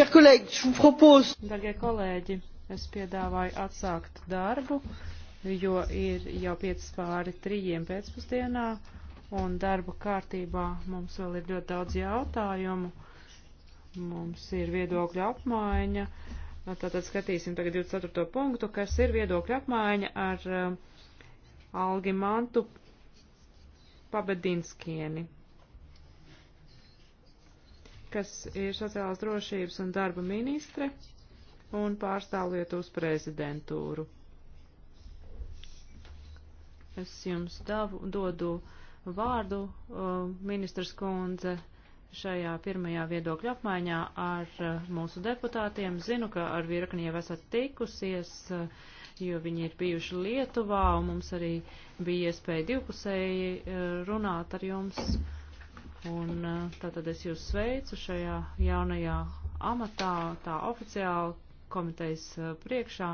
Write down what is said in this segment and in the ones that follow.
Chers collègues, je vous propose. Dargie kolēģi, es piedāvāju atsākt darbu, jo ir jau 5 pāri 3 pēcpusdienā, un darba kārtībā mums vēl ir ļoti daudz jautājumu. Mums ir viedokļu apmaiņa. Tātad skatīsim tagad 24. punktu, kas ir viedokļu apmaiņa ar uh, um, Algi Mantu Pabedinskieni kas ir sociālās drošības un darba ministre un pārstāv Lietuvas prezidentūru. Es jums davu, dodu vārdu, uh, ministrs kundze, šajā pirmajā viedokļa apmaiņā ar uh, mūsu deputātiem. Zinu, ka ar virkni jau esat tikusies, uh, jo viņi ir bijuši Lietuvā, un mums arī bija iespēja divpusēji runāt ar jums. Un tātad es jūs sveicu šajā jaunajā amatā, tā oficiāli komitejas priekšā,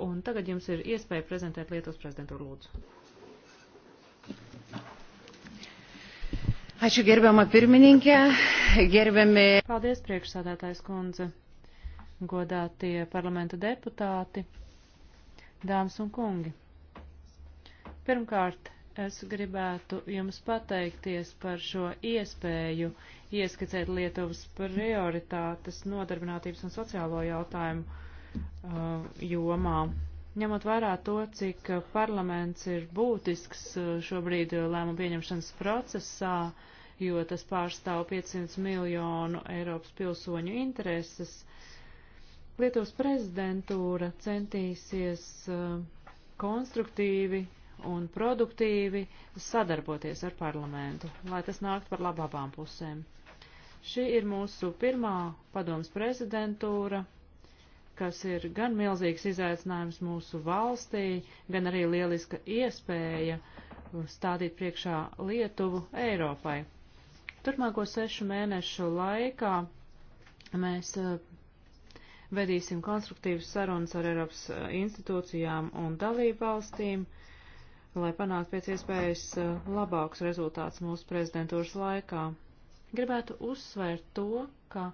un tagad jums ir iespēja prezentēt Lietuvas prezidentu lūdzu. Ačiū gerbiamā pirmininkė, gerbiami. Paldies, priekšsādātājs kundze, godātie parlamenta deputāti, dāmas un kungi. Pirmkārt, Es gribētu jums pateikties par šo iespēju ieskicēt Lietuvas prioritātes nodarbinātības un sociālo jautājumu uh, jomā. Ņemot vērā to, cik parlaments ir būtisks uh, šobrīd lēmumu pieņemšanas procesā, jo tas pārstāv 500 miljonu Eiropas pilsoņu intereses, Lietuvas prezidentūra centīsies uh, konstruktīvi un produktīvi sadarboties ar parlamentu, lai tas nākt par labu abām pusēm. Šī ir mūsu pirmā padomas prezidentūra, kas ir gan milzīgs izaicinājums mūsu valstī, gan arī lieliska iespēja stādīt priekšā Lietuvu Eiropai. Turpmāko sešu mēnešu laikā mēs eh, vedīsim konstruktīvas sarunas ar Eiropas eh, institūcijām un dalību valstīm lai panāktu pēc iespējas eh, labāks rezultāts mūsu prezidentūras laikā. Gribētu uzsvērt to, ka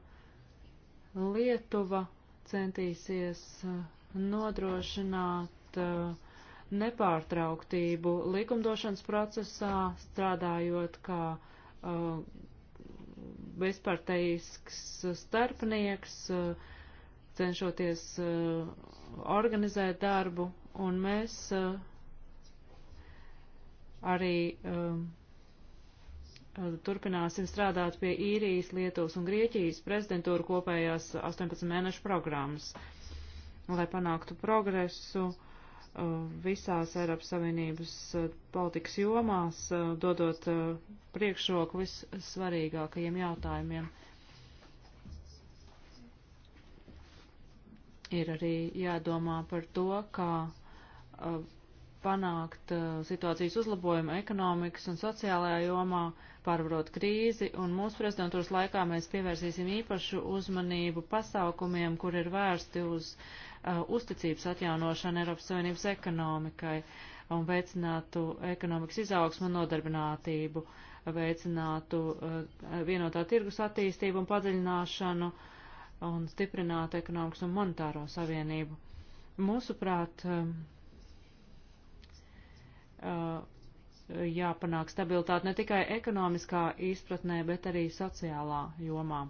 Lietuva centīsies eh, nodrošināt eh, nepārtrauktību likumdošanas procesā, strādājot kā bezparteisks starpnieks, cenšoties organizēt darbu, un mēs uh, arī um, uh, turpināsim strādāt pie īrijas, Lietuvas un Grieķijas prezidentūra kopējās 18 mēnešu programmas, lai panāktu progresu uh, visās Eiropas Savienības uh, politikas jomās, uh, dodot uh, priekšroku vissvarīgākajiem jautājumiem. Ir arī jādomā par to, kā uh, panākt uh, situācijas uzlabojumu ekonomikas un sociālajā jomā, pārvarot krīzi, un mūsu prezidentūras laikā mēs pievērsīsim īpašu uzmanību pasākumiem, kur ir vērsti uz uh, uzticības atjaunošanu Eiropas Savienības ekonomikai un veicinātu ekonomikas izaugsmu un nodarbinātību, veicinātu uh, vienotā tirgus attīstību un padziļināšanu un stiprinātu ekonomikas un monetāro savienību. Mūsuprāt, uh, Uh, jāpanāk stabilitāte ne tikai ekonomiskā izpratnē, bet arī sociālā jomā.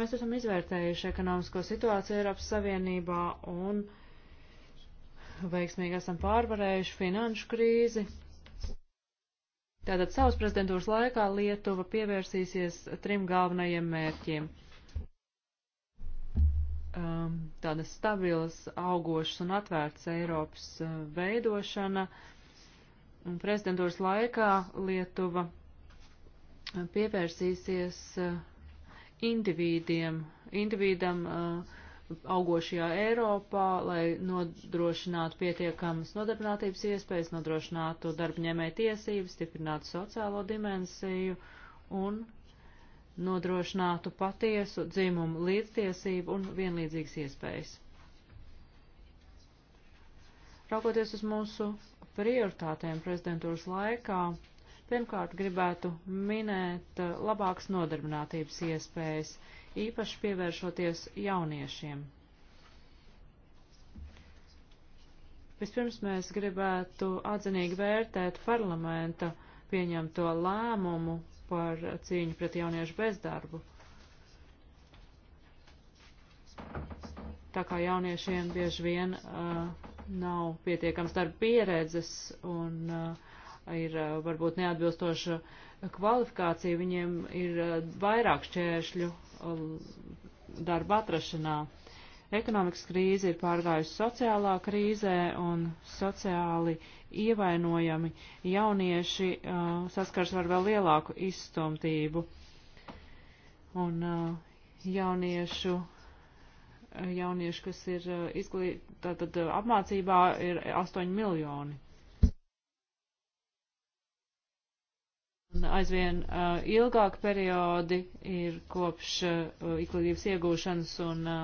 Mēs esam izvērtējuši ekonomisko situāciju Eiropas Savienībā un veiksmīgi esam pārvarējuši finanšu krīzi. Tātad savas prezidentūras laikā Lietuva pievērsīsies trim galvenajiem mērķiem um, tādas stabilas, augošas un atvērtas Eiropas uh, veidošana, uh, prezidentūras laikā Lietuva pievērsīsies eh, individiem, individam eh, augošajā Eiropā, lai nodrošinātu pietiekamas nodarbinātības iespējas, nodrošinātu darbņēmē tiesības, stiprinātu sociālo dimensiju un nodrošinātu patiesu dzimumu līdztiesību un vienlīdzīgas iespējas. Raugoties uz mūsu prioritātēm prezidentūras laikā, pirmkārt gribētu minēt eh, labākas nodarbinātības iespējas, īpaši pievēršoties jauniešiem. Vispirms mēs gribētu atzinīgi vērtēt parlamenta pieņemto lēmumu par cīņu pret jauniešu bezdarbu. Tā kā jauniešiem bieži vien uh, nav pietiekams darba pieredzes un uh, ir uh, varbūt neatbilstoša kvalifikācija, viņiem ir uh, vairāk šķēršļu um, darba atrašanā. Ekonomikas krīze ir pārgājusi sociālā krīzē un sociāli ievainojami jaunieši uh, saskars ar vēl lielāku izstumtību. Un uh, jauniešu uh, jaunieši, kas ir eh, izglīt, tātad eh, apmācībā, ir 8 miljoni. Aizvien uh, eh, ilgāk periodi ir kopš uh, izglītības iegūšanas un uh,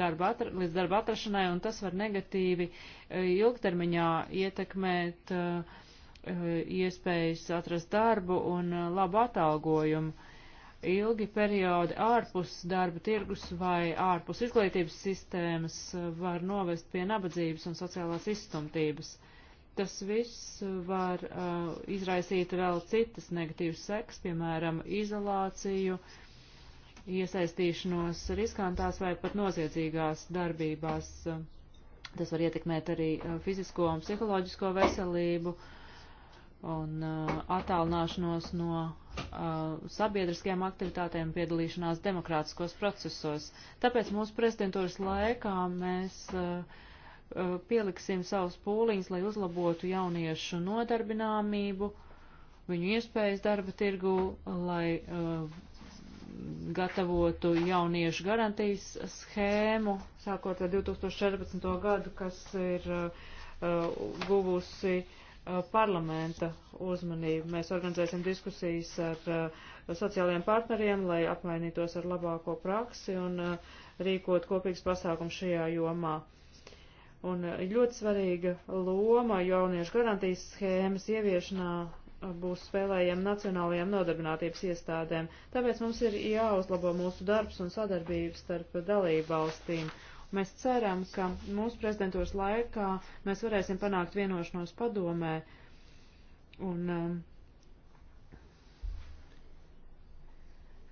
darba atra, līdz darba atrašanai, un tas var negatīvi uh, ilgtermiņā ietekmēt uh, iespējas atrast darbu un uh, labu atalgojumu. Uh, ilgi periodi ārpus darba tirgus vai ārpus izglītības sistēmas var novest pie nabadzības un sociālās izstumtības. Tas viss var uh, izraisīt vēl citas negatīvas seks, piemēram, izolāciju, iesaistīšanos riskantās vai pat noziedzīgās darbībās. Tas var ietekmēt arī uh, fizisko un psiholoģisko veselību. Uh, un uh, attālināšanos no uh, sabiedriskajām aktivitātēm piedalīšanās demokrātiskos procesos. Tāpēc mūsu prezidentūras laikā mēs uh, uh, pieliksim savus pūliņus, lai uzlabotu jauniešu nodarbināmību, viņu iespējas darba tirgu, lai uh, gatavotu jauniešu garantijas schēmu, sākot ar 2014. gadu, kas ir uh, guvusi uh, Uh, parlamenta uzmanību. Mēs organizēsim diskusijas ar, ar uh, sociālajiem partneriem, lai apmainītos ar labāko praksi un uh, rīkot kopīgs pasākums šajā jomā. Un ļoti svarīga loma jauniešu garantijas schēmas ieviešanā būs spēlējama nacionālajām nodarbinātības iestādēm. Tāpēc mums ir jāuzlabo mūsu darbs un sadarbības starp dalību valstīm Mēs ceram, ka mūsu prezidentūras laikā mēs varēsim panākt vienošanos padomē un um,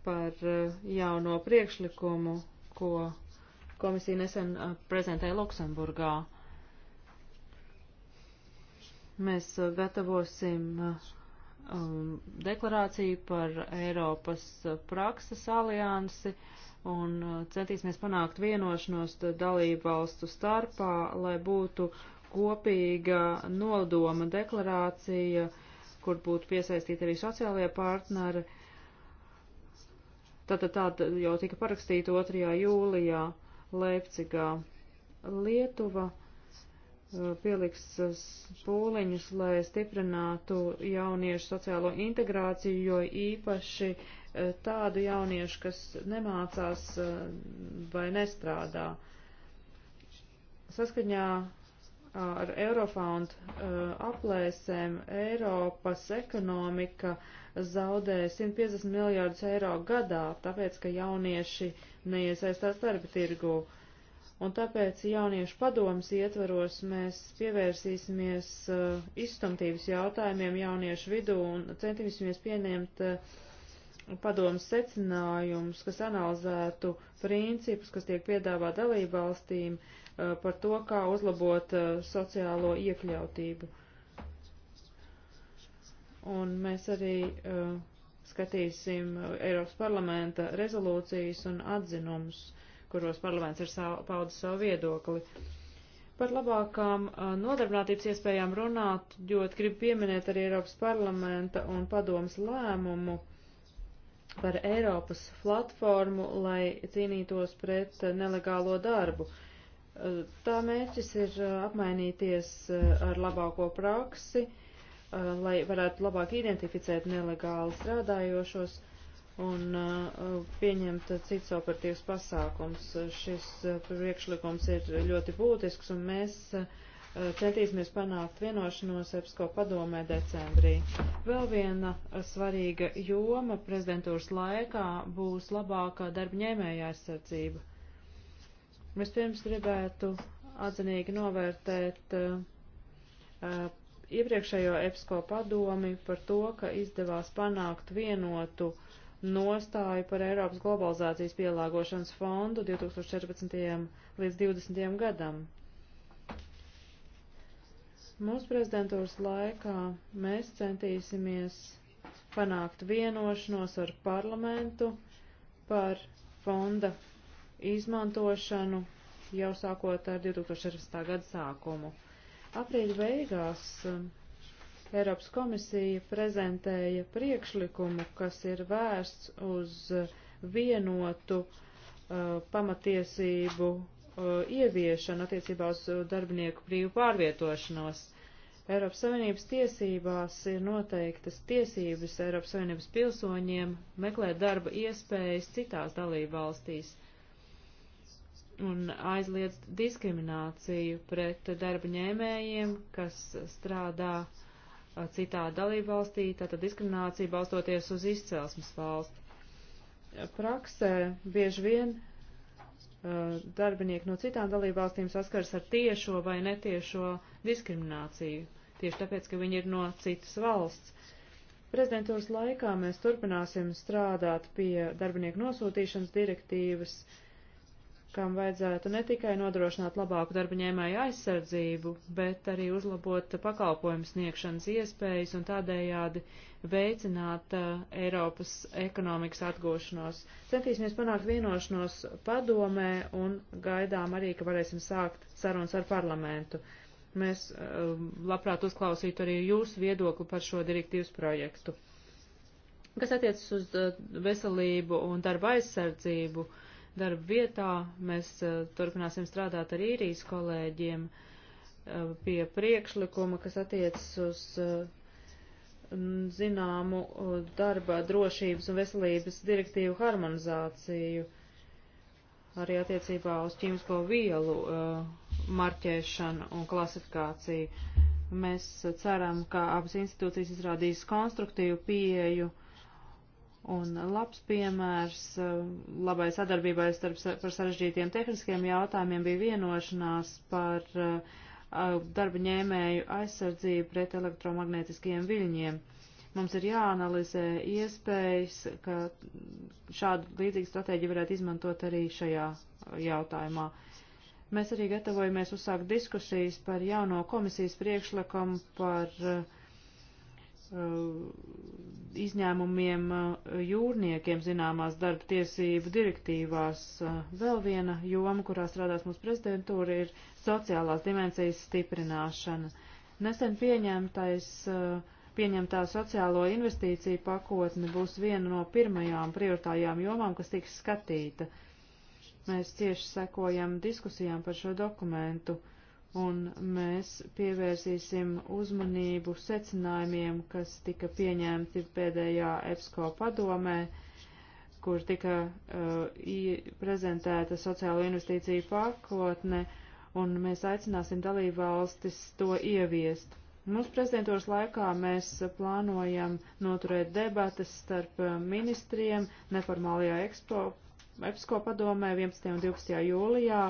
par uh, jauno priekšlikumu, ko komisija nesen uh, prezentēja Luksemburgā. Mēs uh, gatavosim uh, um, deklarāciju par Eiropas uh, prakses aliansi. Uh, un uh, centīsimies panākt vienošanos dalību valstu starpā, lai būtu kopīga nodoma deklarācija, kur būtu piesaistīti arī sociālajie partneri. Tātad tāda jau tika parakstīta 2. jūlijā Leipcigā. Lietuva uh, pieliks uh, pūliņus, lai stiprinātu jauniešu sociālo integrāciju, jo īpaši uh, Eh, tādu jauniešu, kas nemācās eh, vai nestrādā. Saskaņā eh, ar Eurofound aplēsēm Eiropas ekonomika zaudē 150 miljārdus eiro gadā, tāpēc, ka jaunieši neiesaistās darba tirgū. Un tāpēc jauniešu padomas ietvaros mēs pievērsīsimies uh, izstumtības jautājumiem jauniešu vidū un centīsimies pieņemt uh, padomas secinājumus, kas analizētu principus, kas tiek piedāvā dalībvalstīm uh, par to, kā uzlabot uh, sociālo iekļautību. Un mēs arī uh, skatīsim Eiropas parlamenta rezolūcijas un atzinumus, kuros parlaments ir savu, paudis savu viedokli. Par labākām nodarbinātības iespējām runāt, jo gribu pieminēt arī Eiropas parlamenta un padomas lēmumu par Eiropas platformu, lai cīnītos pret eh, nelegālo darbu. Eh, tā mērķis ir eh, apmainīties ar labāko praksi, lai varētu labāk identificēt nelegāli strādājošos un pieņemt cits operatīvs pasākums. Šis priekšlikums ir ļoti būtisks un mēs uh, Eh, centīsimies panākt vienošanos EPSCO padomē decembrī. Vēl viena eh, svarīga joma prezidentūras laikā būs labākā darba ņēmēja aizsardzība. Vispirms gribētu atzinīgi novērtēt uh, iepriekšējo EPSCO padomi par to, ka izdevās panākt vienotu nostāju par Eiropas globalizācijas pielāgošanas fondu 2014. līdz 2020. gadam Mūsu prezidentūras laikā mēs centīsimies panākt vienošanos ar parlamentu par fonda izmantošanu jau sākot ar 2016. gada sākumu. Aprīļa beigās um, Eiropas komisija prezentēja priekšlikumu, kas ir vērsts uz vienotu uh, pamatiesību uh, ieviešana attiecībā uz darbinieku brīvu pārvietošanos. Eiropas Savienības tiesībās ir noteiktas tiesības Eiropas Savienības pilsoņiem meklēt darba iespējas citās dalībvalstīs un aizliedz diskrimināciju pret darba ņēmējiem, kas strādā uh, citā dalībvalstī, tātad diskriminācija balstoties uz izcelsmes valsti. Praksē bieži vien Uh, darbinieki no citām dalībvalstīm saskars ar tiešo vai netiešo diskrimināciju, tieši tāpēc, ka viņi ir no citas valsts. Prezidentūras laikā mēs turpināsim strādāt pie darbinieku nosūtīšanas direktīvas, uh, kam vajadzētu ne tikai nodrošināt labāku darba ņēmēju aizsardzību, bet arī uzlabot pakalpojumu sniegšanas iespējas un tādējādi veicināt uh, Eiropas ekonomikas atgūšanos. Centīsimies panākt vienošanos padomē un gaidām arī, ka varēsim sākt sarunas ar parlamentu. Mēs uh, labprāt uzklausītu arī jūsu viedokli par šo direktīvas projektu. Kas attiecas uz uh, veselību un darba aizsardzību, uh, darba vietā. Mēs turpināsim strādāt ar īrijas kolēģiem pie priekšlikuma, kas attiecas uz zināmu darba drošības un veselības direktīvu harmonizāciju arī attiecībā uz ķīmisko vielu marķēšanu un klasifikāciju. Mēs ceram, ka abas institūcijas izrādīs konstruktīvu pieeju Un labs piemērs eh, labai sadarbībai starp par sarežģītiem tehniskiem jautājumiem bija vienošanās par eh, darba ņēmēju aizsardzību pret elektromagnētiskajiem viļņiem. Mums ir jāanalizē iespējas, ka šādu līdzīgu stratēģiju varētu izmantot arī šajā jautājumā. Mēs arī gatavojamies uzsākt diskusijas par jauno komisijas priekšlikumu par uh, Uh, izņēmumiem uh, jūrniekiem zināmās darba tiesību direktīvās. Uh, vēl viena joma, kurā strādās mūsu prezidentūra, ir sociālās dimensijas stiprināšana. Nesen pieņemtais, pieņemtā sociālo investīciju pakotne būs viena no pirmajām prioritājām jomām, kas tiks skatīta. Mēs cieši sekojam diskusijām par šo dokumentu. Uh, un mēs pievērsīsim uzmanību secinājumiem, kas tika pieņemti pēdējā EPSCO padomē, kur tika uh, prezentēta sociālo investīciju pakotne, un mēs aicināsim dalību valstis to ieviest. Mūsu prezidentūras laikā mēs plānojam noturēt debatas starp uh, ministriem neformālajā EPSCO padomē 11. un 12. jūlijā,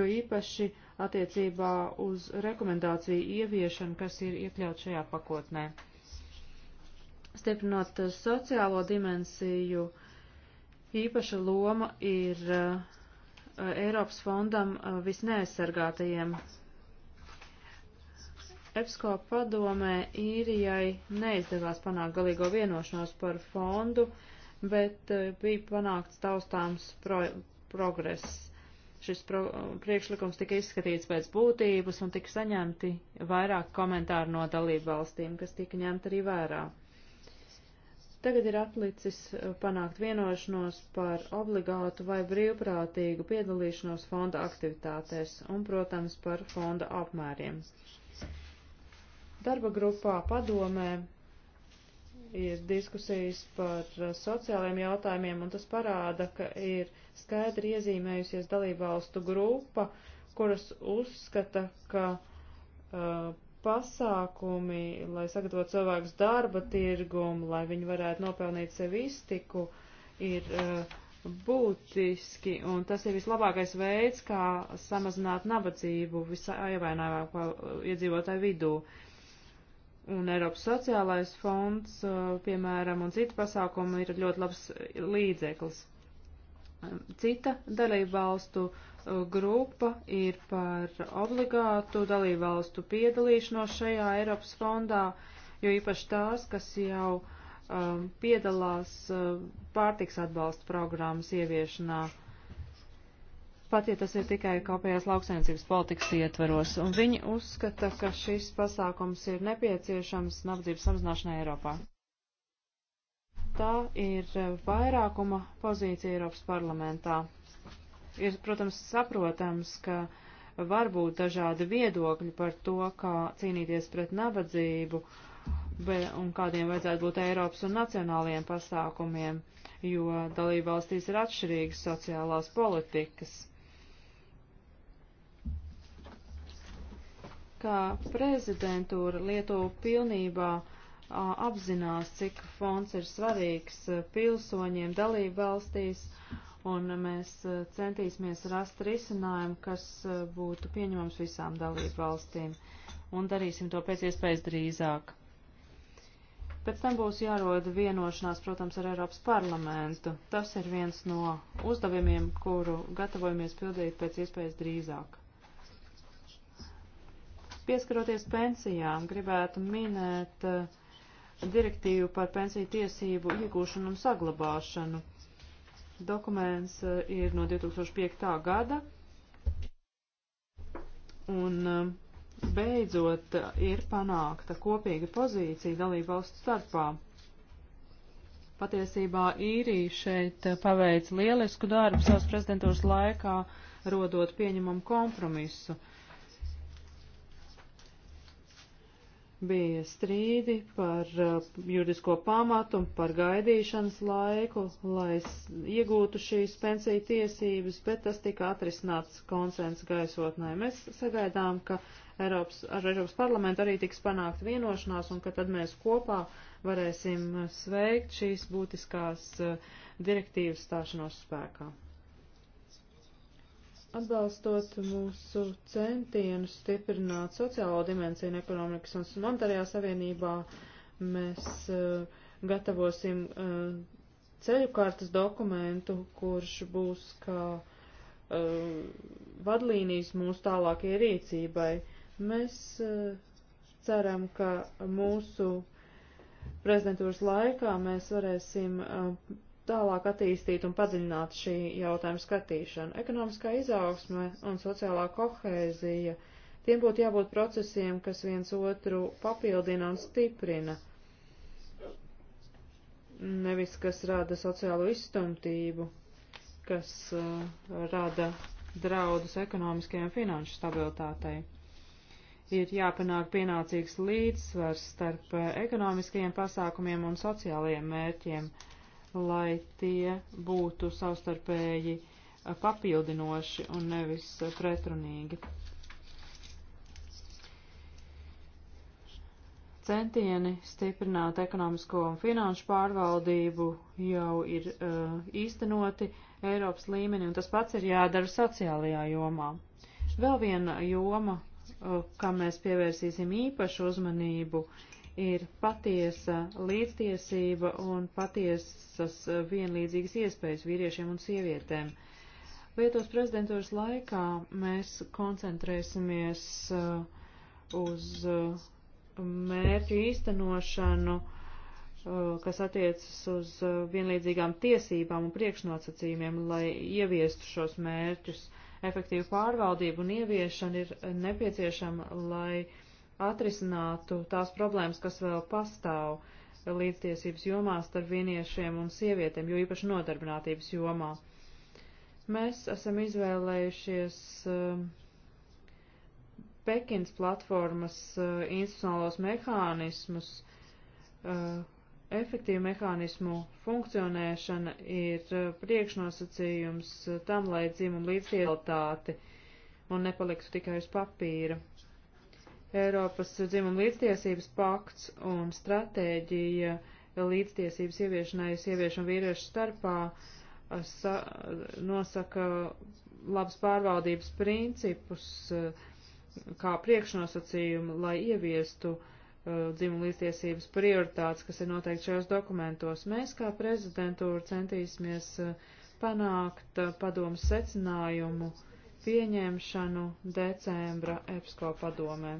jo īpaši uh, attiecībā uz rekomendāciju ieviešanu, kas ir iekļaut šajā pakotnē. Stiprinot sociālo dimensiju, īpaša loma ir eh, Eiropas fondam eh, visneaizsargātajiem EPSCO padomē īrijai neizdevās panākt galīgo vienošanos par fondu, bet eh, bija panākts taustāms pro progress. Šis pro, priekšlikums tika izskatīts pēc būtības un tika saņemti vairāk komentāru no dalību valstīm, kas tika ņemta arī vērā. Tagad ir atlicis uh, panākt vienošanos par obligātu vai brīvprātīgu piedalīšanos fonda aktivitātēs un, protams, par fonda apmēriem. Darba grupā padomē ir diskusijas par uh, sociālajiem jautājumiem, un tas parāda, ka ir skaidri iezīmējusies dalībvalstu grupa, kuras uzskata, ka uh, pasākumi, lai sagatavotu cilvēkus darba tirgumu, lai viņi varētu nopelnīt sev iztiku, ir uh, būtiski, un tas ir vislabākais veids, kā samazināt nabadzību visā ievainojumā uh, iedzīvotāju vidū. Uh, un Eiropas sociālais fonds, uh, piemēram, un citi pasākumi ir ļoti labs līdzeklis. Um, cita dalību valstu uh, grupa ir par obligātu dalību valstu piedalīšanos šajā Eiropas fondā, jo īpaši tās, kas jau um, piedalās uh, pārtiks atbalsta programmas ieviešanā. Uh, pat ja tas ir tikai kopējās lauksainicības politikas ietveros, un viņi uzskata, ka šis pasākums ir nepieciešams nabadzības samazināšanai Eiropā. Tā ir eh, vairākuma pozīcija Eiropas parlamentā. Ir, protams, saprotams, ka var būt dažādi viedokļi par to, kā cīnīties pret nabadzību be, un kādiem vajadzētu būt Eiropas un nacionālajiem pasākumiem, jo dalībvalstīs ir atšķirīgas sociālās politikas ka prezidentūra Lietuva pilnībā apzinās, cik fonds ir svarīgs pilsoņiem dalību valstīs, un mēs centīsimies rast risinājumu, kas būtu pieņemams visām dalību valstīm, un darīsim to pēc iespējas drīzāk. Pēc tam būs jāroda vienošanās, protams, ar Eiropas parlamentu. Tas ir viens no uzdevumiem, kuru gatavojamies pildīt pēc iespējas drīzāk. Pieskaroties pensijām, gribētu minēt eh, direktīvu par pensiju tiesību iegūšanu un saglabāšanu. Dokuments eh, ir no 2005. gada, un eh, beidzot ir panākta kopīga pozīcija dalību valstu starpā. Patiesībā īrija šeit paveic lielisku darbu savas prezidentūras laikā, rodot pieņemam kompromisu. Uh, bija strīdi par uh, juridisko pamatu un par gaidīšanas laiku, lai iegūtu šīs pensiju tiesības, bet tas tika atrisināts konsensa gaisotnē. Mēs sagaidām, ka Eiropas, ar Eiropas parlamentu arī tiks panākt vienošanās un ka tad mēs kopā varēsim sveikt šīs būtiskās uh, direktīvas stāšanos spēkā. Atbalstot mūsu centienus stiprināt sociālo dimensiju ekonomikas un monetārajā savienībā, mēs uh, gatavosim uh, ceļu kartas dokumentu, kurš būs kā uh, vadlīnijas mūsu tālākajai rīcībai. Mēs ceram, ka mūsu prezidentūras laikā mēs varēsim tālāk attīstīt un padziļināt šī jautājuma skatīšanu. Ekonomiskā izaugsme un sociālā kohēzija, tiem būtu jābūt procesiem, kas viens otru papildina un stiprina, nevis kas rada sociālo izstumtību, kas uh, rada draudus ekonomiskajai un finanšu stabilitātei ir jāpanāk pienācīgs līdzsvars starp uh, ekonomiskajiem pasākumiem un sociālajiem mērķiem lai tie būtu savstarpēji papildinoši un nevis pretrunīgi. Centieni stiprināt ekonomisko un finanšu pārvaldību jau ir uh, īstenoti Eiropas līmenī, un tas pats ir jādara sociālajā jomā. Vēl viena joma, uh, kam mēs pievērsīsim īpašu uzmanību, uh, ir patiesa līdztiesība un patiesas eh, vienlīdzīgas iespējas vīriešiem un sievietēm. Lietuvas prezidentūras laikā mēs koncentrēsimies eh, uz eh, mērķu īstenošanu, kas attiecas uz vienlīdzīgām tiesībām un priekšnosacījumiem, lai ieviestu šos mērķus. Efektīva pārvaldība un ieviešana ir nepieciešama, lai atrisinātu tās problēmas, kas vēl pastāv līdztiesības jomā starp vīniešiem un sievietēm, jo īpaši nodarbinātības jomā. Mēs esam izvēlējušies uh, Pekins platformas uh, institucionālos mehānismus, uh, efektīvu mehānismu funkcionēšana ir uh, priekšnosacījums uh, tam, lai dzimumu līdzfielotāti un nepaliktu tikai uz papīra. Eiropas dzimuma līdztiesības pakts un stratēģija līdztiesības ieviešanai sieviešu un vīriešu starpā sa, nosaka labas pārvaldības principus kā priekšnosacījumu, lai ieviestu uh, dzimuma līdztiesības prioritātes, kas ir noteikti šajos dokumentos. Mēs kā prezidentūra centīsimies panākt padomu secinājumu pieņemšanu decembra EPSCO padomē.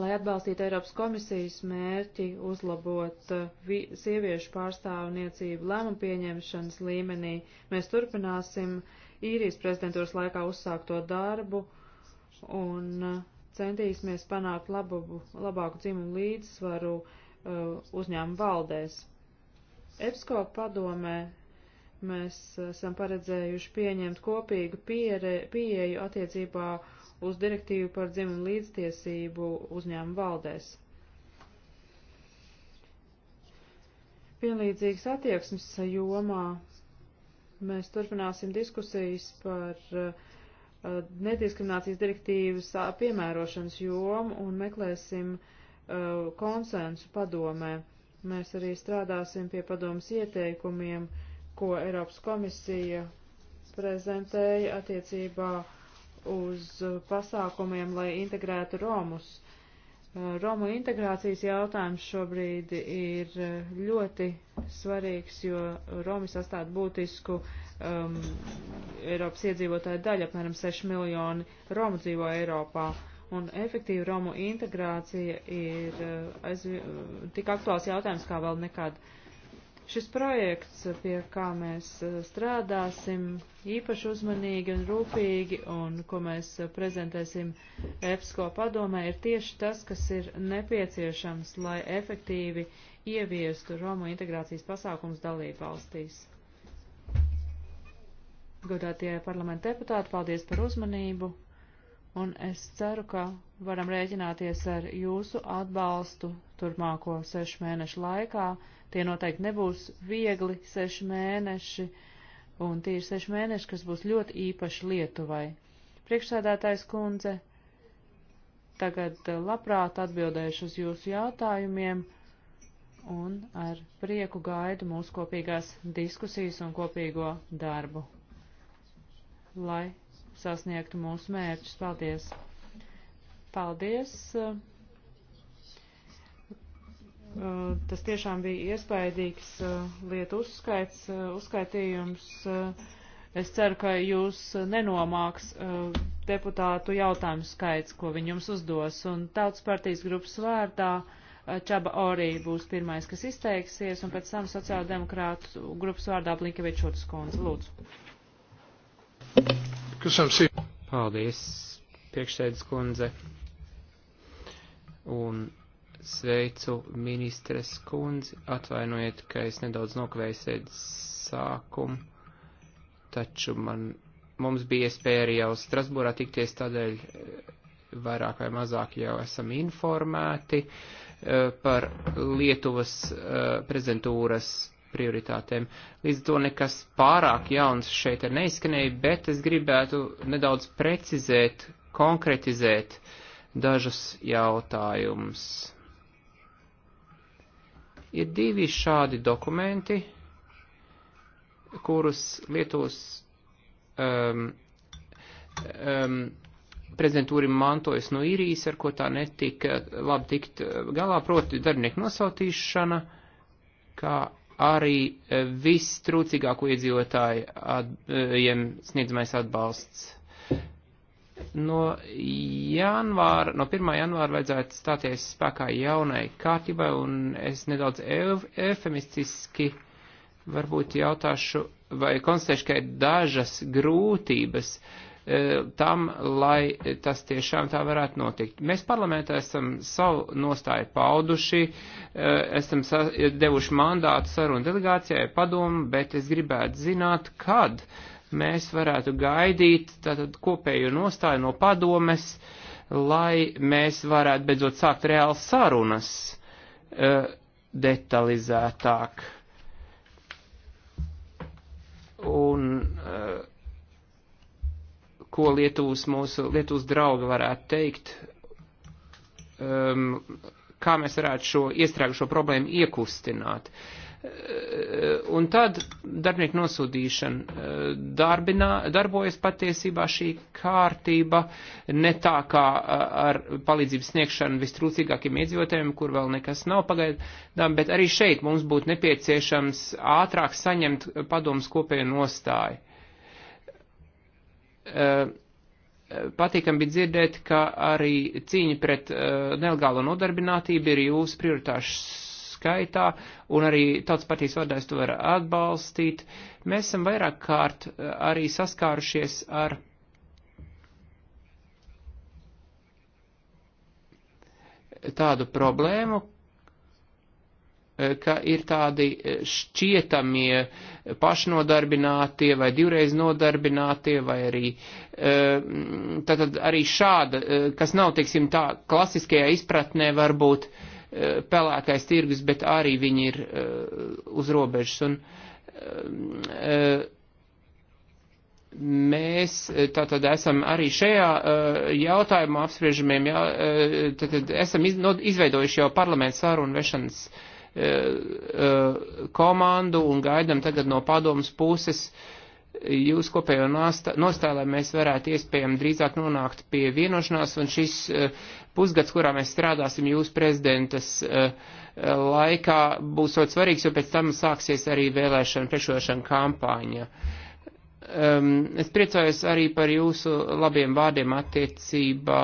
lai atbalstītu Eiropas komisijas mērķi uzlabot uh, sieviešu pārstāvniecību lēmumu pieņemšanas līmenī. Mēs turpināsim īrijas prezidentūras laikā uzsākto darbu un uh, centīsimies panākt labu, labāku dzimumu līdzsvaru uh, uzņēmumu valdēs. EPSCO padomē mēs uh, esam paredzējuši pieņemt kopīgu piere, pieeju attiecībā uz direktīvu par dzimumu līdztiesību uzņēmumu valdēs. Pielīdzīgas attieksmes jomā mēs turpināsim diskusijas par uh, nediskriminācijas direktīvas uh, piemērošanas jomu un meklēsim uh, konsensu padomē. Mēs arī strādāsim pie padomas ieteikumiem, ko Eiropas komisija prezentēja attiecībā uz uh, pasākumiem, lai integrētu Romus. Uh, Romu integrācijas jautājums šobrīd ir uh, ļoti svarīgs, jo Romi sastāv būtisku um, Eiropas iedzīvotāju daļu, apmēram 6 miljoni Romu dzīvo Eiropā. Un efektīva Romu integrācija ir uh, aizvi, tik aktuāls jautājums kā vēl nekad. Uh, Šis projekts, pie kā mēs e, strādāsim īpaši uzmanīgi un rūpīgi un ko mēs prezentēsim EFSCO padomē, ir tieši tas, kas ir nepieciešams, lai efektīvi ieviestu Romu integrācijas pasākums dalību valstīs. Godātie parlamenta deputāti, paldies par uzmanību, un es ceru, ka varam rēķināties ar jūsu atbalstu turpmāko sešu mēnešu laikā Tie noteikti nebūs viegli seši mēneši, un tie ir seši mēneši, kas būs ļoti īpaši Lietuvai. Priekšsēdētājs kundze, tagad eh, labprāt atbildēšu uz jūsu jautājumiem, un ar prieku gaidu mūsu kopīgās diskusijas un kopīgo darbu, lai sasniegtu mūsu mērķus. Paldies! Paldies! Eh, Eh, tas tiešām bija iespaidīgs eh, lietu uzskaits, eh, uzskaitījums. Es ceru, ka jūs nenomāks deputātu jautājumu skaits, ko viņi jums uzdos. Un Tautas partijas grupas vārdā Čaba Orī būs pirmais, kas izteiksies, un pēc tam sociāldemokrātu grupas vārdā Blinkevičotas kundze. Lūdzu. Paldies, priekšsēdus kundze. Un Sveicu ministres kundzi, atvainojiet, ka es nedaudz nokavēju sēdes sākumu, taču man, mums bija iespēja arī jau Strasbūrā tikties, tādēļ eh, vairāk vai mazāk jau esam informēti eh, par Lietuvas eh, prezentūras prioritātēm. Līdz to nekas pārāk jauns šeit ir neizskanēja, bet es gribētu nedaudz precizēt, konkretizēt dažus jautājumus. Ir divi šādi dokumenti, kurus Lietuvas um, um, prezidentūra mantojas no īrijas, ar ko tā netika labi tikt galā, proti darbinieku nosautīšana, kā arī vistrūcīgāko iedzīvotājiem sniedzamais atbalsts No, janvāra, no 1. janvāra vajadzētu stāties spēkā jaunai kārtībai, un es nedaudz eufemistiski varbūt jautāšu vai konstatēšu, ka ir dažas grūtības e, tam, lai tas tiešām tā varētu notikt. Mēs parlamentā esam savu nostāju pauduši, e, esam devuši mandātu sarunu delegācijai padomu, bet es gribētu zināt, kad uh, mēs varētu gaidīt tātad kopēju nostāju no padomes, lai mēs varētu beidzot sākt reāls sarunas uh, detalizētāk. Un uh, ko Lietuvas mūsu, Lietuvas draugi varētu teikt, um, kā mēs varētu šo iestrēgušo problēmu iekustināt. Uh, Eh, un tad darbinieku nosūtīšana eh, darbinā, darbojas patiesībā šī kārtība ne tā kā eh, ar palīdzības sniegšanu vistrūcīgākiem iedzīvotājiem, kur vēl nekas nav pagaidām, bet arī šeit mums būtu nepieciešams ātrāk saņemt padomus kopēju nostāju. Patīkam bija dzirdēt, ka arī cīņa pret nelegālo nodarbinātību ir jūsu prioritāšu skaitā, un arī tautas partijas vadājs to var atbalstīt. Mēs esam vairāk kārt eh, arī saskārušies ar. Tādu problēmu, eh, ka ir tādi eh, šķietamie pašnodarbinātie vai divreiz nodarbinātie vai arī, tātad arī šāda, kas nav, teiksim, tā klasiskajā izpratnē varbūt uh, pelēkais tirgus, bet arī viņi ir eh, uz robežas. Un, eh, mēs eh, tātad esam arī šajā uh, jautājumā apspriežamiem, jā, uh, tātad esam iz, no, izveidojuši jau parlamentu sarunu vešanas uh, komandu un gaidam tagad no padomas puses jūs kopējo nostāju, lai mēs varētu iespējami drīzāk nonākt pie vienošanās, un šis pusgads, kurā mēs strādāsim jūsu prezidentas eh, laikā, būs ļoti svarīgs, jo pēc tam sāksies arī vēlēšana, priekšvēlēšana kampāņa. Ehm, es priecājos arī par jūsu labiem vārdiem attiecībā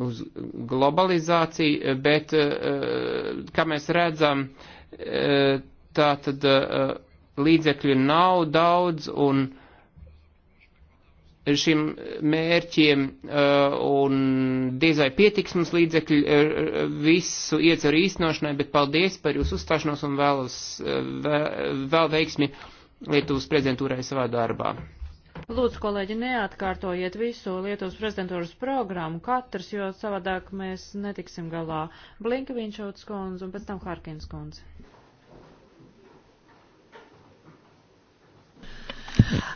uz globalizāciju, bet, eh, kā mēs redzam, eh, tā tad līdzekļu nav daudz un šiem mērķiem uh, un diez vai pietiks mums līdzekļi uh, visu ieceru īstenošanai, bet paldies par jūsu uzstāšanos un vēlos, uh, vēl veiksmi Lietuvas prezidentūrai savā darbā. Lūdzu, kolēģi, neatkārtojiet visu Lietuvas prezidentūras programmu katrs, jo savādāk mēs netiksim galā. Blinka Viņš, Outskons un pēc tam Harkins kundze.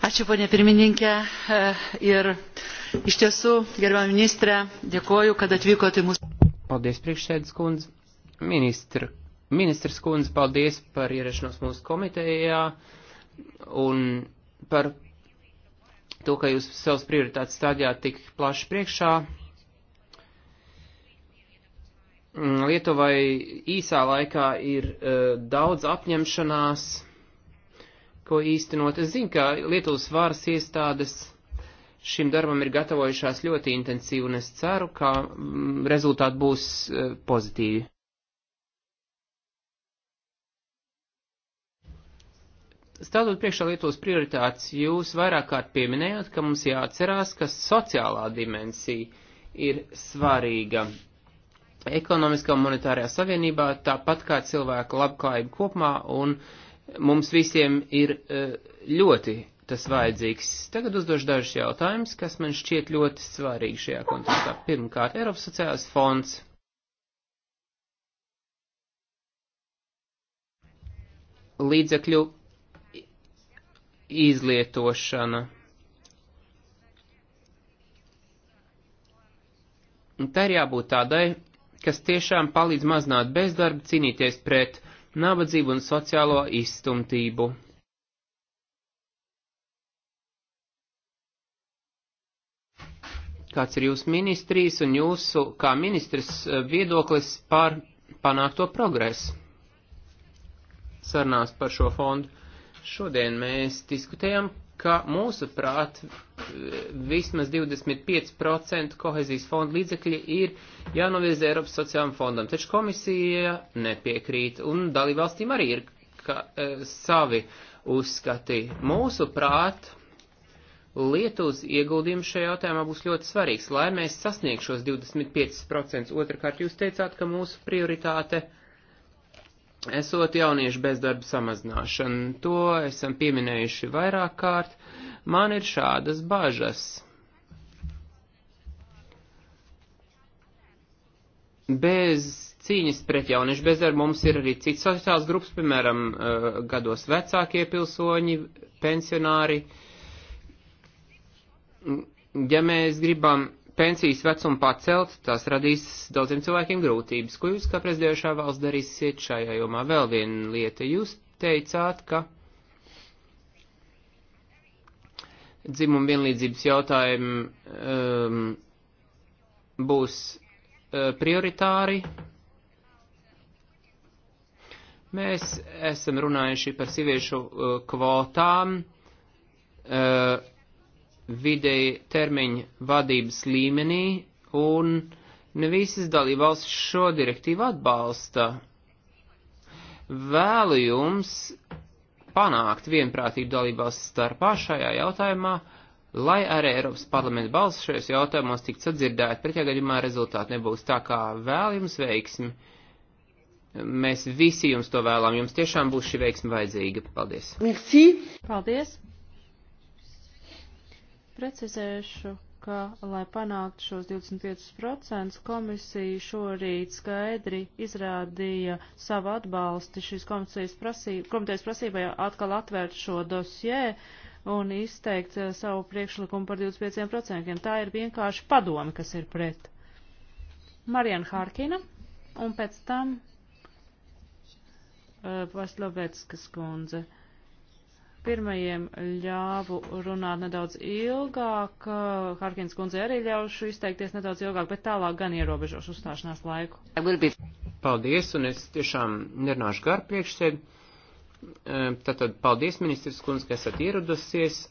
Ačiū, ponė pirmininkė. E, ir iš tiesų, gerbama ministrė, dėkoju, kad atvykote į mūsų. Paldies, priekšsēdus kundze. Ministr, ministrs kundze, paldies par ierašanos mūsu komitejā un par to, ka jūs savus prioritātes stādījāt tik plaši priekšā. Mm, Lietuvai īsā laikā ir uh, daudz apņemšanās ko īstenot. Es zinu, ka Lietuvas vāras iestādes šim darbam ir gatavojušās ļoti intensīvi, un es ceru, ka mm, rezultāti būs e, pozitīvi. Stādot priekšā Lietuvas prioritātes, jūs vairāk kārt pieminējāt, ka mums jāatcerās, ka sociālā dimensija ir svarīga. Ekonomiskā un monetārajā savienībā, tāpat kā cilvēka labklājība kopumā un uh, mums visiem ir eh, ļoti tas vajadzīgs. Tagad uzdošu dažus jautājumus, kas man šķiet ļoti svarīgi šajā kontekstā. Pirmkārt, Eiropas sociālais fonds. Līdzekļu izlietošana. Un tā ir jābūt tādai, kas tiešām palīdz mazināt bezdarbu, cīnīties pret uh, nabadzību un sociālo izstumtību. Kāds ir jūsu ministrijas un jūsu kā ministrs eh, viedoklis par panākto progresu? Sarunās par šo fondu. Šodien mēs diskutējam ka mūsu prāt vismaz 25% kohezijas fonda līdzekļi ir jānovirza Eiropas sociālajam fondam, taču komisija nepiekrīt un dalībvalstīm arī ir ka, e, savi uzskati. Mūsu prāt Lietuvas ieguldījums šajā jautājumā būs ļoti svarīgs, lai mēs sasniegšos 25%. Otrakārt, jūs teicāt, ka mūsu prioritāte ir esot jauniešu bezdarba samazināšana. To esam pieminējuši vairāk kārt. Man ir šādas bažas. Bez cīņas pret jauniešu bezdarbu mums ir arī citas sociālas grupas, piemēram, eh, gados vecākie pilsoņi, pensionāri. Hm, ja mēs gribam pensijas vecumu pacelt, tas radīs daudziem cilvēkiem grūtības. Ko jūs kā prezidējušā valsts darīsiet šajā jomā? Vēl viena lieta. Jūs teicāt, ka dzimuma vienlīdzības jautājumi um, būs uh, prioritāri. Mēs esam runājuši par sieviešu uh, kvotām. Uh, vidēji termiņa vadības līmenī, un ne visas dalībvalstis šo direktīvu atbalsta. Vēlu jums panākt vienprātību dalībvalsts starpā šajā jautājumā, lai arī Eiropas parlamenta balss šajos jautājumos tiktu sadzirdēt, pretējā gadījumā rezultāti nebūs tā kā vēl jums veiksmi. Mēs visi jums to vēlam, jums tiešām būs šī veiksma vajadzīga. Paldies! Merci. Paldies! Precizēšu, ka, lai panāktu šos 25%, komisija šorīt skaidri izrādīja savu atbalsti šīs komisijas prasība, komitejas prasībai atkal atvērt šo dosjē un izteikt eh, savu priekšlikumu par 25%. Tā ir vienkārši padomi, kas ir pret. Marijana Harkina un pēc tam uh, eh, Vaslovētskas kundze. Uh, pirmajiem ļāvu runāt nedaudz ilgāk, Harkins kundzei arī ļaušu izteikties nedaudz ilgāk, bet tālāk gan ierobežošu uzstāšanās laiku. Paldies, un es tiešām nerunāšu gar priekš sevi. Tātad paldies, ministrs kundze, ka esat ieradusies.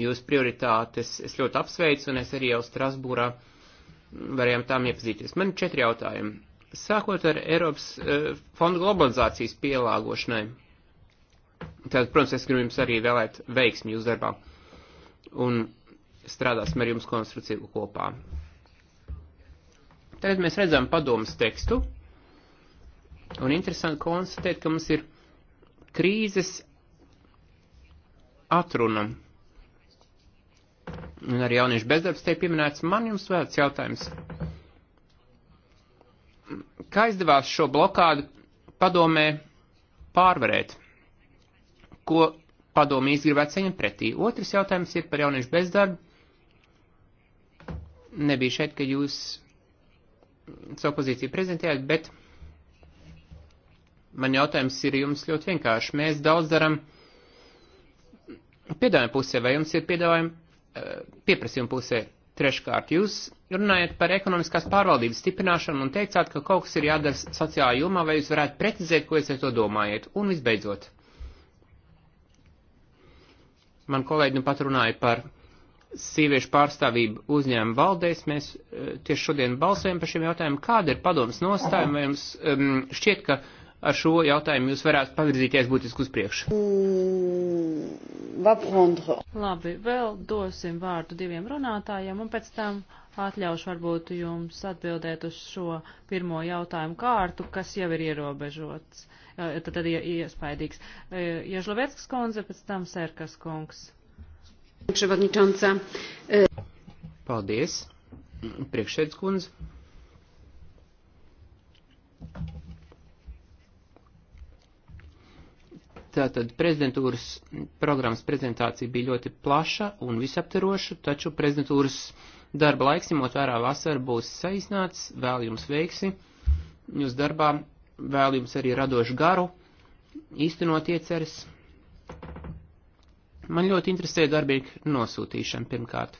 Jūs prioritātes es ļoti apsveicu, un es arī jau Strasbūrā varējām tām iepazīties. Man ir četri jautājumi. Sākot ar Eiropas fondu globalizācijas pielāgošanai Tātad, protams, es gribu jums arī vēlēt veiksmi jūsu darbā un strādāsim ar jums konstruktīvu kopā. Tagad mēs redzam padomas tekstu un interesanti konstatēt, ka mums ir krīzes atruna. Un arī jauniešu bezdarbs tiek pieminēts. Man jums vēl jautājums. Kā izdevās šo blokādu padomē pārvarēt? ko padomīs gribētu saņemt pretī. Otrs jautājums ir par jauniešu bezdarbu. Nebija šeit, ka jūs savu pozīciju prezentējāt, bet man jautājums ir jums ļoti vienkārši. Mēs daudz daram piedāvājumu pusē, vai jums ir piedāvājumu eh, pieprasījumu pusē. Treškārt, jūs runājat par ekonomiskās pārvaldības stiprināšanu un teicāt, ka kaut kas ir jādara sociālā jomā, vai jūs varētu precizēt, ko jūs ar to domājat? Un visbeidzot. Man kolēģi nu pat runāja par sieviešu pārstāvību uzņēmuma valdēs. Mēs eh, tieši šodien balsojam par šiem jautājumiem. Kāda ir padomas nostājuma? Vai jums um, šķiet, ka ar šo jautājumu jūs varētu pavirzīties būtiski uz priekšu? Labi, vēl dosim vārdu diviem runātājiem un pēc tam atļaušu varbūt jums atbildēt uz šo pirmo jautājumu kārtu, kas jau ir ierobežots tad, tad iespaidīgs. E, Ježloveckas konze, pēc tam Sērkas kungs. E, Paldies. Priekšsēdz kundze. Tātad prezidentūras programmas prezentācija bija ļoti plaša un visaptaroša, taču prezidentūras darba laiks, ņemot vērā vasaru, būs saīsnāts. Vēl jums veiksi jūs darbā vēl jums arī radošu garu, īstenot ieceres. Man ļoti interesē darbīgi nosūtīšana pirmkārt.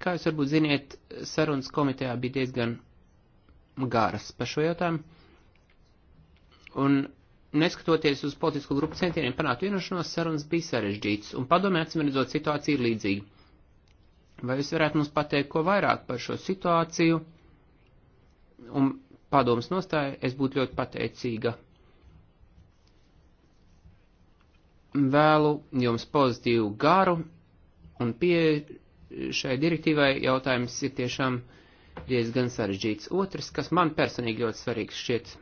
Kā jūs varbūt ziniet, sarunas komitejā bija diezgan garas par šo jautājumu. Un neskatoties uz politisko grupu centieniem panākt vienošanos, sarunas bija sarežģītas. Un padomē, acīm redzot, situācija ir līdzīga. Vai jūs varētu mums pateikt, ko vairāk par šo situāciju un padomas nostāja, es būtu ļoti pateicīga. Vēlu jums pozitīvu garu un pie šai direktīvai jautājums ir tiešām diezgan sarežģīts. Otrs, kas man personīgi ļoti svarīgs šķiet,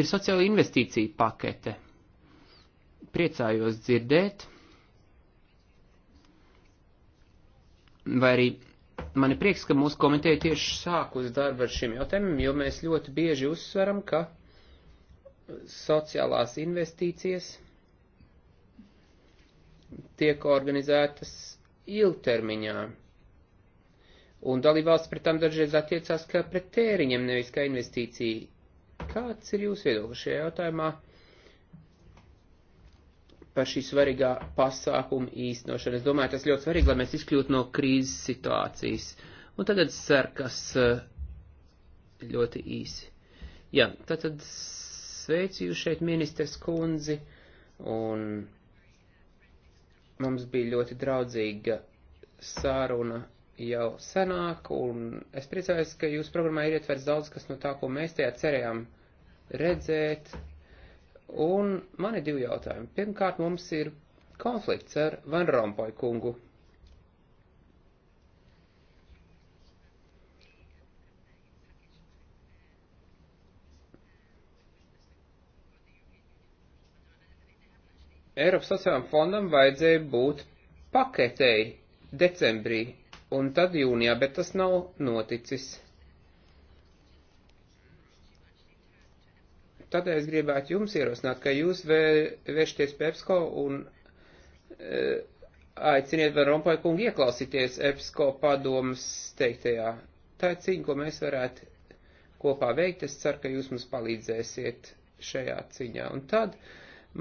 ir sociāla investīcija pakete. Priecājos dzirdēt, vai arī man ir prieks, ka mūsu komiteja tieši sākus darbu ar šiem jautājumiem, jo mēs ļoti bieži uzsveram, ka sociālās investīcijas tiek organizētas ilgtermiņā. Un dalībvalsts pret tam dažreiz attiecās kā pret tēriņiem, nevis kā investīciju. Kāds ir jūsu viedoklis šajā jautājumā? par šī svarīgā pasākuma īstenošanu. Es domāju, tas ļoti svarīgi, lai mēs izkļūtu no krīzes situācijas. Un tagad sarkas eh, ļoti īsi. Jā, tātad sveicu jūs šeit, ministres kundzi, un mums bija ļoti draudzīga sāruna jau senāk, un es priecājos, ka jūsu programmā ir ietverts daudz kas no tā, ko mēs tajā cerējām redzēt, Un man ir divi jautājumi. Pirmkārt, mums ir konflikts ar Van Rompuy kungu. Eiropas sociālajam fondam vajadzēja būt paketei decembrī un tad jūnijā, bet tas nav noticis. Tādēļ es gribētu jums ierosināt, ka jūs vēršties pie EPSCO un e, aiciniet Van Rompuy kungu ieklausīties EPSCO padomas teiktajā. Tā ir cīņa, ko mēs varētu kopā veikt. Es ceru, ka jūs mums palīdzēsiet šajā ciņā. Un tad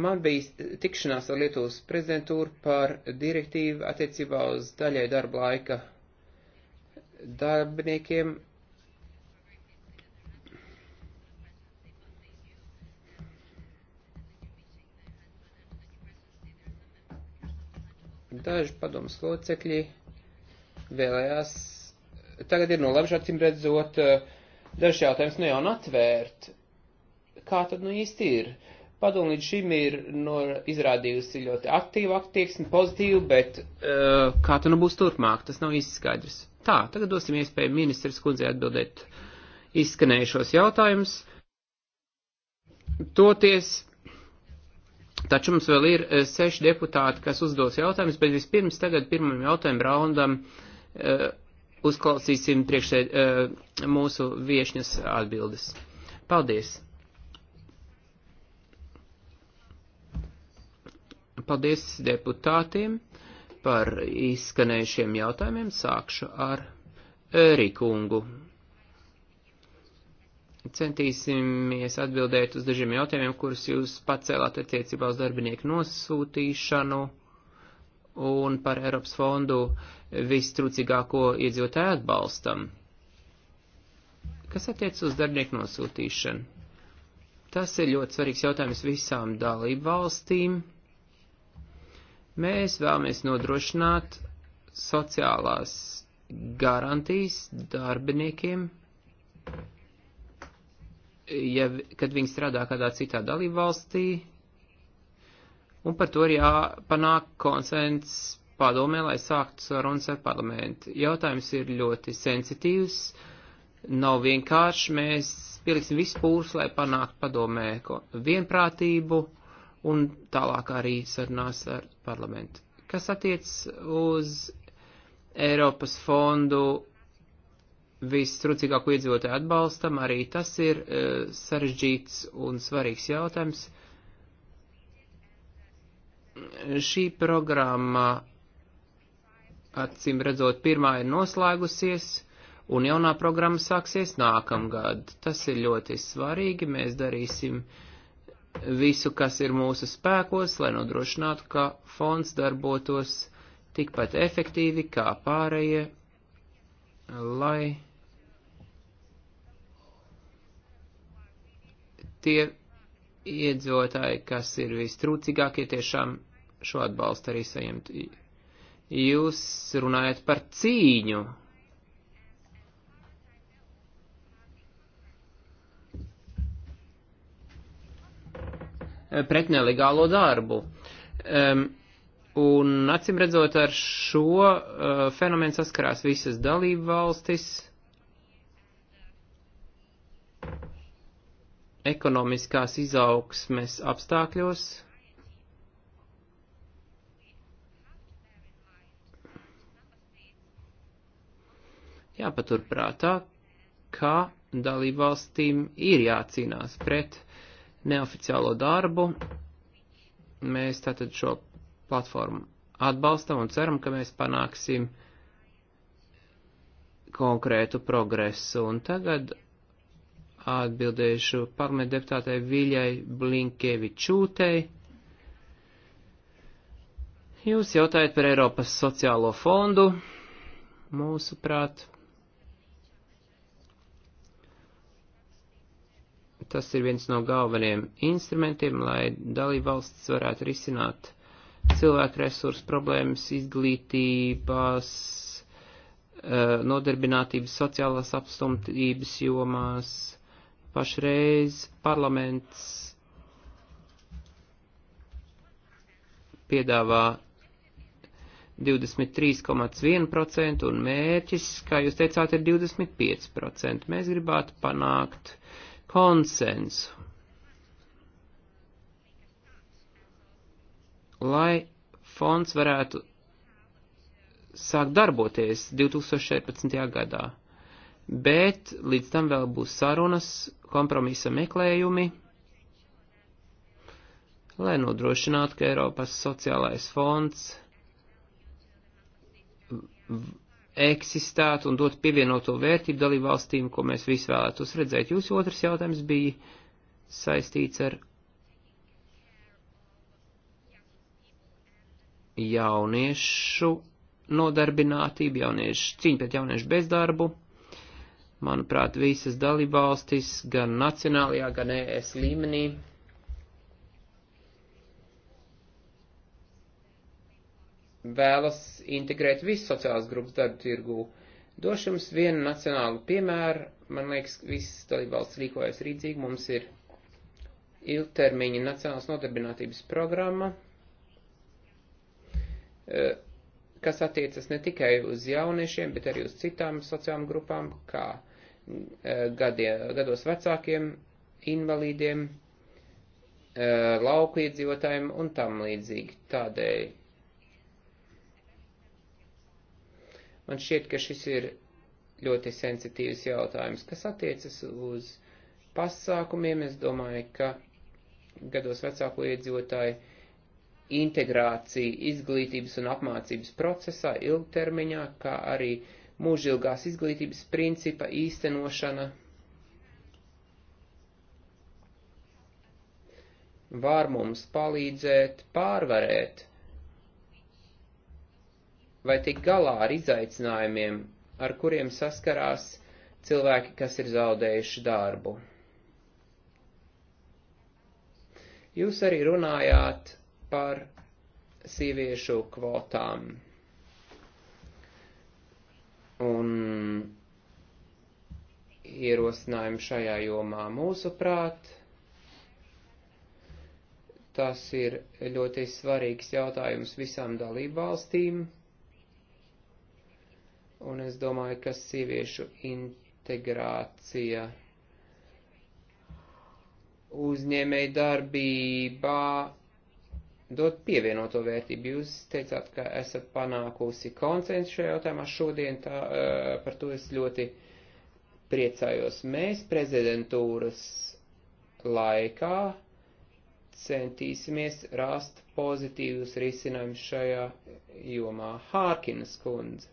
man bija tikšanās ar Lietuvas prezidentūru par direktīvu attiecībā uz daļai darba laika darbiniekiem Daži padomas locekļi vēlējās, tagad ir nolēmši acīm redzot, eh, dažs jautājums ne jau atvērt. Kā tad nu īsti ir? Padomu līdz šim ir no, izrādījusi ļoti aktīvu attieksmi, pozitīvu, bet uh, kā tu nu būs turpmāk, tas nav īsti skaidrs. Tā, tagad dosim iespēju ministrs kundzei atbildēt izskanējušos jautājumus. Toties Taču mums vēl ir eh, seši deputāti, kas uzdos jautājumus, bet vispirms tagad pirmam jautājumu raundam uh, uzklausīsim priekšē uh, eh, mūsu viešņas atbildes. Paldies! Paldies deputātiem par izskanējušiem jautājumiem. Sākšu ar Rīkungu. Centīsimies atbildēt uz dažiem jautājumiem, kurus jūs pacēlāt attiecībā uz darbinieku nosūtīšanu un par Eiropas fondu vistrūcīgāko iedzīvotāju atbalstam. Kas attiec uz darbinieku nosūtīšanu? Tas ir ļoti svarīgs jautājums visām dalību valstīm. Mēs vēlamies nodrošināt sociālās garantijas darbiniekiem, ja, kad viņi strādā kādā citā dalību valstī, un par to ir jāpanāk konsens padomē, lai sāktu sarunas ar parlamentu. Jautājums ir ļoti sensitīvs, nav vienkārši, mēs pieliksim visu pūles, lai panāktu padomē vienprātību un tālāk arī sarunās ar parlamentu. Kas attiec uz Eiropas fondu vistrucīgāko iedzīvotāju atbalstam, arī tas ir e, sarežģīts un svarīgs jautājums. Šī programma, acīm redzot, pirmā ir noslēgusies, un jaunā programma sāksies nākamgad. Tas ir ļoti svarīgi, mēs darīsim visu, kas ir mūsu spēkos, lai nodrošinātu, ka fonds darbotos tikpat efektīvi kā pārējie, lai tie iedzīvotāji, kas ir vistrūcīgākie, tiešām šo atbalstu arī saņemt. Jūs runājat par cīņu. pret nelegālo darbu. Um, un acim redzot ar šo uh, fenomenu saskarās visas dalību valstis. ekonomiskās izaugsmes apstākļos. Jāpaturprātā, ka dalībvalstīm ir jācīnās pret neoficiālo darbu. Mēs tātad šo platformu atbalstam un ceram, ka mēs panāksim konkrētu progresu. Un tagad atbildējušu parlamentu deputātei Viļai Blinkevičūtei. Jūs jautājat par Eiropas sociālo fondu. Mūsuprāt, tas ir viens no galvenajiem instrumentiem, lai dalībvalsts varētu risināt cilvēku resursu problēmas, izglītības, eh, nodarbinātības, sociālās apstumtības jomās, Pašreiz parlaments piedāvā 23,1% un mērķis, kā jūs teicāt, ir 25%. Mēs gribētu panākt konsensu, lai fonds varētu sākt darboties 2014. gadā bet līdz tam vēl būs sarunas, kompromisa meklējumi, lai nodrošinātu, ka Eiropas sociālais fonds eksistētu un dot pievienoto vērtību dalībvalstīm, ko mēs visi vēlētos redzēt. Jūsu otrs jautājums bija saistīts ar jauniešu nodarbinātību, jauniešu cīņu pret jauniešu bezdarbu manuprāt, visas dalībvalstis, gan nacionālajā, gan ES līmenī. vēlas integrēt visu sociālas grupas darbu tirgū. Došu jums vienu nacionālu piemēru. Man liekas, visas dalībvalsts rīkojas rīdzīgi. Mums ir ilgtermiņa nacionālas nodarbinātības programma, e, kas attiecas ne tikai uz jauniešiem, bet arī uz citām sociālām grupām, kā uh, Eh, gadie, gados vecākiem, invalīdiem, eh, lauku iedzīvotājiem un tam līdzīgi. Tādēļ man šķiet, ka šis ir ļoti sensitīvs jautājums, kas attiecas uz pasākumiem. Es domāju, ka gados vecāko iedzīvotāju integrācija izglītības un apmācības procesā ilgtermiņā, kā arī uh, mūžilgās izglītības principa īstenošana, var mums palīdzēt pārvarēt vai tik galā ar izaicinājumiem, ar kuriem saskarās cilvēki, kas ir zaudējuši darbu. Jūs arī runājāt par sieviešu kvotām un ierosinājumu šajā jomā mūsuprāt. Tas ir ļoti svarīgs jautājums visām dalībvalstīm, un es domāju, ka sieviešu integrācija uzņēmējdarbībā dot pievienoto vērtību. Jūs teicāt, ka esat panākusi konsensu šajā jautājumā šodien, tā, par to es ļoti priecājos. Mēs prezidentūras laikā centīsimies rast pozitīvus risinājumus šajā jomā. Hārkinas kundze,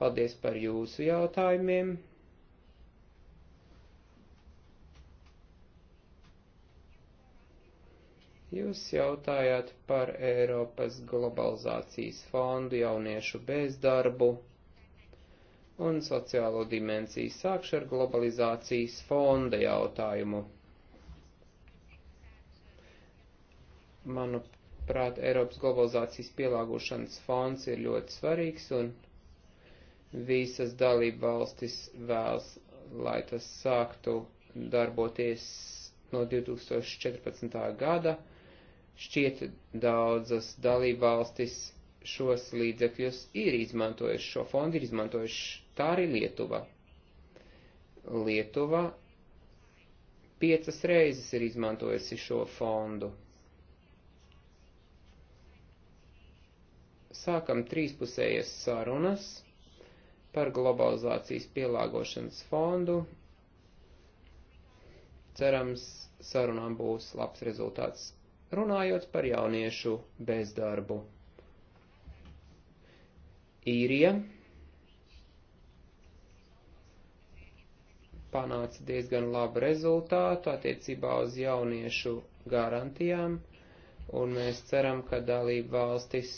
paldies par jūsu jautājumiem. Jūs jautājāt par Eiropas globalizācijas fondu, jauniešu bezdarbu un sociālo dimensiju. Sākšu ar globalizācijas fonda jautājumu. Manuprāt, Eiropas globalizācijas pielāgošanas fonds ir ļoti svarīgs un visas dalība valstis vēlas, lai tas sāktu darboties no 2014. gada Šķiet daudzas dalībvalstis šos līdzekļus ir izmantojuši, šo fondu ir izmantojuši. Tā arī Lietuva. Lietuva piecas reizes ir izmantojusi šo fondu. Sākam trīspusējas sarunas par globalizācijas pielāgošanas fondu. Cerams, sarunām būs labs rezultāts Runājot par jauniešu bezdarbu. Īrija panāca diezgan labu rezultātu attiecībā uz jauniešu garantijām, un mēs ceram, ka dalība valstis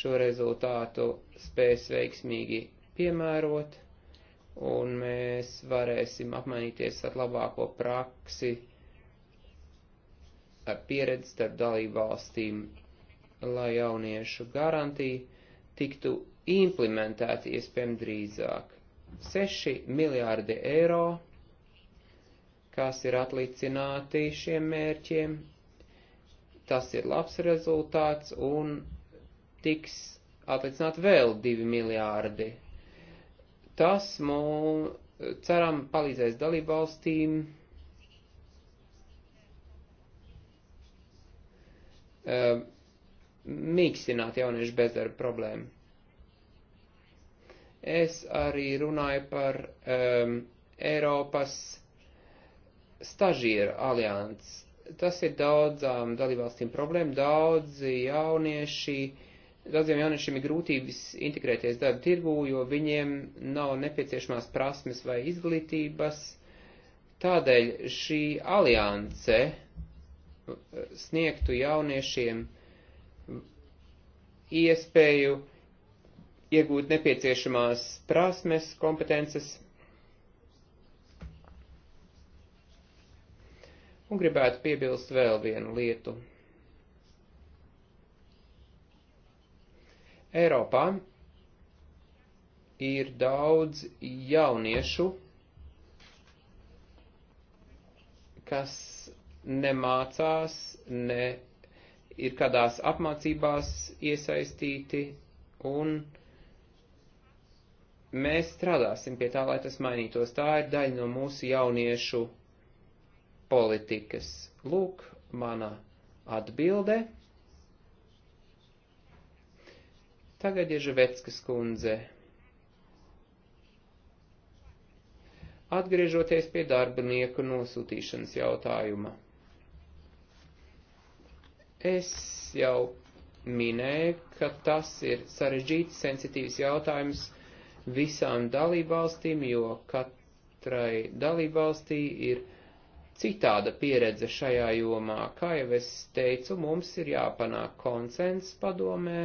šo rezultātu spēs veiksmīgi piemērot, un mēs varēsim apmainīties ar labāko praksi pieredzi starp dalību valstīm, lai jauniešu garantija tiktu implementēta iespējami drīzāk. 6 miljārdi eiro, kas ir atlicināti šiem mērķiem, tas ir labs rezultāts un tiks atlicināt vēl 2 miljārdi. Tas mums, ceram, palīdzēs dalību valstīm uh, mīkstināt jauniešu bezdarba problēmu. Es arī runāju par um, Eiropas stažieru alianci. Tas ir daudzām dalībvalstīm problēma. Daudzi jaunieši, daudziem jauniešiem ir grūtības integrēties darba tirgū, jo viņiem nav nepieciešamās prasmes vai izglītības. Tādēļ šī alianse uh, sniegtu jauniešiem iespēju iegūt nepieciešamās prasmes, kompetences. Un gribētu piebilst vēl vienu lietu. Eiropā ir daudz jauniešu, kas nemācās, ne ir kādās apmācībās iesaistīti, un mēs strādāsim pie tā, lai tas mainītos. Tā ir daļa no mūsu jauniešu politikas. Lūk, mana atbilde. Tagad ir Žveckas kundze. Atgriežoties pie darbinieku nosūtīšanas jautājuma. Es jau minēju, ka tas ir sarežģīts, sensitīvs jautājums visām dalībvalstīm, jo katrai dalībvalstī ir citāda pieredze šajā jomā. Kā jau es teicu, mums ir jāpanāk konsens padomē,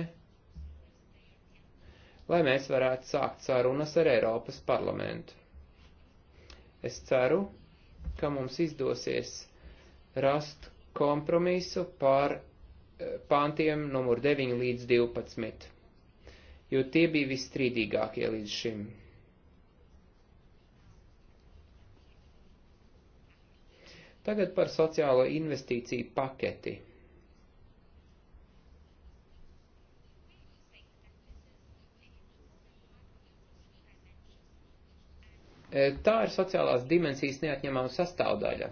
lai mēs varētu sākt sarunas ar Eiropas parlamentu. Es ceru, ka mums izdosies rast kompromisu par eh, pāntiem numur 9 līdz 12, jo tie bija visstrīdīgākie līdz šim. Tagad par sociālo investīciju paketi. Eh, tā ir sociālās dimensijas neatņemama sastāvdaļa.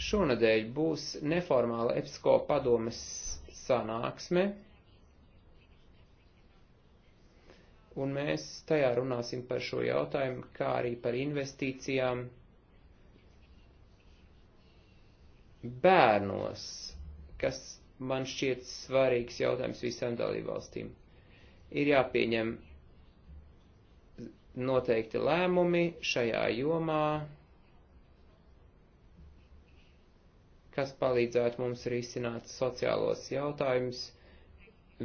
Šonadēļ būs neformāla EPSCO padomes sanāksme, un mēs tajā runāsim par šo jautājumu, kā arī par investīcijām bērnos, kas man šķiet svarīgs jautājums visām dalībvalstīm. Ir jāpieņem noteikti lēmumi šajā jomā. kas palīdzētu mums risināt sociālos jautājumus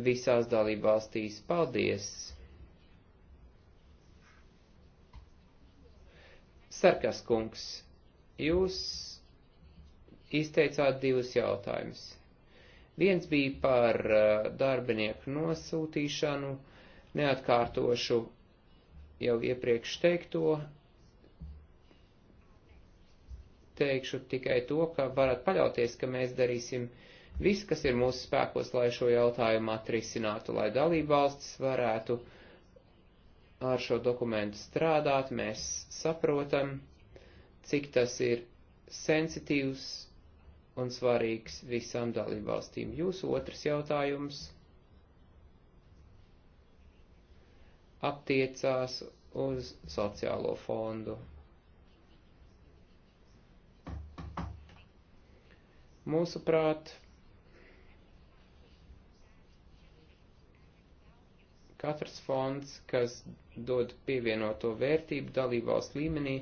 visās dalībvalstīs. Paldies! Sarkas kungs, jūs izteicāt divus jautājumus. Viens bija par uh, darbinieku nosūtīšanu, neatkārtošu jau iepriekš teikto, teikšu tikai to, ka varat paļauties, ka mēs darīsim visu, kas ir mūsu spēkos, lai šo jautājumu atrisinātu, lai dalībvalstis varētu ar šo dokumentu strādāt. Mēs saprotam, cik tas ir sensitīvs un svarīgs visām dalībvalstīm. Jūsu otrs jautājums attiecās uz sociālo fondu. Mūsuprāt, katrs fonds, kas dod pievienoto vērtību dalībvalsts līmenī,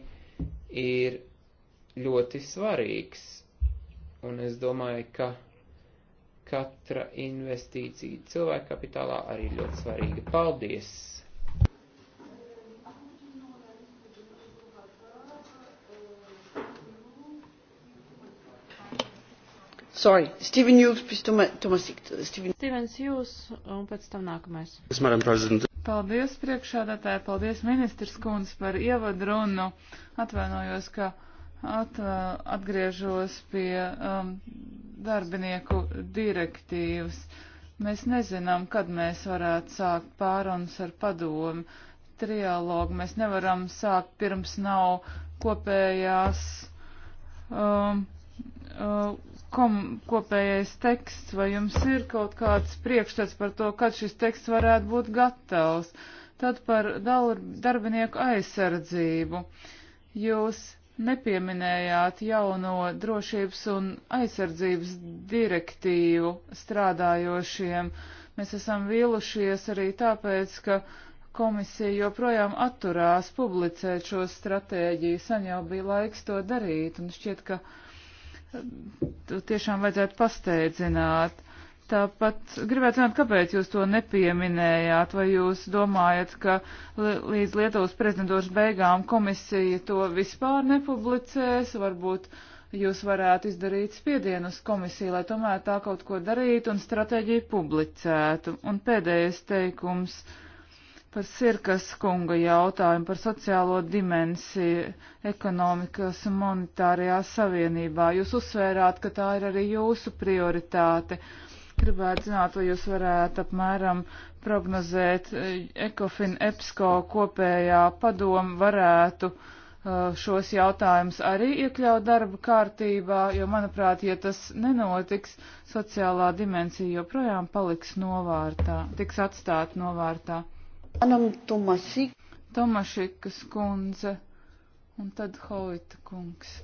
ir ļoti svarīgs. Un es domāju, ka katra investīcija cilvēka kapitālā arī ļoti svarīga. Paldies! Sorry, Steven Hughes, pēc tam Tomasik. Stevens Hughes un pēc tam nākamais. Paldies priekšādātāji, paldies ministrs kundz par ievadrunu. Atvainojos, ka at, atgriežos pie um, darbinieku direktīvas. Mēs nezinām, kad mēs varētu sākt pārunas ar padomu. Trialogu mēs nevaram sākt pirms nav kopējās. Um, uh, kom, kopējais teksts, vai jums ir kaut kāds priekšstats par to, kad šis teksts varētu būt gatavs. Tad par dal, darbinieku aizsardzību. Jūs nepieminējāt jauno drošības un aizsardzības direktīvu strādājošiem. Mēs esam vīlušies arī tāpēc, ka komisija joprojām atturās publicēt šo stratēģiju. Sen jau bija laiks to darīt, un šķiet, ka tiešām vajadzētu pasteidzināt. Tāpat gribētu zināt, kāpēc jūs to nepieminējāt, vai jūs domājat, ka līdz Lietuvas prezidentūras beigām komisija to vispār nepublicēs, varbūt jūs varētu izdarīt spiedienu uz komisiju, lai tomēr tā kaut ko darītu un stratēģiju publicētu. Un pēdējais teikums. Uh, par Sirkas kunga jautājumu par sociālo dimensiju ekonomikas un monetārajā savienībā. Jūs uzsvērāt, ka tā ir arī jūsu prioritāte. Gribētu zināt, vai jūs varētu apmēram prognozēt Ekofin EPSCO kopējā padomu varētu e, šos jautājumus arī iekļaut darba kārtībā, jo, manuprāt, ja tas nenotiks, sociālā dimensija joprojām paliks novārtā, tiks atstāt novārtā. Anam Tomasik. Tomašikas kundze un tad Hovita kungs.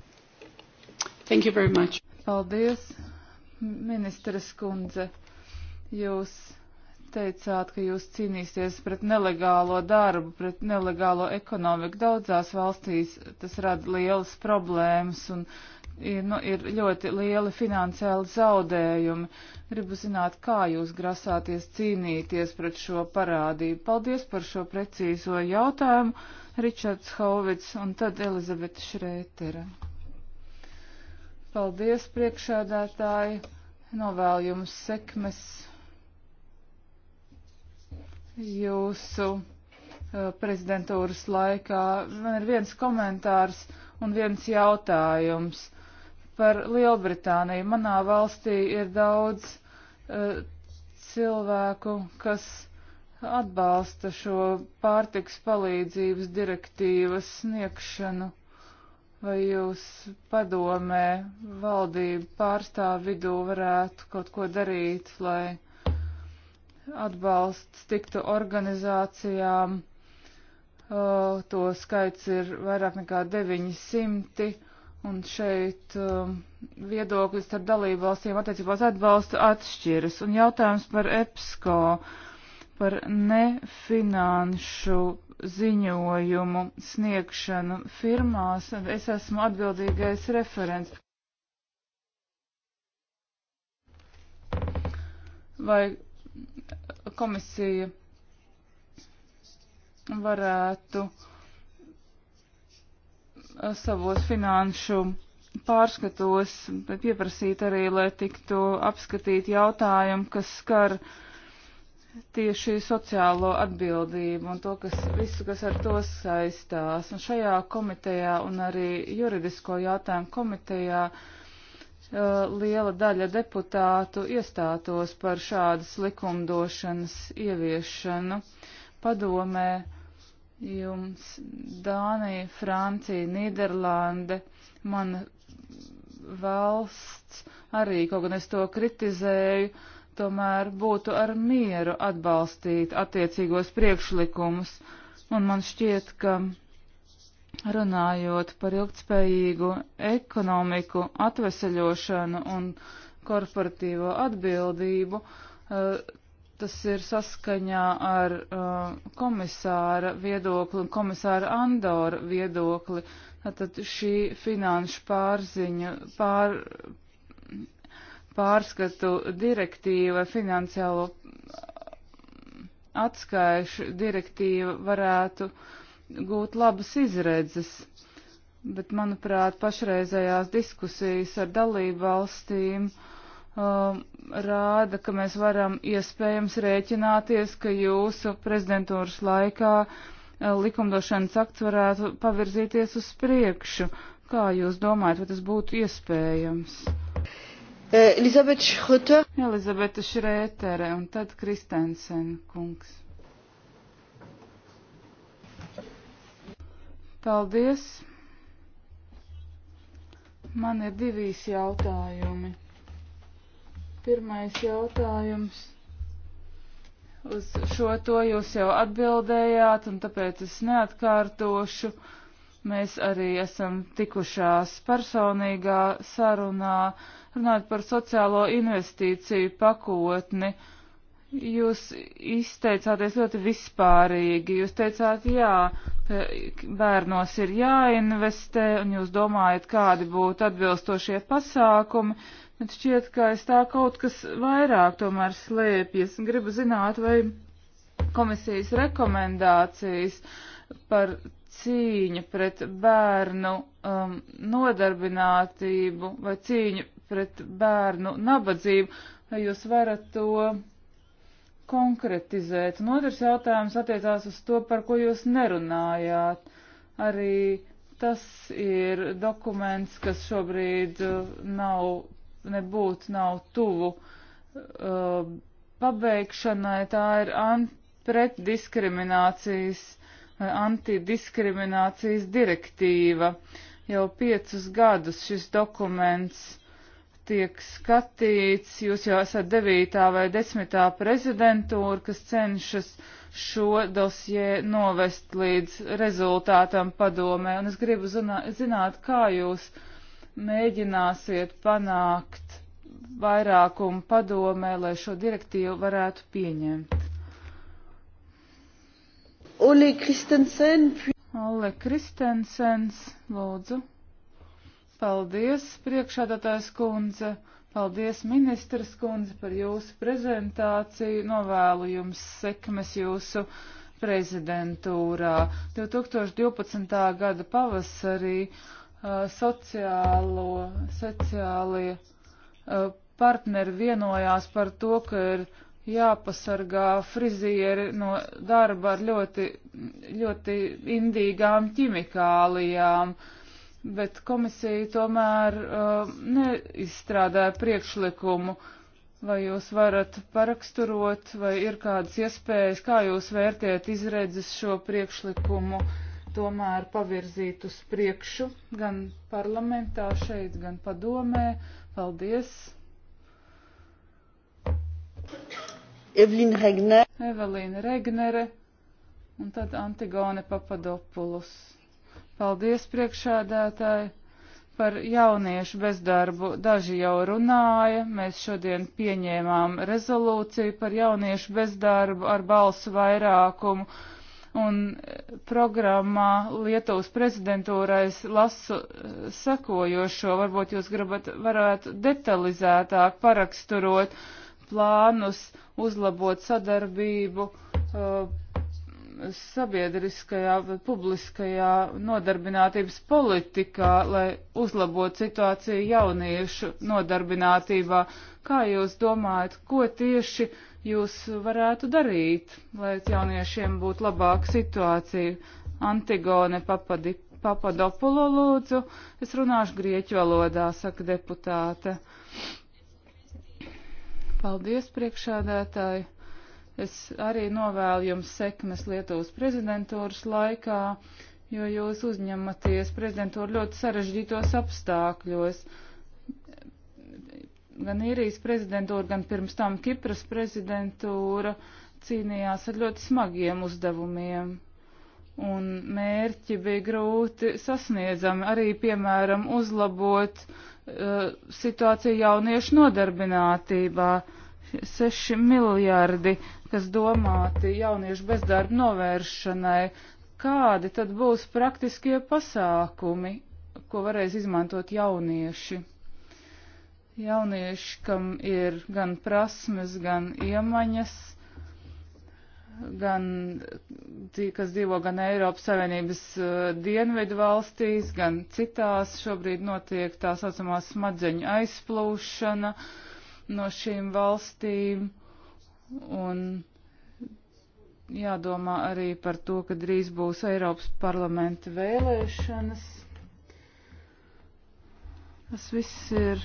Thank you very much. Paldies, ministras kundze. Jūs teicāt, ka jūs cīnīsieties pret nelegālo darbu, pret nelegālo ekonomiku. Daudzās valstīs tas rada lielas problēmas un ir, nu, ir ļoti lieli finansiāli zaudējumi. Gribu zināt, kā jūs grasāties cīnīties pret šo parādību. Paldies par šo precīzo jautājumu, Ričards Hauvits un tad Elizabete Šrētera. Paldies, priekšādātāji, novēl jums sekmes jūsu uh, prezidentūras laikā. Man ir viens komentārs un viens jautājums par Lielbritāniju. Manā valstī ir daudz uh, cilvēku, kas atbalsta šo pārtiks palīdzības direktīvas sniegšanu. Vai jūs padomē valdību pārstāvu vidū varētu kaut ko darīt, lai atbalsts tiktu organizācijām? Uh, to skaits ir vairāk nekā 900 Un šeit um, viedoklis starp dalību valstīm attiecībās atbalstu atšķiras. Un jautājums par EPSCO, par nefinanšu ziņojumu sniegšanu firmās. Es esmu atbildīgais referents. Vai komisija varētu Eh, savos finanšu pārskatos pieprasīt arī, lai tiktu apskatīt jautājumu, kas skar tieši sociālo atbildību un to, kas, visu, kas ar to saistās. Un šajā komitejā un arī juridisko jautājumu komitejā eh, liela daļa deputātu iestātos par šādas likumdošanas ieviešanu padomē jums Dānija, Francija, Nīderlande, mana valsts arī, kaut gan es to kritizēju, tomēr būtu ar mieru atbalstīt attiecīgos priekšlikumus. Un man šķiet, ka runājot par ilgtspējīgu ekonomiku, atveseļošanu un korporatīvo atbildību, eh, Tas ir saskaņā ar uh, komisāra viedokli un komisāra Andora viedokli. Tātad šī finanšu pārziņa, pār, pārskatu direktīva, finansiālo atskaišu direktīva varētu gūt labas izredzes. Bet, manuprāt, pašreizējās diskusijas ar dalību valstīm uh, um, rāda, ka mēs varam iespējams rēķināties, ka jūsu prezidentūras laikā uh, likumdošanas akts varētu pavirzīties uz priekšu. Kā jūs domājat, vai tas būtu iespējams? Elizabete Schröter. Elizabete Schrötere un tad Kristensen kungs. Paldies. Man ir divīs jautājumi. Pirmais jautājums. Uz šo to jūs jau atbildējāt, un tāpēc es neatkārtošu. Mēs arī esam tikušās personīgā sarunā runāt par sociālo investīciju pakotni. Jūs izteicāties ļoti vispārīgi. Jūs teicāt, jā, bērnos ir jāinvestē, un jūs domājat, kādi būtu atbilstošie pasākumi, Bet šķiet, ka es tā kaut kas vairāk tomēr slēpjas un gribu zināt, vai komisijas rekomendācijas par cīņu pret bērnu um, nodarbinātību vai cīņu pret bērnu nabadzību, vai jūs varat to konkretizēt. Un otrs jautājums attiecās uz to, par ko jūs nerunājāt. Arī tas ir dokuments, kas šobrīd uh, nav nebūtu nav tuvu uh, pabeigšanai, tā ir pretdiskriminācijas vai uh, antidiskriminācijas direktīva. Jau piecus gadus šis dokuments tiek skatīts, jūs jau esat devītā vai desmitā prezidentūra, kas cenšas šo dosie novest līdz rezultātam padomē, un es gribu zināt, kā jūs uh, mēģināsiet panākt vairākumu padomē, lai šo direktīvu varētu pieņemt. Ole Kristensen. Ole Kristensens, lūdzu. Paldies, priekšādātājs kundze. Paldies, ministras kundze, par jūsu prezentāciju. Novēlu jums sekmes jūsu prezidentūrā. 2012. gada pavasarī Uh, sociālo, sociālie uh, partneri vienojās par to, ka ir jāpasargā frizieri no darba ar ļoti, ļoti indīgām ķimikālijām, bet komisija tomēr uh, neizstrādāja priekšlikumu. Vai jūs varat paraksturot, vai ir kādas iespējas, kā jūs vērtējat izredzes šo priekšlikumu? Uh, tomēr pavirzīt uz priekšu gan parlamentā šeit, gan padomē. Paldies! Evelīna Regnere. Evelīna Regnere un tad Antigone Papadopulus. Paldies priekšādātāji par jauniešu bezdarbu. Daži jau runāja, mēs šodien pieņēmām rezolūciju par jauniešu bezdarbu ar balsu vairākumu un e, programmā Lietuvas prezidentūrais lasu e, sekojošo, varbūt jūs gribat, varētu detalizētāk paraksturot plānus, uzlabot sadarbību uh, sabiedriskajā vai publiskajā nodarbinātības politikā, lai uzlabotu situāciju jauniešu nodarbinātībā. Kā jūs domājat, ko tieši uh, jūs varētu darīt, lai jauniešiem būtu labāka situācija? Antigone Papadi, Papadopulo lūdzu, es runāšu grieķu valodā, saka deputāte. Paldies, priekšādētāji. Es arī novēlu jums sekmes Lietuvas prezidentūras laikā, jo jūs uzņematies prezidentūru ļoti sarežģītos apstākļos gan īrijas prezidentūra, gan pirms tam Kipras prezidentūra cīnījās ar ļoti smagiem uzdevumiem. Un mērķi bija grūti sasniedzami, arī, piemēram, uzlabot uh, situāciju jauniešu nodarbinātībā. 6 miljardi, kas domāti jauniešu bezdarba novēršanai, kādi tad būs praktiskie pasākumi, ko varēs izmantot jaunieši? jaunieši, kam ir gan prasmes, gan iemaņas, gan tie, kas dzīvo gan Eiropas Savienības eh, dienvidu valstīs, gan citās. Šobrīd notiek tā saucamā smadzeņu aizplūšana no šīm valstīm. Un jādomā arī par to, ka drīz būs Eiropas parlamenta vēlēšanas. Tas viss ir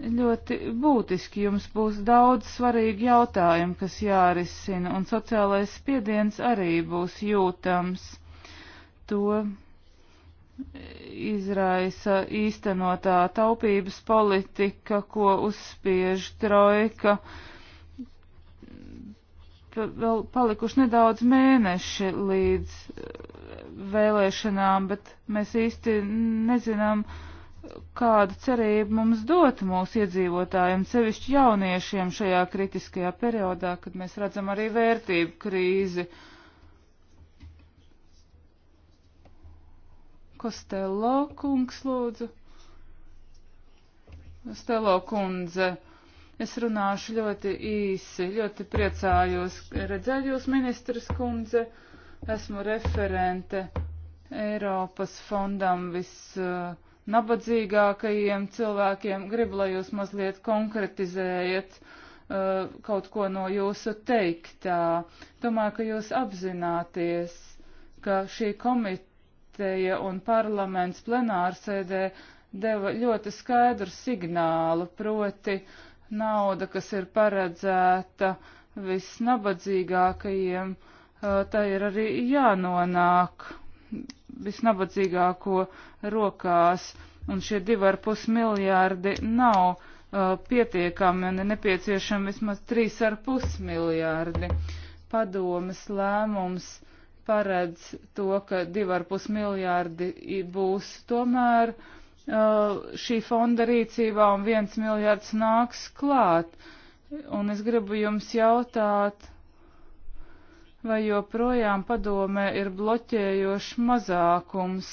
ļoti būtiski. Jums būs daudz svarīgi jautājumi, kas jārisina, un sociālais spiediens arī būs jūtams. To izraisa īstenotā taupības politika, ko uzspiež trojka. Vēl palikuši nedaudz mēneši līdz uh, vēlēšanām, bet mēs īsti nezinām, uh, kādu cerību mums dot mūsu iedzīvotājiem, sevišķi jauniešiem šajā kritiskajā periodā, kad mēs redzam arī vērtību krīzi. Kostelo kungs lūdzu. Kostelo kundze. Es runāšu ļoti īsi, ļoti priecājos redzēt jūs, ministras kundze. Esmu referente Eiropas fondam vis. Uh, nabadzīgākajiem cilvēkiem. Gribu, lai jūs mazliet konkretizējat uh, kaut ko no jūsu teiktā. Domāju, ka jūs apzināties, ka šī komiteja un parlaments plenārsēdē deva ļoti skaidru signālu, proti nauda, kas ir paredzēta visnabadzīgākajiem, uh, tā ir arī jānonāk visnabadzīgāko rokās, un šie 2,5 miljārdi nav uh, pietiekami un ir nepieciešami vismaz 3,5 miljārdi. Padomas lēmums paredz to, ka 2,5 miljārdi būs tomēr uh, šī fonda rīcībā un 1 miljārds nāks klāt. Un es gribu jums jautāt, vai joprojām padomē ir bloķējošs mazākums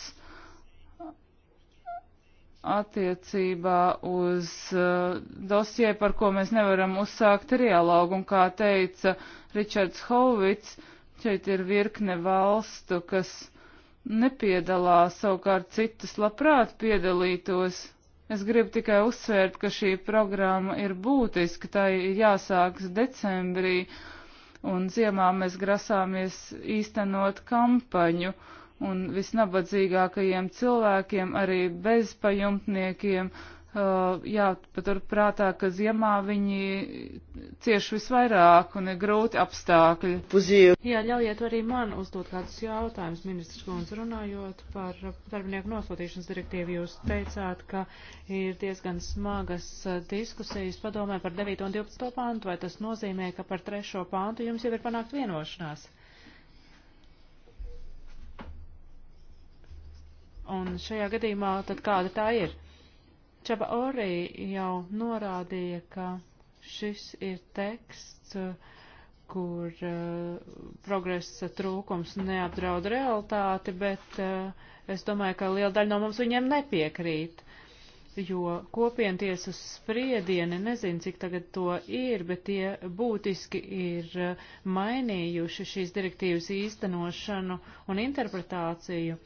attiecībā uz uh, dosie, par ko mēs nevaram uzsākt trialogu, un kā teica Ričards Hovits, šeit ir virkne valstu, kas nepiedalās, savukārt citas labprāt piedalītos. Es gribu tikai uzsvērt, ka šī programma ir būtiska, tai ir jāsākas decembrī, uh, un ziemā mēs grasāmies īstenot kampaņu, un visnabadzīgākajiem cilvēkiem, arī bezpajumtniekiem Uh, jāpatur prātā, ka ziemā viņi cieš visvairāk un ir grūti apstākļi. Puzīju. Jā, ļaujiet arī man uzdot kādus jautājumus, ministrs Kunz, runājot par darbinieku nosūtīšanas direktīvu. Jūs teicāt, ka ir diezgan smagas uh, diskusijas padomē par 9 un 12 pāntu, vai tas nozīmē, ka par 3 pāntu jums jau ir panākt vienošanās? Un šajā gadījumā tad kāda tā ir? Čaba Orī jau norādīja, ka šis ir teksts, kur uh, progresa trūkums neapdraud realitāti, bet uh, es domāju, ka liela daļa no mums viņiem nepiekrīt, jo kopientiesas spriedieni, nezinu, cik tagad to ir, bet tie būtiski ir uh, mainījuši šīs direktīvas īstenošanu un interpretāciju.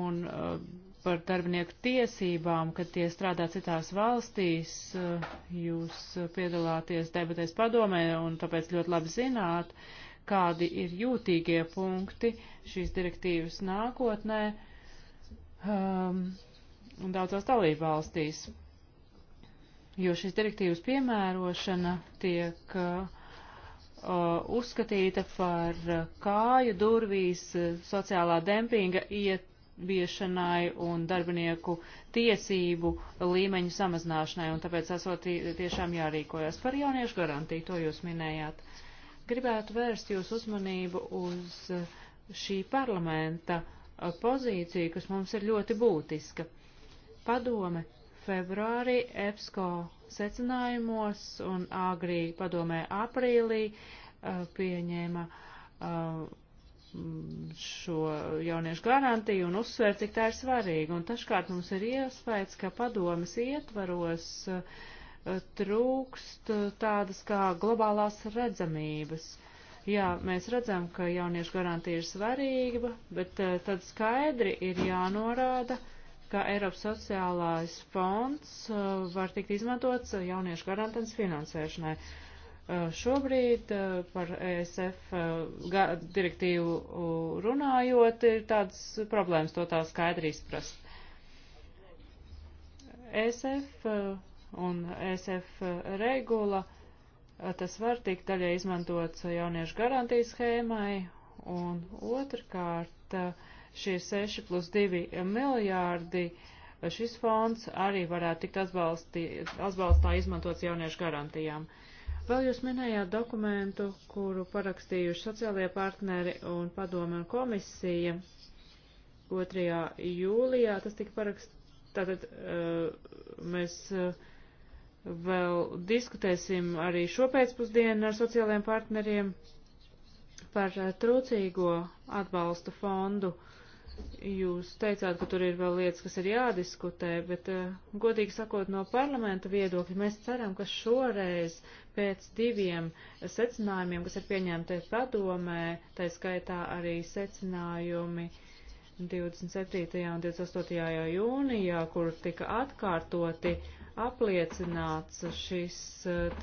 Un, uh, par darbinieku tiesībām, kad tie strādā citās valstīs, eh, jūs piedalāties debatēs padomē un tāpēc ļoti labi zināt, kādi ir jūtīgie punkti šīs direktīvas nākotnē um, un daudzās dalību valstīs. Jo šīs direktīvas piemērošana tiek uh, uzskatīta par eh, kāju durvīs sociālā dempinga iet ieviešanai un darbinieku tiesību līmeņu samazināšanai, un tāpēc esot tiešām jārīkojas par jauniešu garantiju, to jūs minējāt. Gribētu vērst jūs uzmanību uz šī parlamenta pozīciju, kas mums ir ļoti būtiska. Padome februārī EPSCO secinājumos un agrī padomē aprīlī uh, pieņēma uh, Mm, šo jauniešu garantiju un uzsver, cik tā ir svarīga. Un taškārt mums ir iespējas, ka padomas ietvaros eh, trūkst eh, tādas kā globālās redzamības. Jā, mēs redzam, ka jauniešu garantija ir svarīga, bet eh, tad skaidri ir jānorāda, ka Eiropas sociālais fonds var tikt izmantots jauniešu garantijas finansēšanai. Uh, Eh, šobrīd eh, par ESF eh, direktīvu runājot, ir tādas problēmas to tā skaidri izprast. ESF un ESF regula, tas var tikt daļai izmantots jauniešu garantijas schēmai, un otrkārt šie 6 plus 2 miljārdi, šis fonds arī varētu tikt atbalstī, atbalstā izmantots jauniešu garantijām. Uh, Vēl jūs minējāt dokumentu, kuru parakstījuši sociālajie partneri un padome un komisija 2. jūlijā. Tas tika parakst... Tātad uh, mēs uh, vēl diskutēsim arī šo pēcpusdienu ar sociālajiem partneriem par uh, trūcīgo atbalsta fondu. Uh, Jūs teicāt, ka tur ir vēl lietas, kas ir jādiskutē, bet, eh, godīgi sakot, no parlamenta viedokļa mēs ceram, ka šoreiz pēc diviem secinājumiem, kas ir pieņemti padomē, tā skaitā arī secinājumi 27. un 28. jūnijā, kur tika atkārtoti apliecināts šis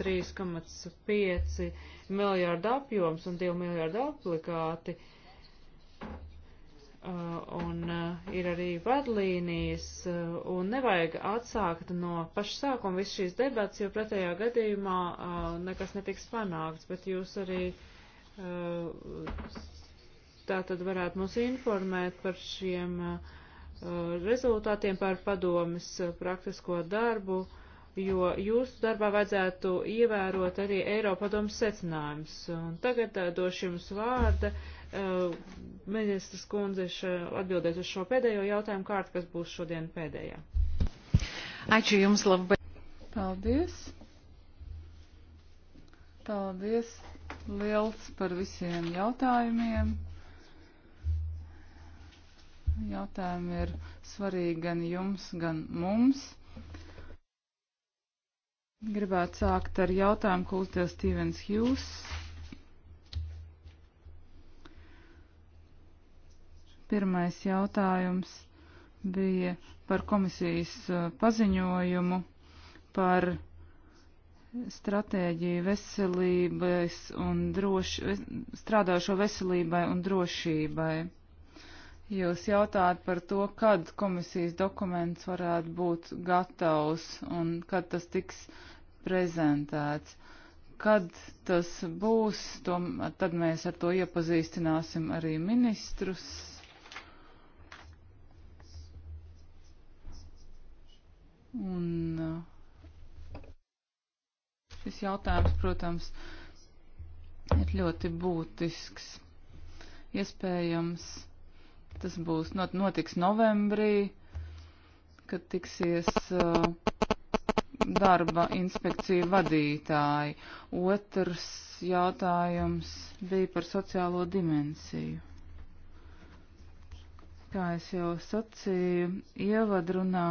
3,5 eh, miljārdu apjoms un 2 miljārdu aplikāti. Uh, Uh, un uh, ir arī vadlīnijas, uh, un nevajag atsākt no paša sākuma visu šīs debats, jo pretējā gadījumā nekas netiks panākts, bet jūs arī tā tad varētu mūs informēt par šiem rezultātiem, par padomis praktisko darbu, jo jūsu darbā vajadzētu ievērot arī Eiropadomas secinājumus. Tagad došu jums vārdu Uh, Ministras kundze uh, atbildēs uz šo pēdējo jautājumu kārtu, kas būs šodien pēdējā. Ačiū Jums labai. Paldies. Paldies liels par visiem jautājumiem. Jautājumi ir svarīgi gan jums, gan mums. Gribētu sākt ar jautājumu, ko uzdeva Stīvens Hjūss. Pirmais jautājums bija par komisijas uh, paziņojumu par stratēģiju veselības un droši, strādājošo veselībai un drošībai. Jūs jautājat par to, kad komisijas dokuments varētu būt gatavs un kad tas tiks prezentēts. Kad tas būs, to, tad mēs ar to iepazīstināsim arī ministrus Un uh, šis jautājums, protams, ir ļoti būtisks. Iespējams, tas būs not, notiks novembrī, kad tiksies uh, darba inspekcija vadītāji. Otrs jautājums bija par sociālo dimensiju. Kā es jau sacīju, ievadrunā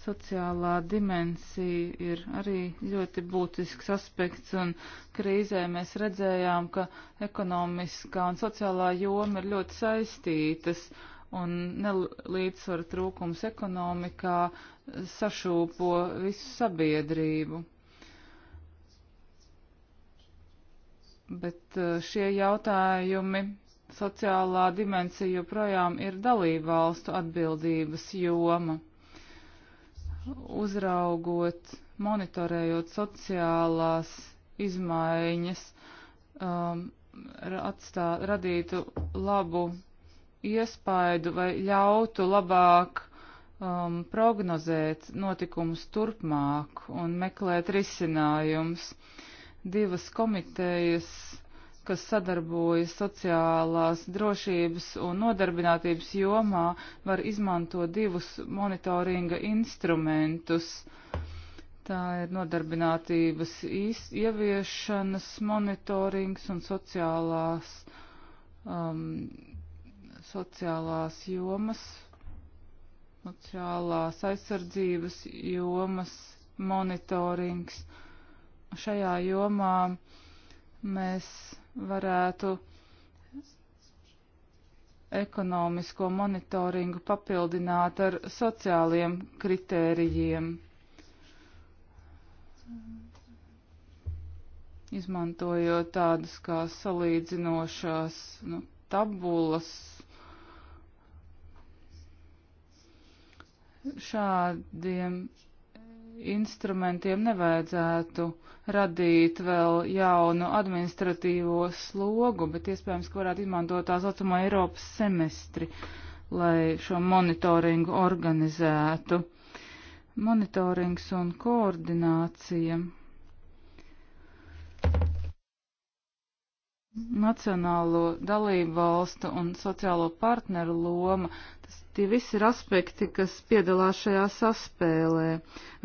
Sociālā dimensija ir arī ļoti būtisks aspekts, un krīzē mēs redzējām, ka ekonomiskā un sociālā joma ir ļoti saistītas, un nelīdzsvara trūkums ekonomikā sašūpo visu sabiedrību. Bet uh, šie jautājumi sociālā dimensija joprojām ir dalībvalstu atbildības joma uzraugot, monitorējot sociālās izmaiņas, um, atstā, radītu labu iespaidu vai ļautu labāk um, prognozēt notikumus turpmāk un meklēt risinājumus. Divas komitejas kas sadarbojas sociālās drošības un nodarbinātības jomā, var izmantot divus monitoringa instrumentus. Tā ir nodarbinātības ieviešanas monitorings un sociālās, um, sociālās jomas, sociālās aizsardzības jomas monitorings. Šajā jomā mēs varētu ekonomisko monitoringu papildināt ar sociāliem kritērijiem, izmantojot tādas kā salīdzinošās nu, tabulas. Šādiem instrumentiem nevajadzētu radīt vēl jaunu administratīvo slogu, bet iespējams, ka varētu izmantot tā saucamo Eiropas semestri, lai šo monitoringu organizētu. Monitorings un koordinācija. Nacionālo dalību valstu un sociālo partneru loma Tie visi ir aspekti, kas piedalās šajā saspēlē,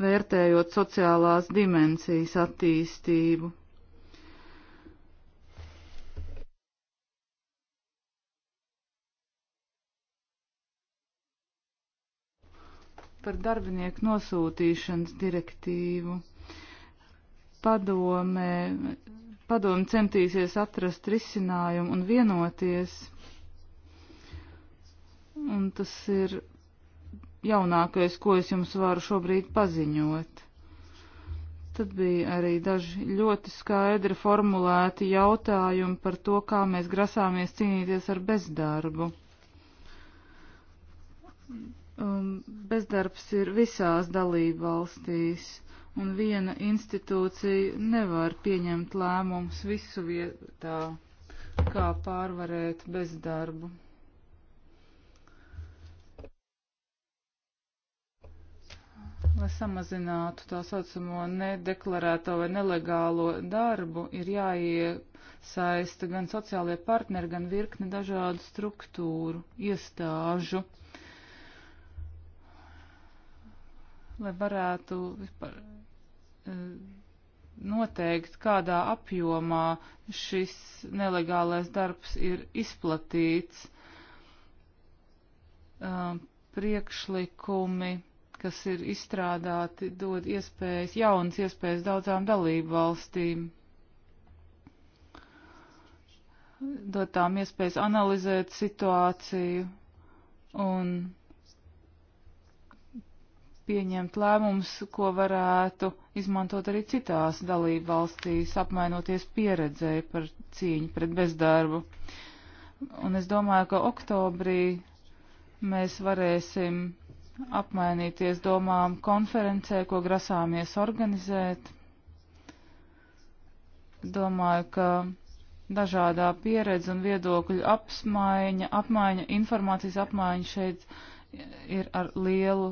vērtējot sociālās dimensijas attīstību. Par darbinieku nosūtīšanas direktīvu. Padome, padome centīsies atrast risinājumu un vienoties Un tas ir jaunākais, ko es jums varu šobrīd paziņot. Tad bija arī daži ļoti skaidri formulēti jautājumi par to, kā mēs grasāmies cīnīties ar bezdarbu. Um, bezdarbs ir visās dalībvalstīs, un viena institūcija nevar pieņemt lēmumus visu vietā, kā pārvarēt bezdarbu. Lai samazinātu tā saucamo nedeklarēto vai nelegālo darbu, ir jāiesaista gan sociālie partneri, gan virkne dažādu struktūru, iestāžu, lai varētu vispār eh, noteikt, kādā apjomā šis nelegālais darbs ir izplatīts. Eh, priekšlikumi kas ir izstrādāti, dod iespējas, jaunas iespējas daudzām dalību valstīm. Dod tām iespējas analizēt situāciju un pieņemt lēmumus, ko varētu izmantot arī citās dalību valstīs, apmainoties pieredzēju par cīņu pret bezdarbu. Un es domāju, ka oktobrī mēs varēsim apmainīties domām konferencē, ko grasāmies organizēt. Domāju, ka dažādā pieredze un viedokļu apmaiņa, apmaiņa, informācijas apmaiņa šeit ir ar lielu,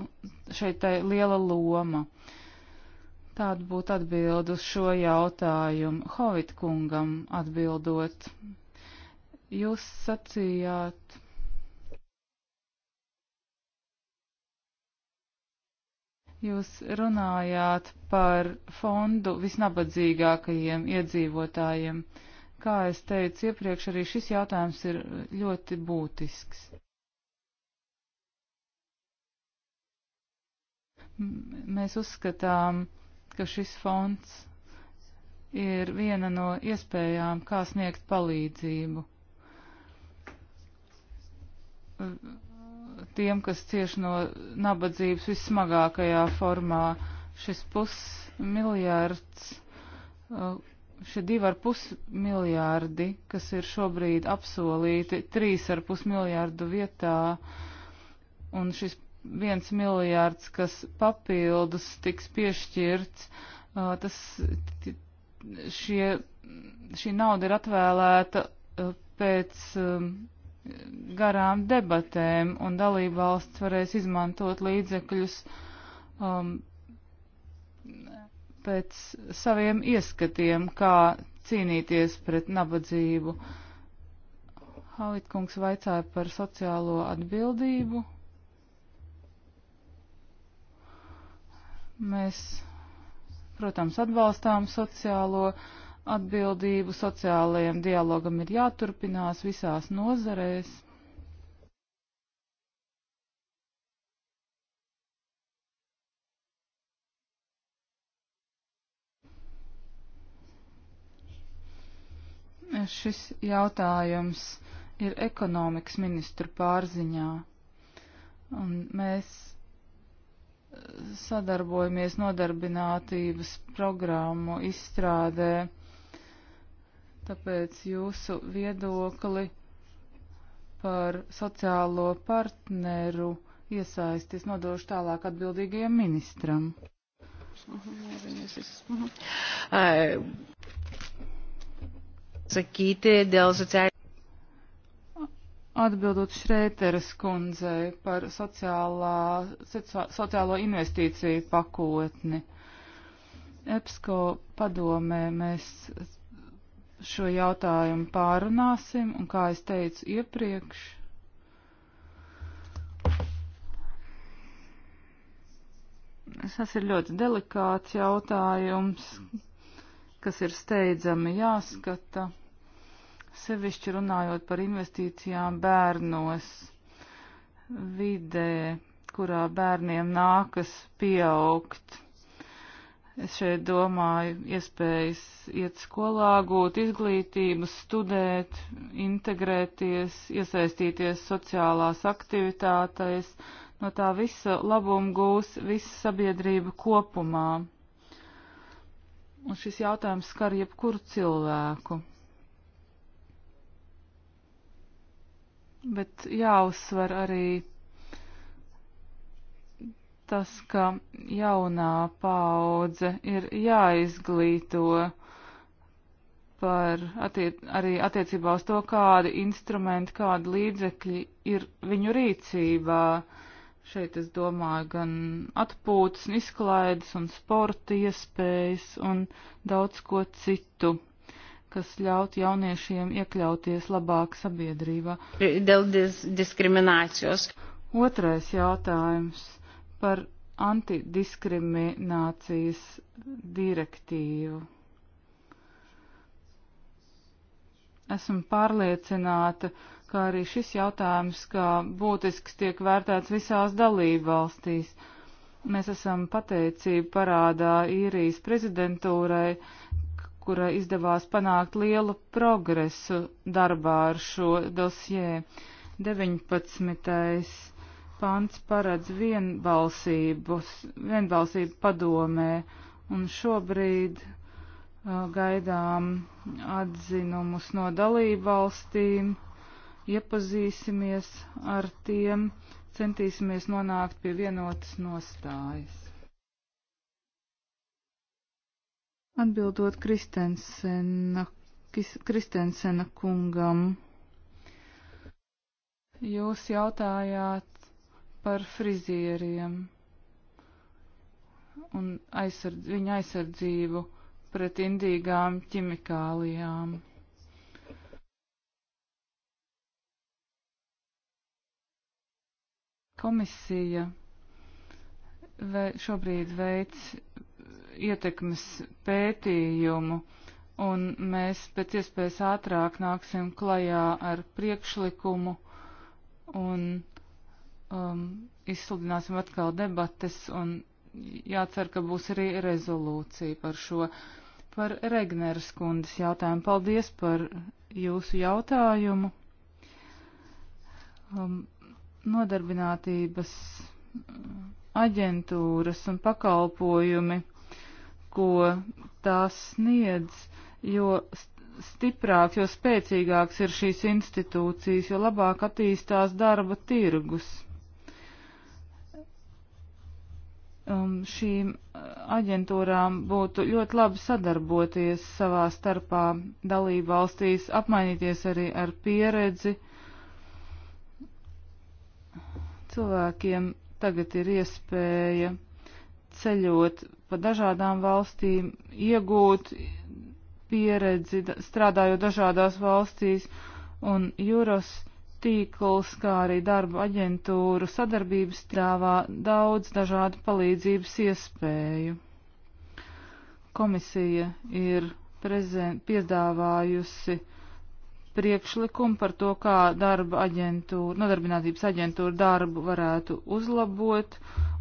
šeit tai liela loma. Tāda būtu atbildu uz šo jautājumu. Hovit kungam atbildot, jūs sacījāt Jūs runājāt par fondu visnabadzīgākajiem iedzīvotājiem. Kā es teicu iepriekš, arī šis jautājums ir ļoti būtisks. M mēs uzskatām, ka šis fonds ir viena no iespējām, kā sniegt palīdzību tiem, kas cieši no nabadzības vissmagākajā formā. Šis pusmiljards, uh, šie divi ar pusmiljardi, kas ir šobrīd apsolīti trīs ar pusmiljardu vietā, un šis viens miljards, kas papildus tiks piešķirts, uh, tas, šie, šī nauda ir atvēlēta uh, pēc um, garām debatēm, un dalībvalsts varēs izmantot līdzekļus um, pēc saviem ieskatiem, kā cīnīties pret nabadzību. Halitkungs vaicāja par sociālo atbildību. Mēs, protams, atbalstām sociālo atbildību atbildību, sociālajiem dialogam ir jāturpinās visās nozarēs. Šis jautājums ir ekonomikas ministru pārziņā, un mēs sadarbojamies nodarbinātības programmu izstrādē Tāpēc jūsu viedokli par sociālo partneru iesaistis nodošu tālāk atbildīgajam ministram. Sakīti dēļ sociāla. Atbildot Šrēteres kundzei par sociālā, sociālo investīciju pakotni. EPSCO padomē mēs šo jautājumu pārunāsim, un kā es teicu iepriekš, tas ir ļoti delikāts jautājums, kas ir steidzami jāskata, sevišķi runājot par investīcijām bērnos vidē, kurā bērniem nākas pieaugt. Es šeit domāju iespējas iet skolā, gūt izglītību, studēt, integrēties, iesaistīties sociālās aktivitātēs. No tā visa labumu gūs visa sabiedrība kopumā. Un šis jautājums skar jebkuru cilvēku. Bet jāuzsver arī tas, ka jaunā paudze ir jāizglīto par attiec arī attiecībā uz to, kādi instrumenti, kādi līdzekļi ir viņu rīcībā. Šeit es domāju gan atpūtas un izklaides un sporta iespējas un daudz ko citu, kas ļaut jauniešiem iekļauties labāk sabiedrībā. Dēļ diskriminācijos. Otrais jautājums par antidiskriminācijas direktīvu. Esmu pārliecināta, ka arī šis jautājums, kā būtisks, tiek vērtēts visās dalībvalstīs. Mēs esam pateicību parādā īrijas prezidentūrai, kura izdevās panākt lielu progresu darbā ar šo dosjē. 19 pants paredz vienbalsību padomē, un šobrīd uh, gaidām atzinumus no dalību valstīm, iepazīsimies ar tiem, centīsimies nonākt pie vienotas nostājas. Atbildot Kristensena, Kristensena kungam, jūs jautājāt par frizieriem un aizsardz, viņa aizsardzību pret indīgām ķimikālijām. Komisija vē, šobrīd veids ietekmes pētījumu, un mēs pēc iespējas ātrāk nāksim klajā ar priekšlikumu un um, izsludināsim atkal debates un jācer, ka būs arī rezolūcija par šo, par Regneras kundas jautājumu. Paldies par jūsu jautājumu. Um, nodarbinātības aģentūras un pakalpojumi, ko tās sniedz, jo stiprāks, jo spēcīgāks ir šīs institūcijas, jo labāk attīstās darba tirgus. um, šīm uh, aģentūrām būtu ļoti labi sadarboties savā starpā dalību valstīs, apmainīties arī ar pieredzi. Cilvēkiem tagad ir iespēja ceļot pa dažādām valstīm, iegūt pieredzi, strādājot dažādās valstīs, un Juros tīkls, kā arī darba aģentūru sadarbības strāvā daudz dažādu palīdzības iespēju. Komisija ir prezent, piedāvājusi priekšlikumu par to, kā darba aģentūra, nodarbinātības aģentūra darbu varētu uzlabot,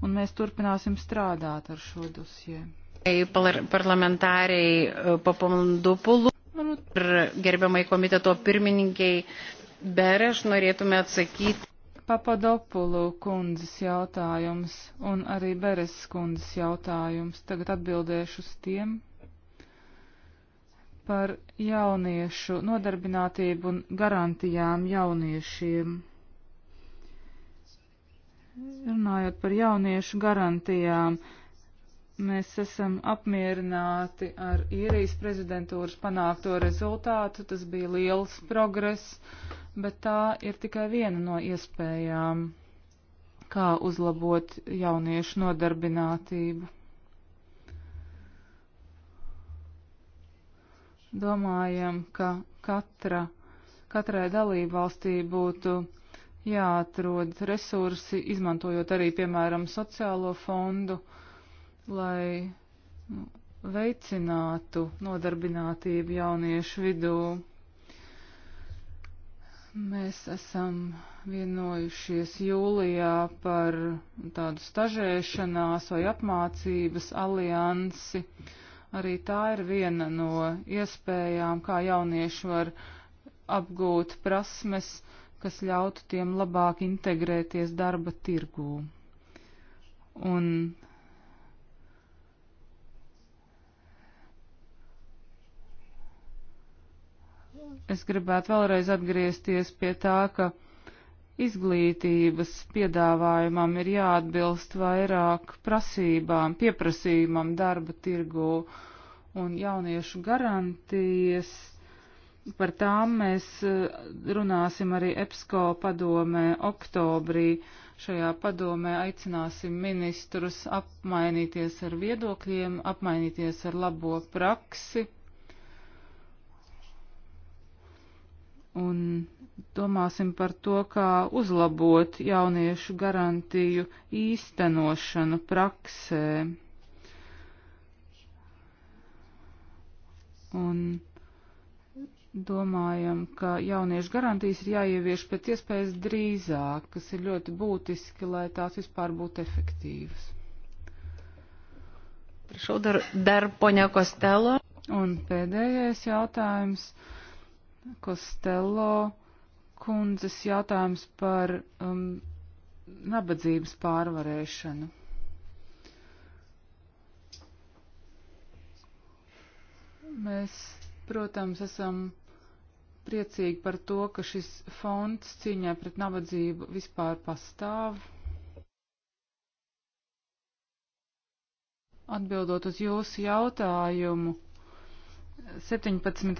un mēs turpināsim strādāt ar šo dosiju. Parlamentāri eh, Papamandopulu ir gerbiamai komiteto pirmininkiai Bēreš norietume atsakīt. Papadopulu kundzes jautājums un arī Beres kundzes jautājums. Tagad atbildēšu uz tiem par jauniešu nodarbinātību un garantijām jauniešiem. Runājot par jauniešu garantijām, mēs esam apmierināti ar īrijas prezidentūras panākto rezultātu. Tas bija liels progress bet tā ir tikai viena no iespējām, kā uzlabot jauniešu nodarbinātību. Domājam, ka katra, katrai dalībvalstī būtu jāatrod resursi, izmantojot arī, piemēram, sociālo fondu, lai nu, veicinātu nodarbinātību jauniešu vidū. Mēs esam vienojušies jūlijā par tādu stažēšanās vai apmācības aliansi. Arī tā ir viena no iespējām, kā jaunieši var apgūt prasmes, kas ļautu tiem labāk integrēties darba tirgū. Un es gribētu vēlreiz atgriezties pie tā, ka izglītības piedāvājumam ir jāatbilst vairāk prasībām, pieprasījumam darba tirgū un jauniešu garantijas. Par tām mēs eh, runāsim arī EPSCO padomē oktobrī. Šajā padomē aicināsim ministrus apmainīties ar viedokļiem, apmainīties ar labo praksi un domāsim par to, kā uzlabot jauniešu garantiju īstenošanu praksē. Un domājam, ka jauniešu garantijas ir jāievieš pēc iespējas drīzāk, kas ir ļoti būtiski, lai tās vispār būtu efektīvas. Prašu dar, dar poņa Kostelo. Un pēdējais jautājums. Uh, Kostello kundzes jautājums par um, nabadzības pārvarēšanu. Mēs, protams, esam priecīgi par to, ka šis fonds cīņā pret nabadzību vispār pastāv. Atbildot uz jūsu jautājumu, 17.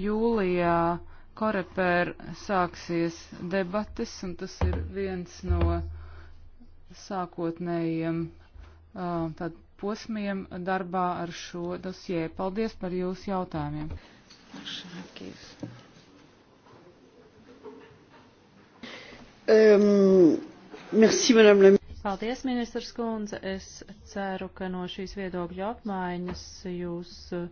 jūlijā Koreper sāksies debates, un tas ir viens no sākotnējiem uh, posmiem darbā ar šo dosjē. Paldies par jūsu jautājumiem. Um, merci, madame la Paldies, ministrs kundze. Es ceru, ka no šīs viedokļu apmaiņas jūs uh,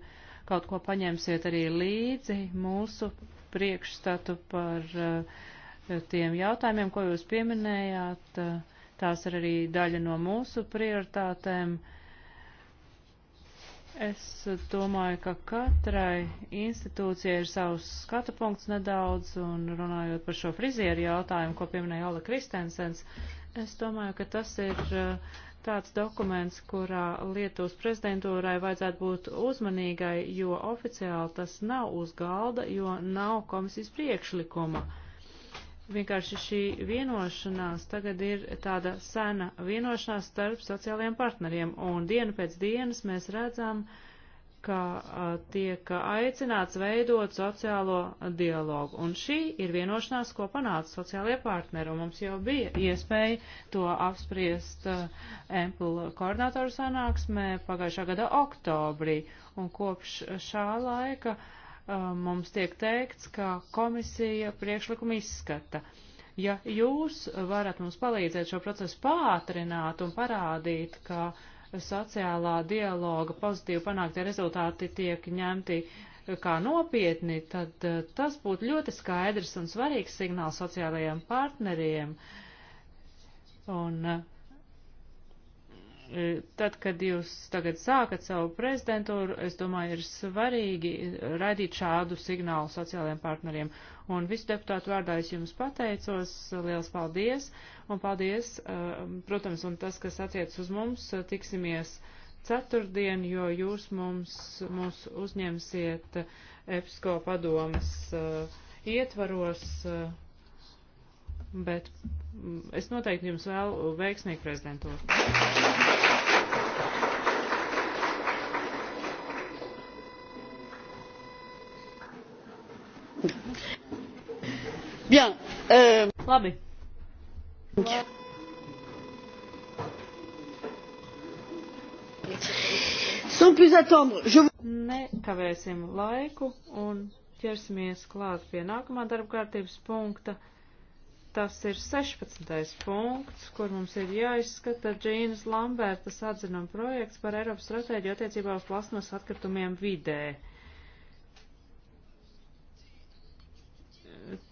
kaut ko paņemsiet arī līdzi mūsu priekšstatu par eh, tiem jautājumiem, ko jūs pieminējāt. Eh, tās ir arī daļa no mūsu prioritātēm. Es domāju, ka katrai institūcijai ir savs skatu punkts nedaudz, un runājot par šo frizieru jautājumu, ko pieminēja Ola Kristensens, es domāju, ka tas ir uh, tāds dokuments, kurā Lietuvas prezidentūrai vajadzētu būt uzmanīgai, jo oficiāli tas nav uz galda, jo nav komisijas priekšlikuma. Vienkārši šī vienošanās tagad ir tāda sena vienošanās starp sociālajiem partneriem, un dienu pēc dienas mēs redzam, uh, ka a, tiek aicināts veidot sociālo dialogu. Un šī ir vienošanās, ko panāca sociālajie partneri, un mums jau bija iespēja to apspriest Empula koordinātoru sanāksmē pagājušā gada oktobrī. Un kopš šā laika a, mums tiek teikts, ka komisija priekšlikumu izskata ja jūs varat mums palīdzēt šo procesu pātrināt un parādīt, ka sociālā dialoga pozitīvi panāktie rezultāti tiek ņemti kā nopietni, tad eh, tas būtu ļoti skaidrs un svarīgs signāls sociālajiem partneriem. Un eh, tad, kad jūs tagad sākat savu prezidentūru, es domāju, ir svarīgi eh, radīt šādu signālu sociālajiem partneriem. Un visu deputātu vārdā es jums pateicos, liels paldies, un paldies, uh, protams, un tas, kas attiec uz mums, uh, tiksimies ceturtdien, jo jūs mums, mūs uzņemsiet EPSCO padomas uh, ietvaros, bet mm, es noteikti jums vēl veiksmīgu prezidentūru. Bien. Uh... Labi. Sans plus attendre, je vous... Nekavēsim laiku un ķersimies klāt pie nākamā darba kārtības punkta. Tas ir 16. punkts, kur mums ir jāizskata Džīnas Lambertas atzinuma projekts par Eiropas stratēģiju attiecībā uz plasmas atkritumiem vidē.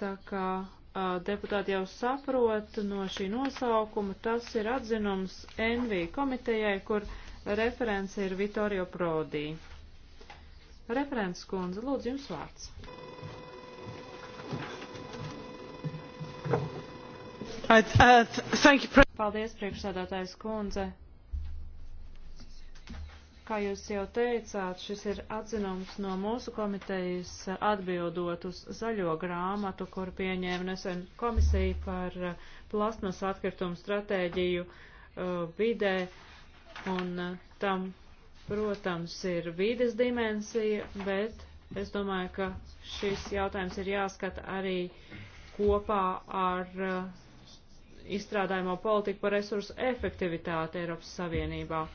Tā kā deputāti jau saprot no šī nosaukuma, tas ir atzinums NV komitejai, kur referents ir Vittorio Prodi. Referents kundze, lūdzu jums vārds. Uh, Paldies, priekšsādātājs kundze. Kā jūs jau teicāt, šis ir atzinums no mūsu komitejas atbildot uz zaļo grāmatu, kur pieņēma nesen komisija par uh, plasmas atkritumu stratēģiju uh, vidē, un uh, tam, protams, ir vides dimensija, bet es domāju, ka šis jautājums ir jāskata arī kopā ar uh, izstrādājumo politiku par resursu efektivitāti Eiropas Savienībā.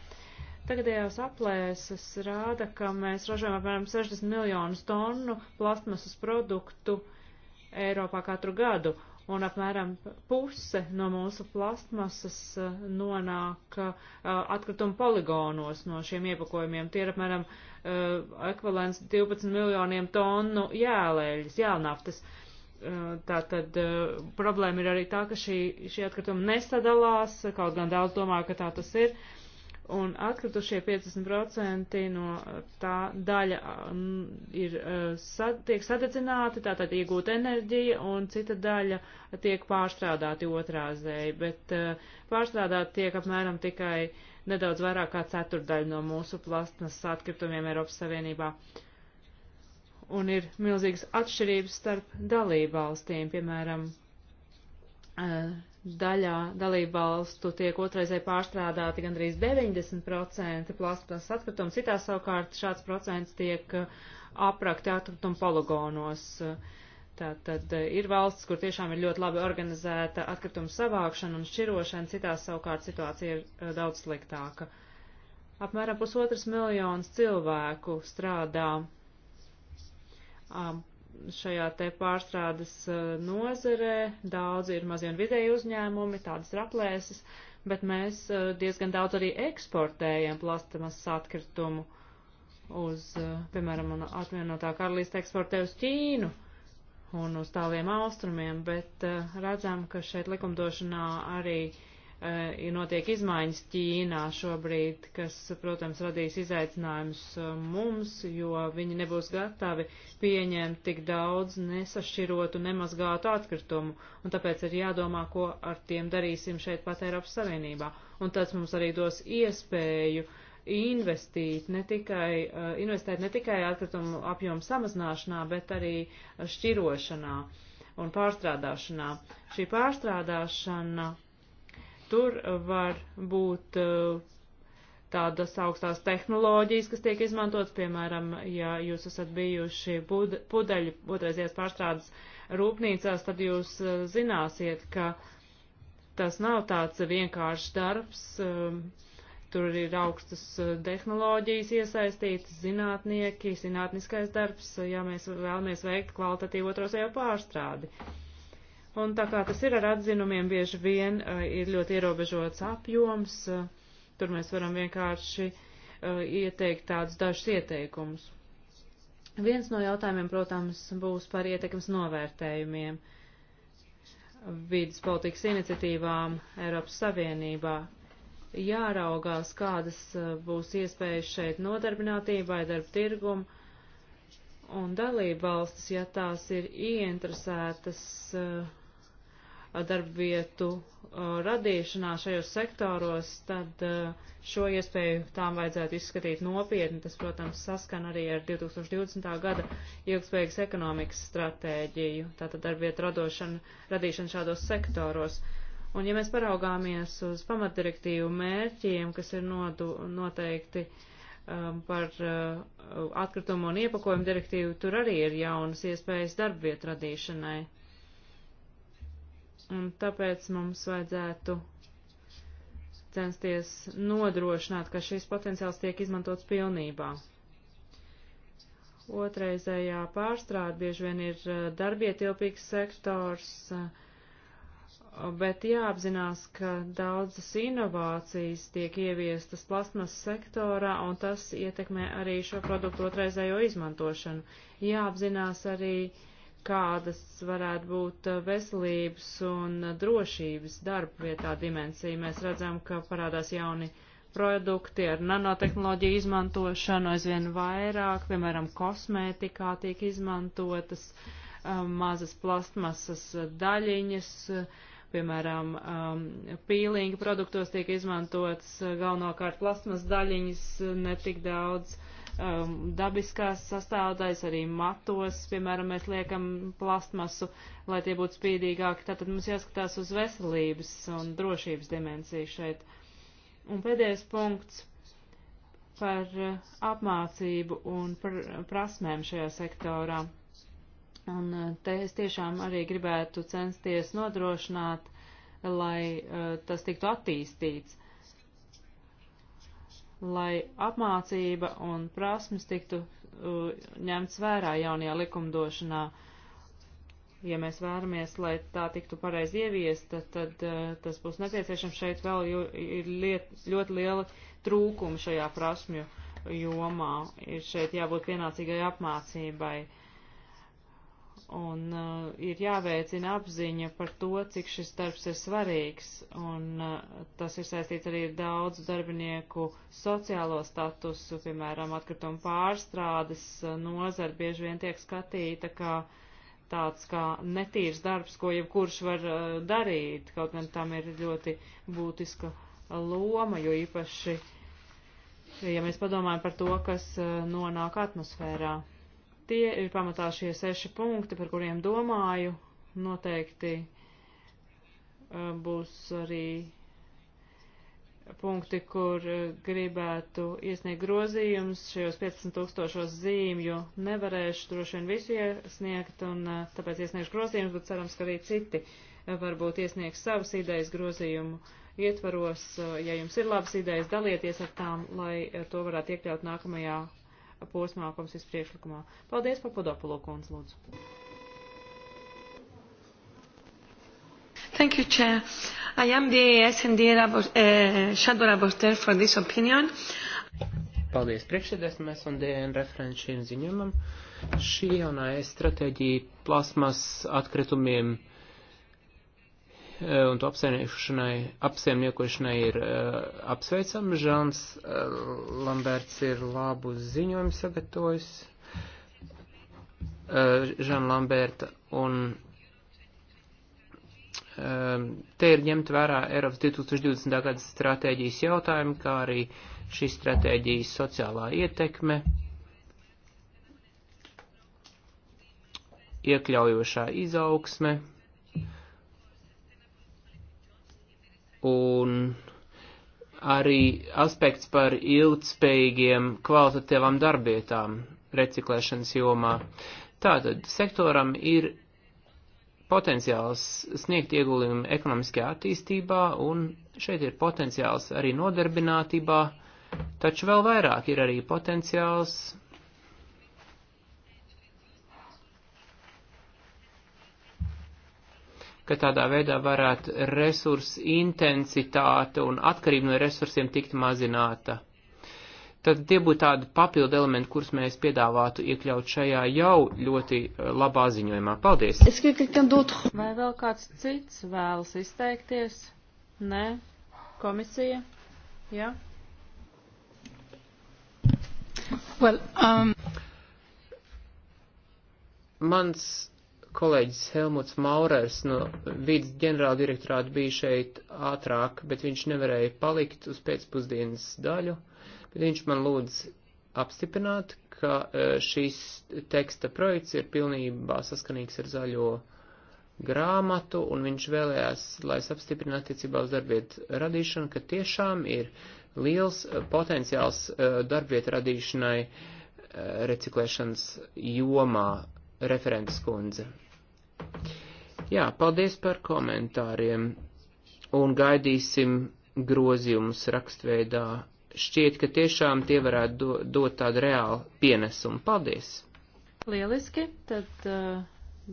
Tagadējās aplēses rāda, ka mēs ražojam apmēram 60 miljonus tonu plastmasas produktu Eiropā katru gadu, un apmēram puse no mūsu plastmasas eh, nonāk uh, atkrituma poligonos no šiem iepakojumiem. Tie ir apmēram uh, ekvivalents 12 miljoniem tonu jēlēļas, jēlnaftas. Tā tad uh, problēma ir arī tā, ka šī, šī atkrituma nesadalās, kaut gan daudz domā, ka tā tas ir. Uh, un atkritušie 50% no eh, tā daļa eh, ir, eh, tiek sadedzināti, tātad iegūta enerģija, un cita daļa tiek pārstrādāti otrāzēji, bet pārstrādāti tiek apmēram tikai nedaudz vairāk kā ceturdaļa no mūsu plastmas atkritumiem Eiropas Savienībā. Un ir milzīgas atšķirības starp dalību valstīm, piemēram, daļā dalībvalstu tiek otraizai pārstrādāti gandrīz 90% plasmas atkritumu, citās savukārt šāds procents tiek uh, aprakti atkritumu poligonos. Tātad uh, ir valsts, kur tiešām ir ļoti labi organizēta atkritumu savākšana un šķirošana, citās savukārt situācija ir uh, daudz sliktāka. Apmēram pusotras miljonas cilvēku strādā um, šajā te pārstrādes eh, nozerē. Daudz ir mazie un vidēji uzņēmumi, tādas raplēses, bet mēs eh, diezgan daudz arī eksportējam plastamas atkritumu uz, eh, piemēram, man atvienotā karalīste eksportē uz Ķīnu un uz tāliem austrumiem, bet redzam, ka šeit likumdošanā arī uh, Eh, notiek izmaiņas Ķīnā šobrīd, kas, protams, radīs izaicinājumus eh, mums, jo viņi nebūs gatavi pieņemt tik daudz nesašķirotu, nemazgātu atkritumu, un tāpēc ir jādomā, ko ar tiem darīsim šeit pat Eiropas Savienībā. Un tas mums arī dos iespēju investīt ne tikai, eh, investēt ne tikai atkritumu apjomu samazināšanā, bet arī šķirošanā un pārstrādāšanā. Šī pārstrādāšana Tur var būt eh, tādas augstās tehnoloģijas, kas tiek izmantotas, piemēram, ja jūs esat bijuši pudeļu otraizies pārstrādes rūpnīcās, tad jūs eh, zināsiet, ka tas nav tāds vienkāršs darbs, eh, tur ir augstas tehnoloģijas iesaistītas, zinātnieki, zinātniskais darbs, ja mēs vēlamies veikt kvalitatīvu otrosējo pārstrādi. Un tā kā tas ir ar atzinumiem, bieži vien uh, ir ļoti ierobežots apjoms, uh, tur mēs varam vienkārši uh, ieteikt tādus dažus ieteikumus. Viens no jautājumiem, protams, būs par ietekmes novērtējumiem vidas politikas iniciatīvām Eiropas Savienībā. Jāraugās, kādas būs iespējas šeit nodarbinātībai, darba tirgumu un dalību valstis, ja tās ir ieinteresētas uh, darbvietu uh, radīšanā šajos sektoros, tad uh, šo iespēju tām vajadzētu izskatīt nopietni. Tas, protams, saskan arī ar 2020. gada ilgspējīgas ekonomikas stratēģiju, tātad darbvietu radīšanu šādos sektoros. Un ja mēs paraugāmies uz pamatdirektīvu mērķiem, kas ir nodu, noteikti um, par uh, atkritumu un iepakojumu direktīvu, tur arī ir jaunas iespējas darbvietu radīšanai un tāpēc mums vajadzētu censties nodrošināt, ka šis potenciāls tiek izmantots pilnībā. Otreizējā pārstrāde bieži vien ir eh, darbietilpīgs sektors, eh, bet jāapzinās, ka daudzas inovācijas tiek ieviestas plasmas sektorā, un tas ietekmē arī šo produktu otreizējo izmantošanu. Jāapzinās arī uh, kādas varētu būt uh, veselības un uh, drošības darba vietā dimensija. Mēs redzam, ka parādās jauni produkti ar nanotehnoloģiju izmantošanu aizvien vairāk, piemēram, kosmētikā tiek izmantotas um, mazas plastmasas daļiņas, piemēram, um, pīlinga produktos tiek izmantotas uh, galvenokārt plastmasas daļiņas, netik daudz uh, um, dabiskās sastāvdaļas, arī matos, piemēram, mēs liekam plastmasu, lai tie būtu spīdīgāki. Tātad mums jāskatās uz veselības un drošības dimensiju šeit. Un pēdējais punkts par uh, apmācību un par uh, prasmēm šajā sektorā. Un uh, te es tiešām arī gribētu censties nodrošināt, lai uh, tas tiktu attīstīts lai apmācība un prasmes tiktu uh, ņemts vērā jaunajā likumdošanā. Ja mēs vēlamies, lai tā tiktu pareizi ieviesta, tad uh, tas būs nepieciešams. Šeit vēl jū, ir liet, ļoti liela trūkuma šajā prasmju jomā. Ir šeit jābūt pienācīgai apmācībai un uh, ir jāveicina apziņa par to, cik šis darbs ir svarīgs, un uh, tas ir saistīts arī ar daudzu darbinieku sociālo statusu, piemēram, atkrituma pārstrādes uh, nozara bieži vien tiek skatīta kā tāds kā netīrs darbs, ko jebkurš var uh, darīt, kaut gan tam ir ļoti būtiska loma, jo īpaši, ja mēs padomājam par to, kas uh, nonāk atmosfērā. Tie ir pamatā šie seši punkti, par kuriem domāju. Noteikti e, būs arī punkti, kur e, gribētu iesniegt grozījumus. Šajos 15 tūkstošos zīmju nevarēšu droši vien visu iesniegt, un e, tāpēc iesniegšu grozījumus, bet cerams, ka arī citi varbūt iesniegs savas idejas grozījumu ietvaros. Ja jums ir labas idejas, dalieties ar tām, lai to varētu iekļaut nākamajā posmā komisijas priekšlikumā. Paldies, Papadopulo kundz, lūdzu. Thank you, Chair. I am the SND rapor, uh, eh, shadow rapporteur for this opinion. Paldies priekšsēdēsim SNDN referenčiem ziņojumam. Šī jaunā e stratēģija plasmas atkritumiem uh, Eh, un to apsaimniekošanai, apsaimniekošanai ir uh, eh, apsveicama. Žāns uh, Lamberts ir labu ziņojumu sagatavojis. Uh, Žāna Lamberta un te ir ņemt vērā Eiropas 2020. gada stratēģijas jautājumi, kā arī šīs stratēģijas sociālā ietekme, iekļaujošā izaugsme. un arī aspekts par ilgtspējīgiem kvalitatīvām darbietām reciklēšanas jomā. Tātad sektoram ir potenciāls sniegt ieguldījumu ekonomiskajā attīstībā, un šeit ir potenciāls arī nodarbinātībā, taču vēl vairāk ir arī potenciāls ka tādā veidā varētu resursu intensitāte un atkarība no resursiem tikt mazināta. Tad tie būtu tādi papildu elementi, kurus mēs piedāvātu iekļaut šajā jau ļoti eh, labā ziņojumā. Paldies! Vai vēl kāds cits vēlas izteikties? Nē? Komisija? Jā? Ja? Well, um... Mans kolēģis Helmuts Maurers no vidas ģenerāla direktorāta bija šeit ātrāk, bet viņš nevarēja palikt uz pēcpusdienas daļu, bet viņš man lūdz apstiprināt, ka e, šīs teksta projekts ir pilnībā saskanīgs ar zaļo grāmatu, un viņš vēlējās, lai es apstiprinātu attiecībā uz darbvietu radīšanu, ka tiešām ir liels e, potenciāls e, darbvietu radīšanai reciklēšanas jomā referents kundze. Jā, paldies par komentāriem un gaidīsim grozījumus rakstveidā. Šķiet, ka tiešām tie varētu do, dot tādu reālu pienesumu. Paldies! Lieliski, tad uh,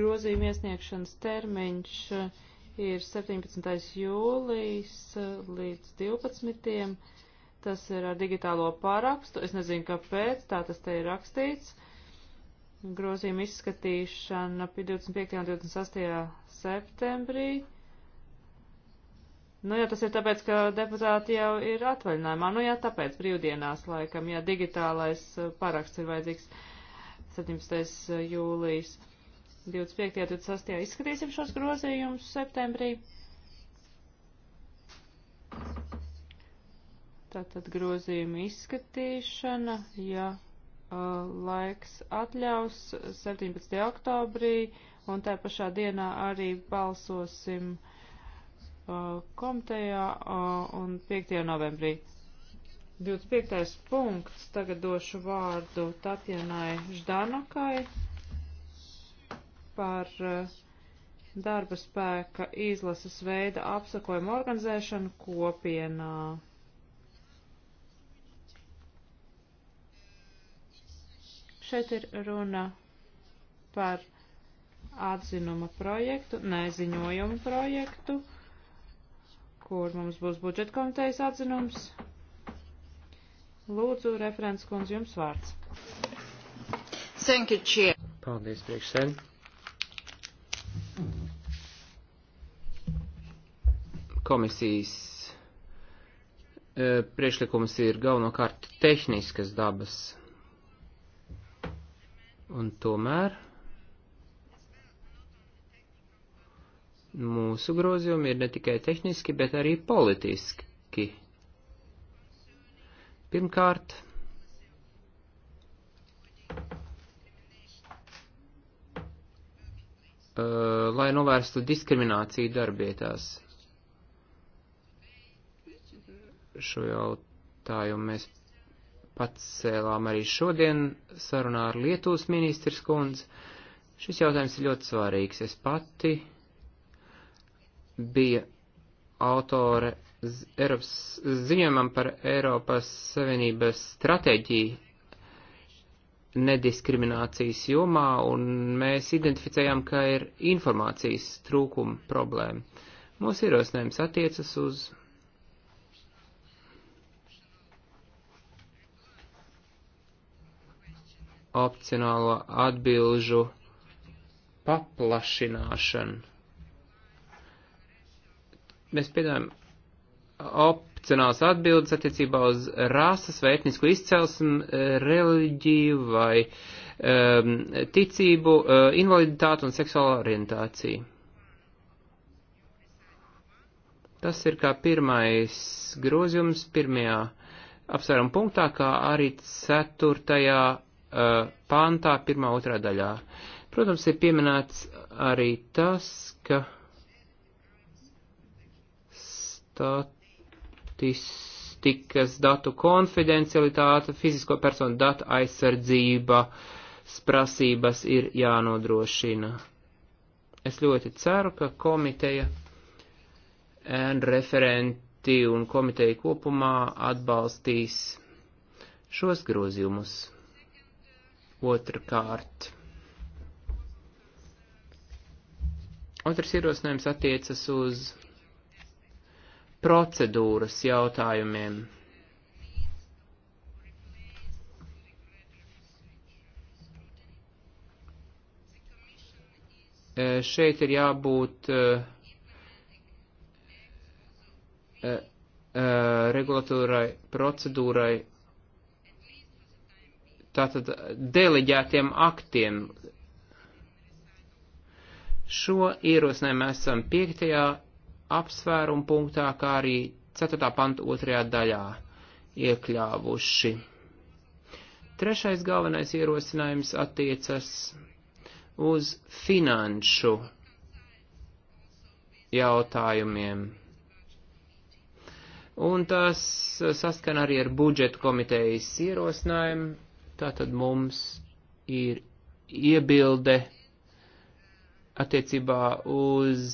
grozījuma iesniegšanas termiņš uh, ir 17. jūlijas uh, līdz 12. Tas ir ar digitālo pārakstu. Es nezinu, kāpēc tā tas te ir rakstīts. Uh, Grozījuma izskatīšana 25. un 26. septembrī. Nu, jā, tas ir tāpēc, ka deputāti jau ir atvaļinājumā. Nu, jā, tāpēc brīvdienās laikam, jā, digitālais uh, paraksts ir vajadzīgs 17. Uh, jūlijas 25. un 26. Izskatīsim šos grozījumus septembrī. Tātad grozījuma izskatīšana, jā, Uh, laiks atļaus 17. oktobrī, un tā pašā dienā arī balsosim uh, komitejā uh, un 5. novembrī. 25. punkts, tagad došu vārdu Tatjanai Ždanokai par uh, darba spēka izlases veida apsakojumu organizēšanu kopienā. Šeit ir runa par atzinuma projektu, neziņojumu projektu, kur mums būs budžeta komitejas atzinums. Lūdzu, referents kundz, jums vārds. Thank you, Chair. Paldies, priekšsēd. Komisijas eh, priekšlikums ir galvenokārt tehniskas dabas Un tomēr mūsu grozījumi ir ne tikai tehniski, bet arī politiski. Pirmkārt, eh, lai novērstu diskrimināciju darbietās. Šo jautājumu mēs pacēlām arī šodien sarunā ar Lietuvas ministrs kundz. Šis jautājums ir ļoti svarīgs. Es pati bija autore Eiropas ziņojumam par Eiropas Savienības stratēģiju nediskriminācijas jomā, un mēs identificējām, ka ir informācijas trūkuma problēma. Mūsu ierosinājums attiecas uz opcionālo atbilžu paplašināšanu. Mēs piedāvājam opcionāls atbildes attiecībā uz rases vai etnisku izcelsmu, reliģiju vai um, ticību, uh, invaliditātu un seksuālo orientāciju. Tas ir kā pirmais grozījums pirmajā apsvērumu punktā, kā arī ceturtajā Uh, pāntā, pirmā, otrā daļā. Protams, ir pieminēts arī tas, ka statistikas datu konfidencialitāte, fizisko personu datu aizsardzība, prasības ir jānodrošina. Es ļoti ceru, ka komiteja referenti un komiteja kopumā atbalstīs šos grozījumus. Otrakārt. Otrs ierosinājums attiecas uz procedūras jautājumiem. E, šeit ir jābūt e, e, regulatūrai, procedūrai tātad deleģētiem aktiem. Šo ierosinājumu esam 5. apsvērumu punktā, kā arī 4. pantu 2. daļā iekļāvuši. Trešais galvenais ierosinājums attiecas uz finanšu jautājumiem. Un tas saskan arī ar budžetu komitejas ierosinājumu Tātad mums ir iebilde attiecībā uz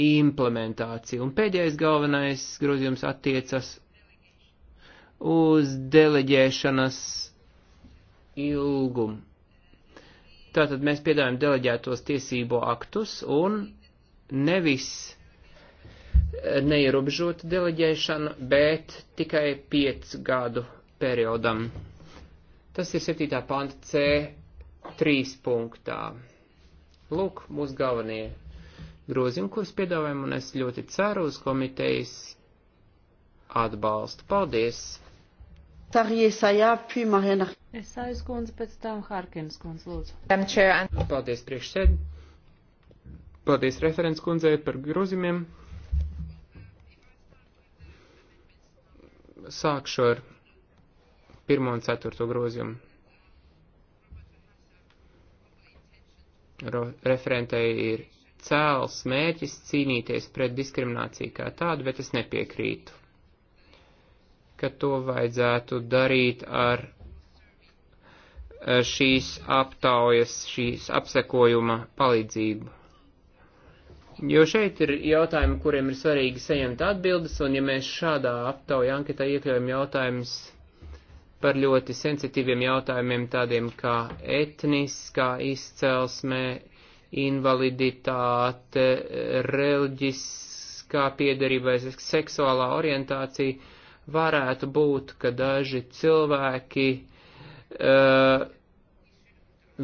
implementāciju. Un pēdējais galvenais grozījums attiecas uz deleģēšanas ilgumu. Tātad mēs piedāvājam deleģētos tiesību aktus un nevis neierobežotu deleģēšanu, bet tikai 5 gadu periodam. Tas ir 7. panta C3 punktā. Lūk, mūsu galvenie grozījumi, kurus piedāvājam, un es ļoti ceru uz komitejas atbalstu. Paldies! Es aizkundzu pēc tam Harkins kundz, lūdzu. Paldies priekšsēd. Paldies referents kundzei par grozījumiem. Sākšu ar 1 un 4 grozījumu. Referentei ir cēls mērķis cīnīties pret diskrimināciju kā tādu, bet es nepiekrītu, ka to vajadzētu darīt ar šīs aptaujas, šīs apsekojuma palīdzību. Jo šeit ir jautājumi, kuriem ir svarīgi saņemt atbildes, un ja mēs šādā aptaujā anketā iekļaujam jautājumus, par ļoti sensitīviem jautājumiem, tādiem kā etniskā izcelsme, invaliditāte, reliģiskā piedarība vai seksuālā orientācija, varētu būt, ka daži cilvēki uh,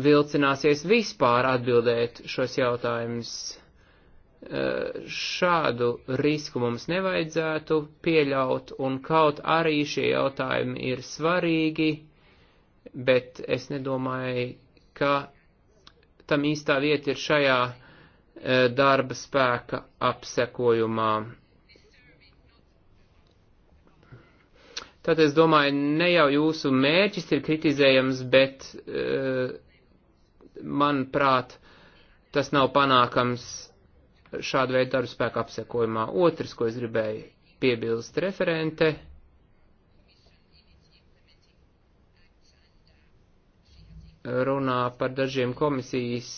vilcināsies vispār atbildēt šos jautājumus šādu risku mums nevajadzētu pieļaut, un kaut arī šie jautājumi ir svarīgi, bet es nedomāju, ka tam īstā vieta ir šajā e, darba spēka apsekojumā. Tad es domāju, ne jau jūsu mērķis ir kritizējams, bet, e, manuprāt, tas nav panākams šādu veidu darba spēku apsekojumā. Otrs, ko es gribēju piebilst referente, runā par dažiem komisijas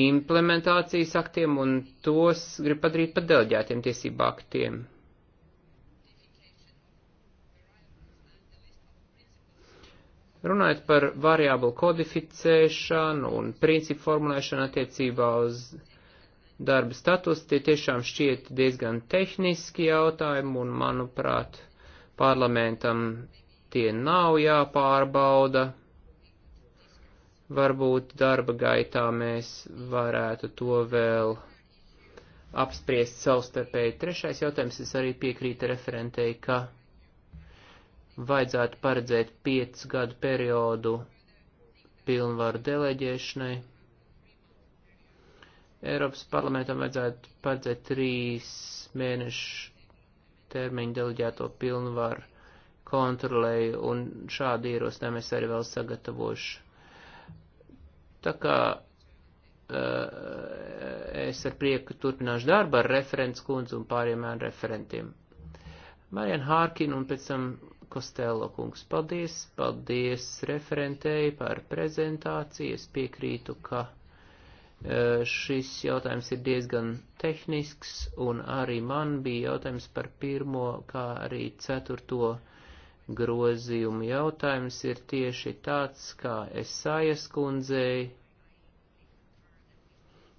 implementācijas aktiem un tos grib padarīt par deleģētiem tiesību aktiem. Runājot par variablu kodificēšanu un principu formulēšanu attiecībā uz darba status, tie tiešām šķiet diezgan tehniski jautājumi, un, manuprāt, parlamentam tie nav jāpārbauda. Varbūt darba gaitā mēs varētu to vēl apspriest savstarpēji. Trešais jautājums, es arī piekrītu referentei, ka vajadzētu paredzēt 5 gadu periodu pilnvaru deleģēšanai Eiropas parlamentam vajadzētu paredzēt trīs mēnešu termiņu deleģēto pilnvaru kontrolēju, un šādu ierosinājumu es arī vēl sagatavošu. Tā kā eh, es ar prieku turpināšu darbu ar referents kundzi un pāriem ar referentiem. Marian Hārkin un pēc tam Kostelo kungs. Paldies, paldies referentei par prezentāciju. Es piekrītu, ka Eh, šis jautājums ir diezgan tehnisks, un arī man bija jautājums par pirmo, kā arī ceturto grozījumu. Jautājums ir tieši tāds, kā es sājas kundzei,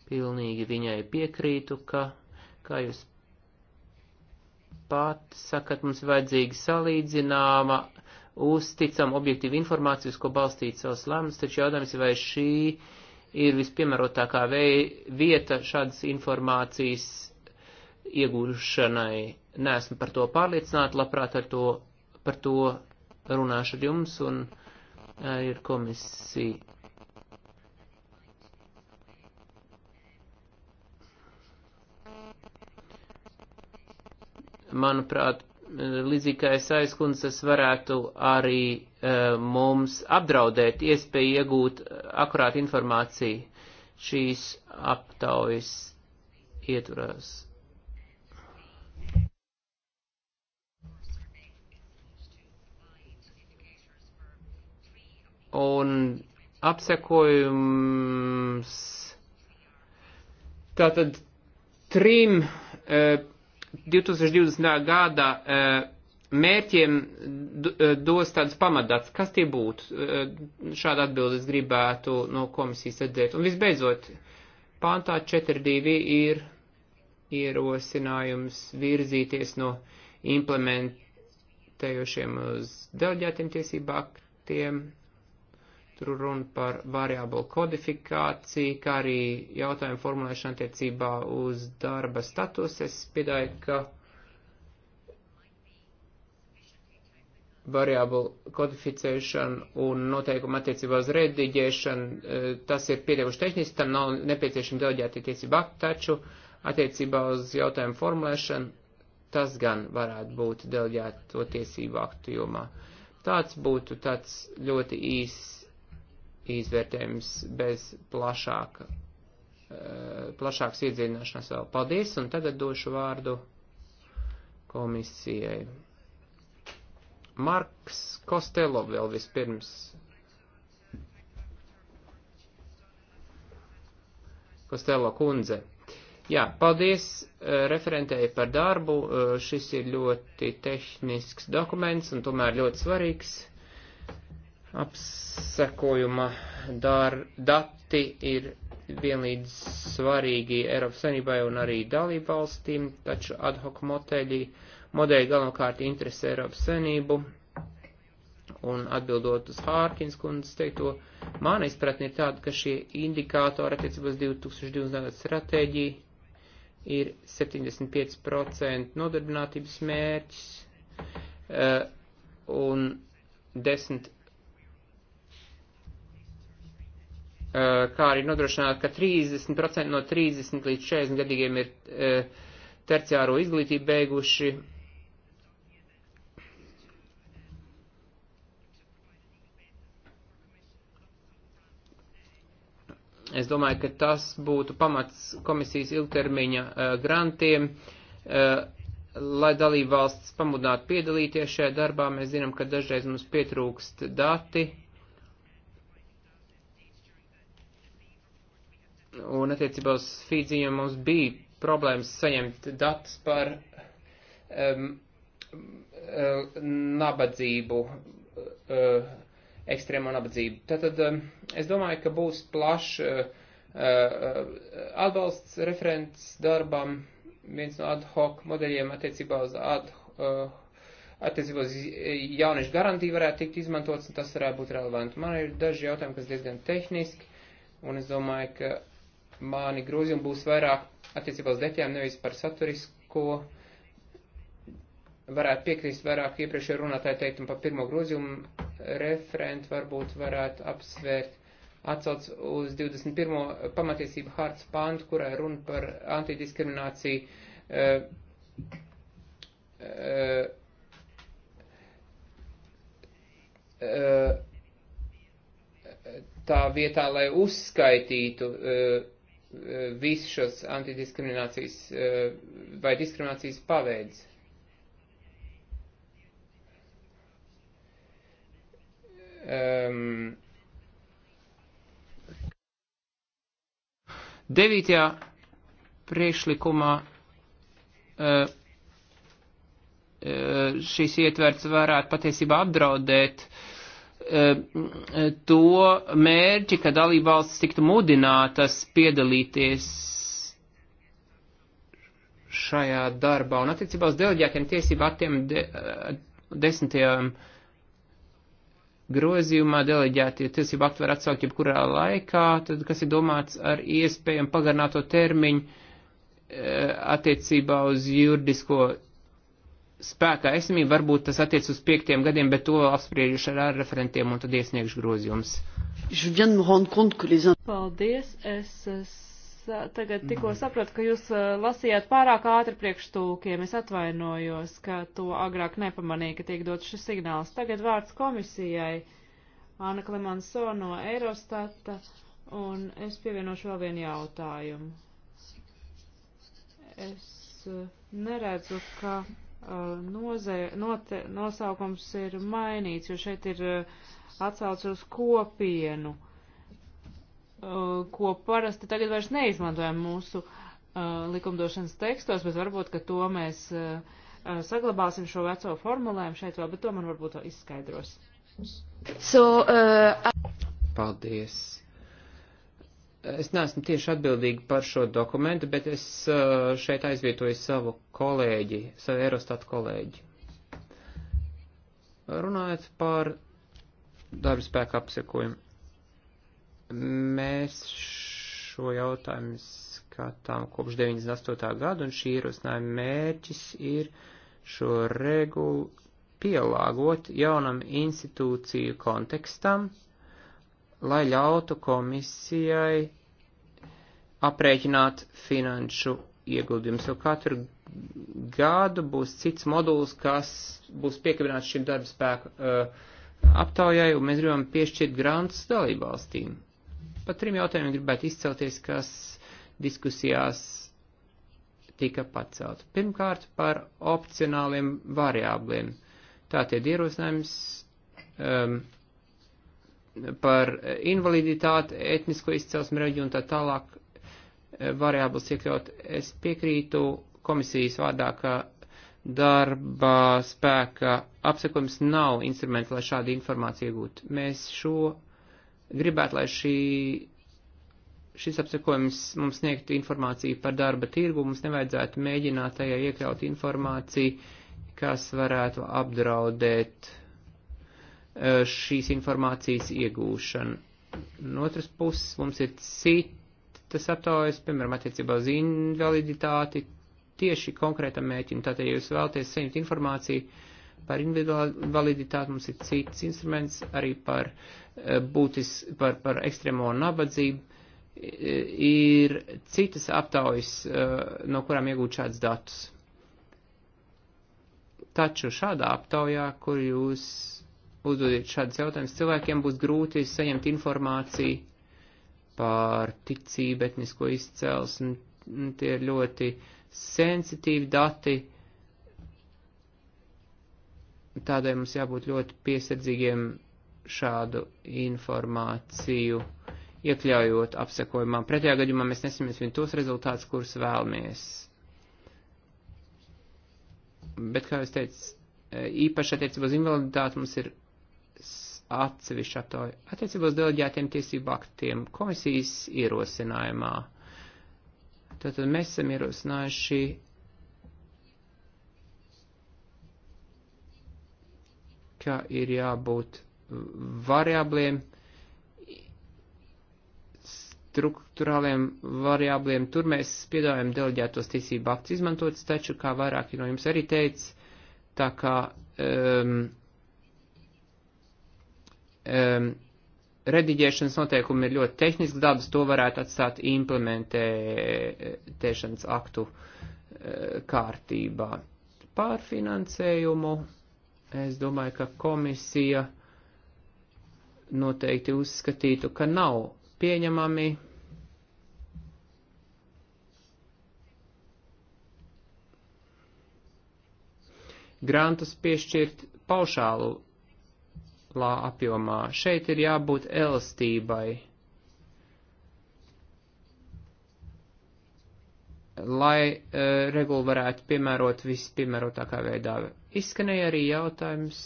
pilnīgi viņai piekrītu, ka, kā jūs pat sakat, mums vajadzīga salīdzināma, uzticama objektīva informācija, uz ko balstīt savus lēmumus, taču jautājums, vai šī ir vispiemērotākā vieta šādas informācijas iegūšanai. Nesmu par to pārliecināta, labprāt ar to, par to runāšu ar jums un eh, ir komisija. Manuprāt, līdzīgi kā es aizkundz, tas varētu arī uh, mums apdraudēt iespēju iegūt e, akurāt informāciju šīs aptaujas ietvarās. Un apsekojums tātad trim uh, 2020. gada e, mērķiem e, dos tāds pamatdats, kas tie būtu. E, šādu atbildi es gribētu no komisijas redzēt. Un visbeidzot, pāntā 4.2 ir ierosinājums virzīties no implementējošiem uz delģētiem tiesību aktiem Tur runa par variābulu kodifikāciju, kā arī jautājumu formulēšanu attiecībā uz darba status. Es piedāju, ka variābulu kodificēšana un noteikuma attiecībā uz rediģēšanu, eh, tas ir pietiekuši tehniski, tam nav nepieciešama deleģēta tiesība akta, taču attiecībā uz jautājumu formulēšanu tas gan varētu būt deleģēto tiesību aktu jomā. Tāds būtu tāds ļoti īss izvērtējums bez eh, plašāka, plašāks iedziļināšanās vēl. Paldies, un tagad došu vārdu komisijai. Marks Kostelo vēl vispirms. Kostelo kundze. Jā, paldies eh, referentēji par darbu. Eh, šis ir ļoti tehnisks dokuments un tomēr ļoti svarīgs apsekojuma dar, dati ir vienlīdz svarīgi Eiropas Savienībai un arī dalību valstīm, taču ad hoc modeļi, modeļi galvenokārt interesē Eiropas Savienību. Un atbildot uz Hārkins kundzes teikto, mana izpratne ir tāda, ka šie indikātori attiecībā uz 2020. gadu stratēģiju ir 75% nodarbinātības mērķis uh, un 10 Eh, kā arī nodrošināt, ka 30% no 30 līdz 40 gadīgiem ir eh, terciāro izglītību beiguši. Es domāju, ka tas būtu pamats komisijas ilgtermiņa uh, grantiem, uh, lai dalībvalsts pamudinātu piedalīties šajā darbā. Mēs zinām, ka dažreiz mums pietrūkst dati, uh, Un attiecībā uz Fīdziju mums bija problēmas saņemt datus par um, nabadzību, uh, ekstrēmo nabadzību. Tātad um, es domāju, ka būs plašs uh, uh, atbalsts referents darbam, viens no ad hoc modeļiem attiecībā uz ad uh, attiecībā uz jauniešu garantiju varētu tikt izmantots, un tas varētu būt relevanti. Man ir daži jautājumi, kas diezgan tehniski, un es domāju, ka mani grozījumi būs vairāk attiecībā uz detaļām, nevis par saturisko. Varētu piekrist vairāk iepriekšējā runātāja teiktam par pirmo grozījumu. Referenti varbūt varētu apsvērt atsauc uz 21. pamatiesību hārtas pāntu, kurā runa par antidiskrimināciju. Uh, uh, uh, tā vietā, lai uzskaitītu uh, Eh, visus šos antidiskriminācijas eh, vai diskriminācijas paveidus. Um, 9. priekšlikumā uh, šis ietverts varētu patiesībā apdraudēt uh, Eh, to mērķi, ka dalībvalstis tiktu mudinātas piedalīties šajā darbā. Un attiecībā uz deleģētiem tiesību aktiem de, eh, desmitajam grozījumā deleģētie tiesību akti var atsaukt jebkurā laikā, tad kas ir domāts ar iespējam pagarnāto termiņu eh, attiecībā uz juridisko spēkā esamība, varbūt tas attiec uz piektiem gadiem, bet to apspriežu ar referentiem un tad iesniegšu grozījumus. Paldies, es tagad tikko sapratu, ka jūs lasījāt pārāk ātri priekštūkiem, es atvainojos, ka to agrāk nepamanīja, ka tiek dots šis signāls. Tagad vārds komisijai, Anna Klemanso no Eirostata, un es pievienošu vēl vienu jautājumu. Es neredzu, ka Uh, noze, note, nosaukums ir mainīts, jo šeit ir uh, atsauts uz kopienu, uh, ko parasti tagad vairs neizmantojam mūsu likumdošanas tekstos, bet varbūt, ka to mēs saglabāsim šo veco formulējumu šeit vēl, bet to man varbūt vēl izskaidros. So, uh, Paldies. Es neesmu tieši atbildīgi par šo dokumentu, bet es uh, šeit aizvietoju savu kolēģi, savu Eurostat kolēģi. Runājot par darba spēka apsekojumu, mēs šo jautājumu skatām kopš 98. gada, un šī ierosinājuma mērķis ir šo regulu pielāgot jaunam institūciju kontekstam, lai ļautu komisijai aprēķināt finanšu ieguldījumus, jo katru gadu būs cits moduls, kas būs piekabināts šim darba spēku uh, aptaujai, un mēs gribam piešķirt grants dalībvalstīm. Par trim jautājumiem gribētu izcelties, kas diskusijās tika pacelt. Pirmkārt, par opcionāliem variābliem. Tātad ierosinājums um, par invaliditāti, etnisko izcelsmi reģionu tā tālāk e, variables iekļaut. Es piekrītu komisijas vārdā, ka darba spēka apsekojums nav instruments, lai šādu informāciju iegūtu. Mēs šo gribētu, lai šī, šis apsekojums mums sniegtu informāciju par darba tirgu, mums nevajadzētu mēģināt tajā iekļaut informāciju, kas varētu apdraudēt Eh, šīs informācijas iegūšanu. No otras puses mums ir citas aptaujas, piemēram, attiecībā uz invaliditāti, tieši konkrētam mēķim. Tātad, ja jūs vēlaties saņemt informāciju par invaliditāti, mums ir cits instruments arī par, eh, būtis, par, par ekstremo nabadzību. Eh, ir citas aptaujas, no kurām iegūt šādus datus. Taču šādā aptaujā, kur jūs uzdodiet šādus jautājumus, cilvēkiem būs grūti saņemt informāciju par ticību, etnisko izcelsmi, mm, tie ir ļoti sensitīvi dati, tādēļ mums jābūt ļoti piesardzīgiem šādu informāciju iekļaujot apsekojumā. Pretējā gadījumā mēs nesamies vien tos rezultātus, kurus vēlamies. Bet, kā jūs teicat, e, īpaši attiecībā uz invaliditāti mums ir atsevišķu attoju. Attiecībā uz deleģētiem tiesību aktiem komisijas ierosinājumā. Tātad mēs esam ierosinājuši ka ir jābūt variabliem, struktūrāliem variabliem. Tur mēs piedāvājam deleģētos tiesību aktus izmantot, taču, kā vairāki no jums arī teica, tā kā um, um, rediģēšanas noteikumi ir ļoti tehniski dabas, to varētu atstāt implementēšanas aktu eh, kārtībā. Par finansējumu es domāju, ka komisija noteikti uzskatītu, ka nav pieņemami grantus piešķirt paušālu lielā apjomā. Šeit ir jābūt elastībai, lai uh, regulu varētu piemērot vispiemērotākā veidā. Izskanēja arī jautājums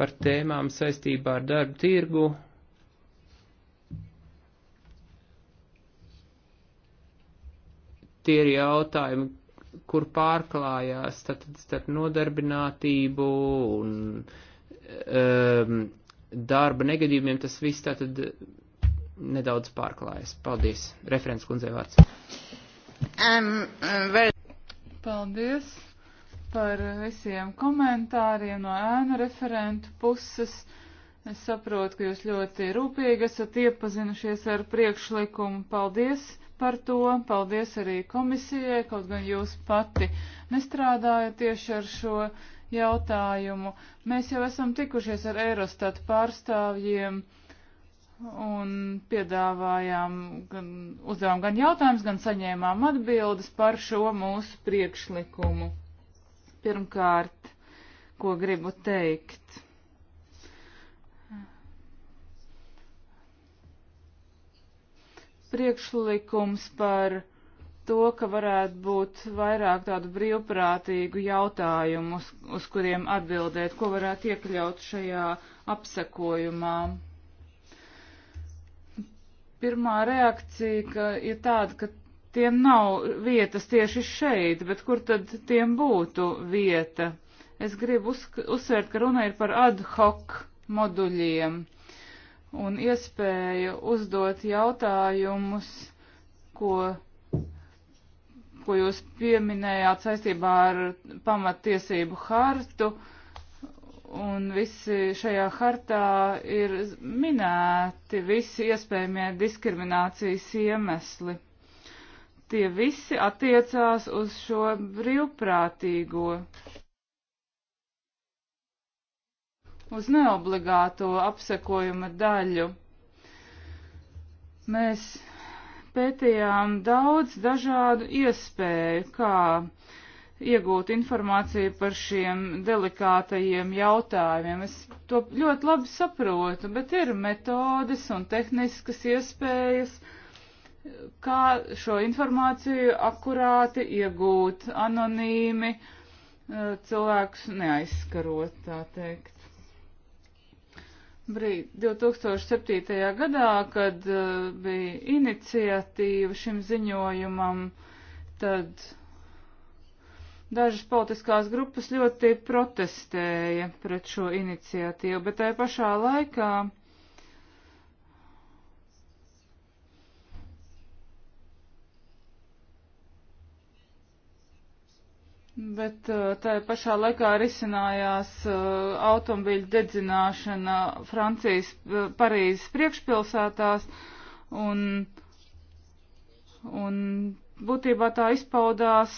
par tēmām saistībā ar darbu tirgu. Tie ir jautājumi, kur pārklājās tātad starp nodarbinātību un um, darba negadījumiem, tas viss tātad nedaudz pārklājas. Paldies. Referents kundze vārds. Um, um, Paldies par visiem komentāriem no ēnu referentu puses. Es saprotu, ka jūs ļoti rūpīgi esat iepazinušies ar priekšlikumu. Paldies par to. Paldies arī komisijai, kaut gan jūs pati nestrādājat tieši ar šo jautājumu. Mēs jau esam tikušies ar Eirostat pārstāvjiem un piedāvājām, gan, uzdevām gan jautājumus, gan saņēmām atbildes par šo mūsu priekšlikumu. Pirmkārt, ko gribu teikt. Priekšlikums par to, ka varētu būt vairāk tādu brīvprātīgu jautājumu, uz, uz kuriem atbildēt, ko varētu iekļaut šajā apsakojumā. Pirmā reakcija ka ir tāda, ka tiem nav vietas tieši šeit, bet kur tad tiem būtu vieta? Es gribu uz, uzsvērt, ka runa ir par ad hoc moduļiem un iespēju uzdot jautājumus, ko, ko jūs pieminējāt saistībā ar pamattiesību hartu, un visi šajā hartā ir minēti visi iespējamie diskriminācijas iemesli tie visi attiecās uz šo brīvprātīgo, uz neobligāto apsekojuma daļu. Mēs pētījām daudz dažādu iespēju, kā iegūt informāciju par šiem delikātajiem jautājumiem. Es to ļoti labi saprotu, bet ir metodes un tehniskas iespējas, uh, kā šo informāciju akurāti iegūt, anonīmi, eh, cilvēks neaizskarot, tā teikt. Brīd 2007. gadā, kad eh, bija iniciatīva šim ziņojumam, tad dažas politiskās grupas ļoti protestēja pret šo iniciatīvu, bet tajā pašā laikā Bet uh, tā pašā laikā risinājās uh, automobīļu dedzināšana Francijas uh, Parīzes priekšpilsētās, un, un būtībā tā izpaudās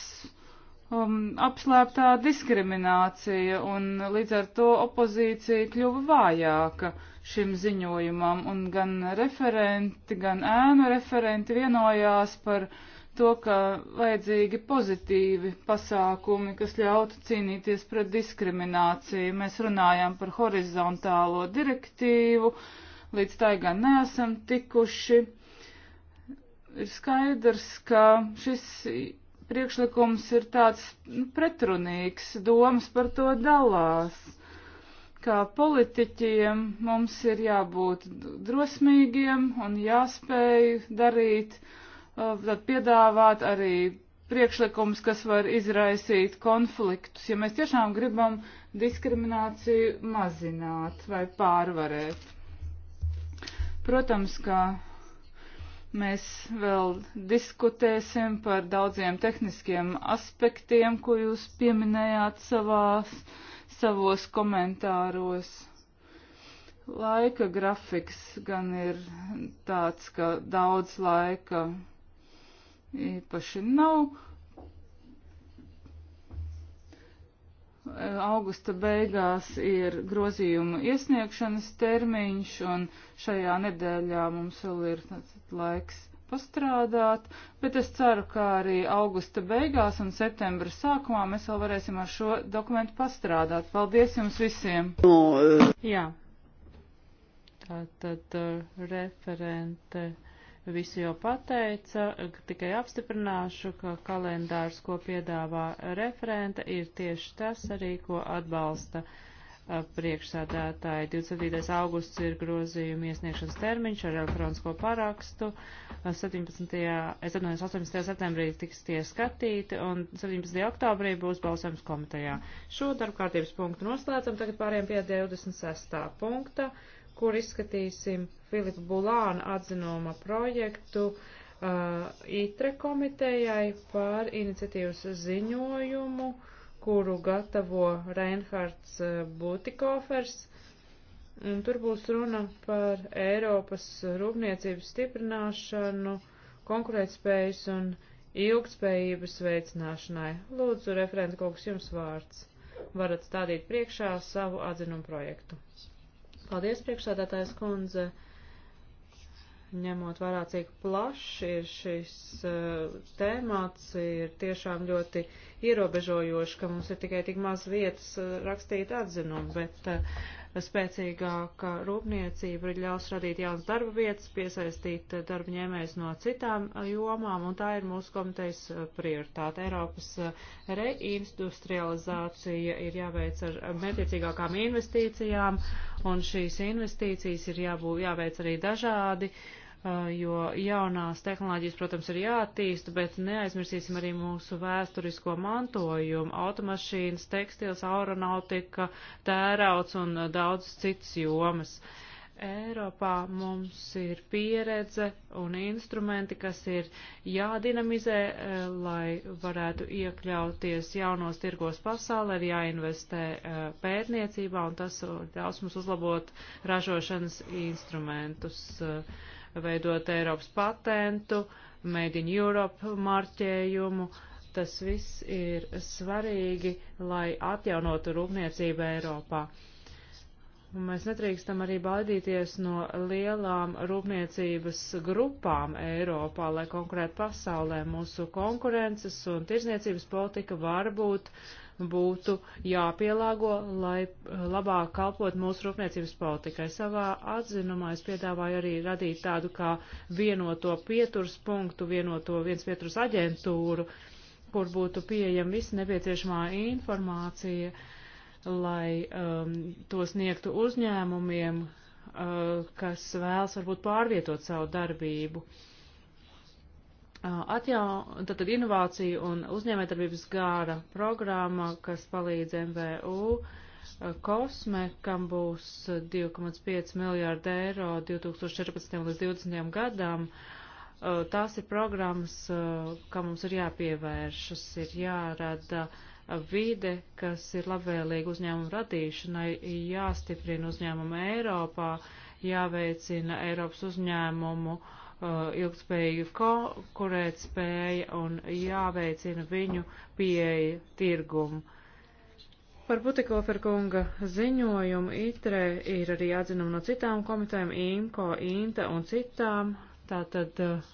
um, apslēptā diskriminācija, un līdz ar to opozīcija kļuva vājāka šim ziņojumam, un gan referenti, gan ēnu referenti vienojās par uh, to, ka vajadzīgi pozitīvi pasākumi, kas ļautu cīnīties pret diskrimināciju. Mēs runājām par horizontālo direktīvu, līdz tai gan neesam tikuši. Ir skaidrs, ka šis priekšlikums ir tāds nu, pretrunīgs, domas par to dalās. Kā politiķiem mums ir jābūt drosmīgiem un jāspēj darīt uh, Eh, tad piedāvāt arī priekšlikums, kas var izraisīt konfliktus, ja mēs tiešām gribam diskrimināciju mazināt vai pārvarēt. Protams, ka mēs vēl diskutēsim par daudziem tehniskiem aspektiem, ko jūs pieminējāt savās, savos komentāros. Laika grafiks gan ir tāds, ka daudz laika īpaši nav. Augusta beigās ir grozījuma iesniegšanas termiņš, un šajā nedēļā mums vēl ir laiks pastrādāt, bet es ceru, ka arī augusta beigās un septembra sākumā mēs vēl varēsim ar šo dokumentu pastrādāt. Paldies jums visiem! Eh. Jā. Tātad eh, referente visu jau pateica, tikai apstiprināšu, ka kalendārs, ko piedāvā referenta, ir tieši tas arī, ko atbalsta priekšsādātāji. 27. augusts ir grozījuma iesniegšanas termiņš ar elektronisko parakstu. 17. es atvainojos, 18. septembrī tiks tie skatīti un 17. oktobrī būs balsojums komitejā. Šo darbkārtības punktu noslēdzam, tagad pāriem pie 26. punkta kur izskatīsim Filipa Bulāna atzinuma projektu uh, ITRE komitejai par iniciatīvas ziņojumu, kuru gatavo Reinhards uh, Butikofers. Un tur būs runa par Eiropas rūpniecības stiprināšanu, konkurētspējas un ilgtspējības veicināšanai. Lūdzu, referenta kungs, jums vārds. Varat stādīt priekšā savu atzinumu projektu. Paldies, priekšsādātājs kundze. Ņemot vērā, cik plašs ir šis uh, tēmats, ir tiešām ļoti ierobežojoši, ka mums ir tikai tik maz vietas uh, rakstīt atzinumu, bet uh, spēcīgāka rūpniecība ļaus radīt jaunas darba vietas, piesaistīt eh, darba ņēmējus no citām eh, jomām, un tā ir mūsu komitejas eh, prioritāte. Eiropas reindustrializācija ir jāveic ar mērķiecīgākām investīcijām, un šīs investīcijas ir jābūt, jāveic arī dažādi. Uh, Uh, jo jaunās tehnoloģijas, protams, ir jāattīsta, bet neaizmirsīsim arī mūsu vēsturisko mantojumu - automašīnas, tekstils, aeronautika, tērauts un uh, daudz citas jomas. Eiropā mums ir pieredze un instrumenti, kas ir jādinamizē, uh, lai varētu iekļauties jaunos tirgos pasaulē, ir jāinvestē pētniecībā, un tas ļaus mums uzlabot ražošanas instrumentus. Uh, veidot Eiropas patentu, Made in Europe marķējumu. Tas viss ir svarīgi, lai atjaunotu rūpniecību Eiropā. Un mēs nedrīkstam arī baidīties no lielām rūpniecības grupām Eiropā, lai konkurētu pasaulē. Mūsu konkurences un tirzniecības politika var būt uh, būtu jāpielāgo, lai eh, labāk kalpot mūsu rūpniecības politikai. Savā atzinumā es piedāvāju arī radīt tādu kā vienoto pieturs punktu, vienoto viens pieturs aģentūru, kur būtu pieejama visa nepieciešamā informācija, lai um, to sniegtu uzņēmumiem, uh, kas vēlas varbūt pārvietot savu darbību. Uh, Atjaun, tad, tad inovācija un uzņēmētarbības gāra programma, kas palīdz MVU, kosme, kam būs 2,5 miljārdi eiro 2014. līdz 2020. gadam. Tās ir programmas, kam mums ir jāpievēršas, ir jārada vide, kas ir labvēlīga uzņēmumu radīšanai, jāstiprina uzņēmumu Eiropā, jāveicina Eiropas uzņēmumu uh, Uh, ilgspējīga konkurētspēja un jāveicina viņu pieeja tirgumu. Par Butikoferkunga ziņojumu ITRE ir arī atzinumi no citām komitēm, IMKO, INTA un citām. Tātad uh,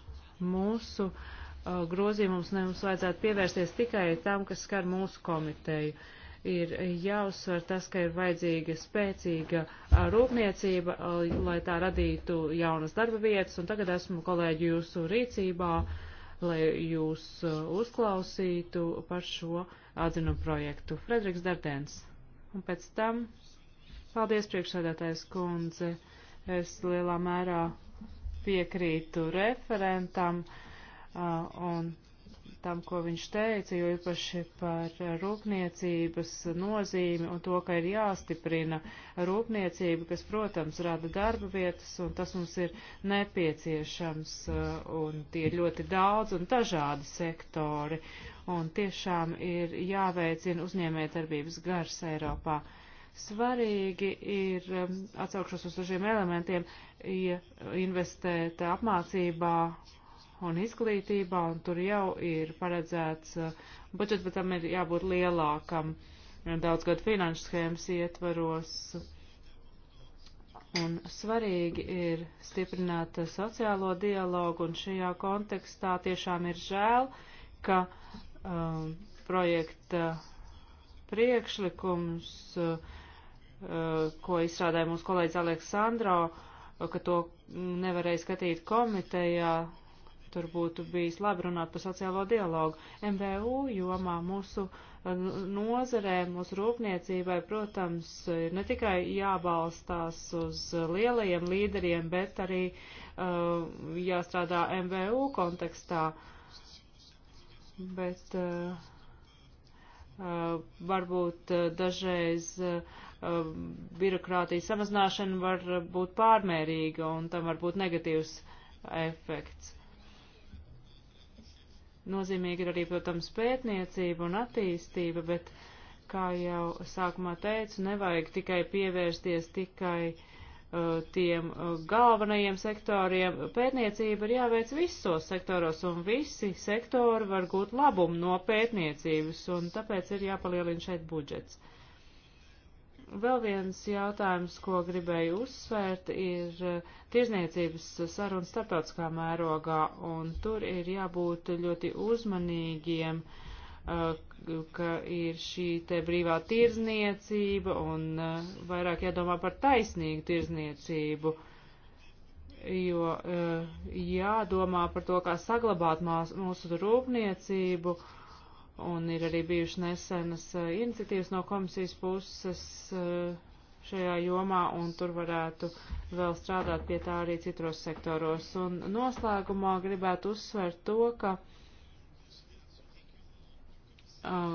mūsu uh, grozījumums mums vajadzētu pievērsties tikai tam, kas skar mūsu komiteju. Uh, ir jāuzsver tas, ka ir vajadzīga spēcīga rūpniecība, lai tā radītu jaunas darba vietas, un tagad esmu kolēģi jūsu rīcībā, lai jūs uzklausītu par šo atzinu projektu. Frederiks Dardens. Un pēc tam, paldies priekšsēdētājs kundze, es lielā mērā piekrītu referentam, un tam, ko viņš teica, jo īpaši par rūpniecības nozīmi un to, ka ir jāstiprina rūpniecība, kas, protams, rada darba vietas, un tas mums ir nepieciešams, uh, un tie ir ļoti daudz un dažādi sektori, un tiešām ir jāveicina uzņēmētarbības gars Eiropā. Svarīgi ir, um, atsaukšos uz dažiem elementiem, investēt apmācībā un izglītībā, un tur jau ir paredzēts uh, budžets, bet tam ir jābūt lielākam uh, daudzgad finanšu schēmas ietvaros. Un svarīgi ir stiprināt uh, sociālo dialogu, un šajā kontekstā tiešām ir žēl, ka um, projekta priekšlikums, uh, ko izstrādāja mūsu kolēģis Aleksandro, ka to nevarēja skatīt komitejā, Tur būtu bijis labi runāt par sociālo dialogu. MVU jomā mūsu eh, nozarē, mūsu rūpniecībai, protams, ir ne tikai jābalstās uz lielajiem līderiem, bet arī uh, jāstrādā MVU kontekstā. Bet uh, uh, varbūt uh, dažreiz. Uh, birokrātijas samazināšana var būt pārmērīga un tam var būt negatīvs efekts. Nozīmīgi ir arī, protams, pētniecība un attīstība, bet, kā jau sākumā teicu, nevajag tikai pievērsties tikai uh, tiem uh, galvenajiem sektoriem. Pētniecība ir jāveic visos sektoros, un visi sektori var gūt labumu no pētniecības, un tāpēc ir jāpalielina šeit budžets. Uh, Vēl viens jautājums, ko gribēju uzsvērt, ir eh, tirzniecības saruna starptautiskā mērogā, un tur ir jābūt ļoti uzmanīgiem, eh, ka ir šī te brīvā tirzniecība un eh, vairāk jādomā par taisnīgu tirzniecību, jo jādomā par to, kā saglabāt mūsu rūpniecību Un ir arī bijušas nesenas eh, iniciatīvas no komisijas puses eh, šajā jomā, un tur varētu vēl strādāt pie tā arī citos sektoros. Un noslēgumā gribētu uzsvērt to, ka eh,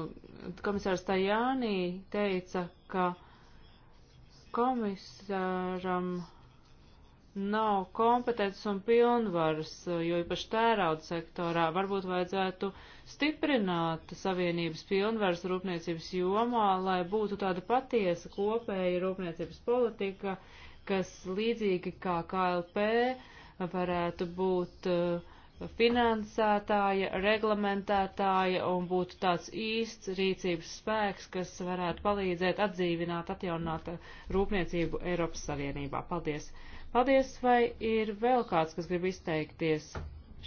komisārs Tajānī teica, ka komisāram nav kompetences un pilnvaras, eh, jo īpaši tērauda sektorā varbūt vajadzētu stiprināt savienības pilnvaras rūpniecības jomā, lai būtu tāda patiesa kopēja rūpniecības politika, kas līdzīgi kā KLP varētu būt eh, finansētāja, reglamentētāja un būtu tāds īsts rīcības spēks, kas varētu palīdzēt atdzīvināt, atjaunināt rūpniecību Eiropas Savienībā. Paldies! Paldies, vai ir vēl kāds, kas grib izteikties?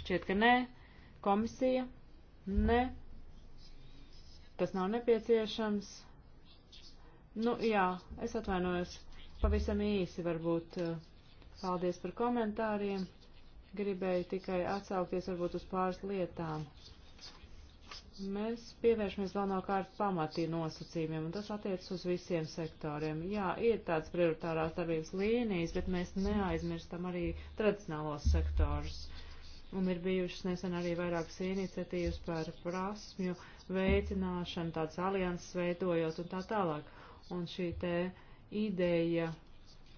Šķiet, ka nē. Komisija? Nē. Tas nav nepieciešams. Nu, jā, es atvainojos. Pavisam īsi varbūt. Eh, paldies par komentāriem. Gribēju tikai atsaukties varbūt uz pāris lietām. Mēs pievēršamies galvenokārt pamatī nosacījumiem, un tas attiecas uz visiem sektoriem. Jā, ir tāds prioritārās darbības līnijas, bet mēs neaizmirstam arī tradicionālos sektorus. Un ir bijušas nesen arī vairākas iniciatīvas par prasmju veicināšanu, tāds alianses veidojot un tā tālāk. Un šī te ideja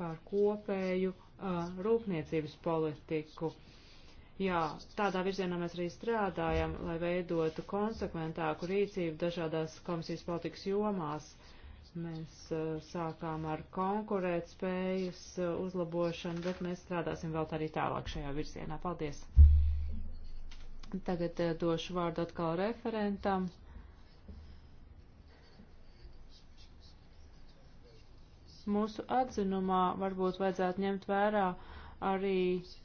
par kopēju uh, rūpniecības politiku. Uh, Jā, tādā virzienā mēs arī strādājam, lai veidotu konsekventāku rīcību dažādās komisijas politikas jomās. Mēs uh, sākām ar konkurēt spējas uh, uzlabošanu, bet mēs strādāsim vēl arī tālāk šajā virzienā. Paldies! Tagad uh, došu vārdu atkal referentam. Mūsu atzinumā varbūt vajadzētu ņemt vērā arī uh,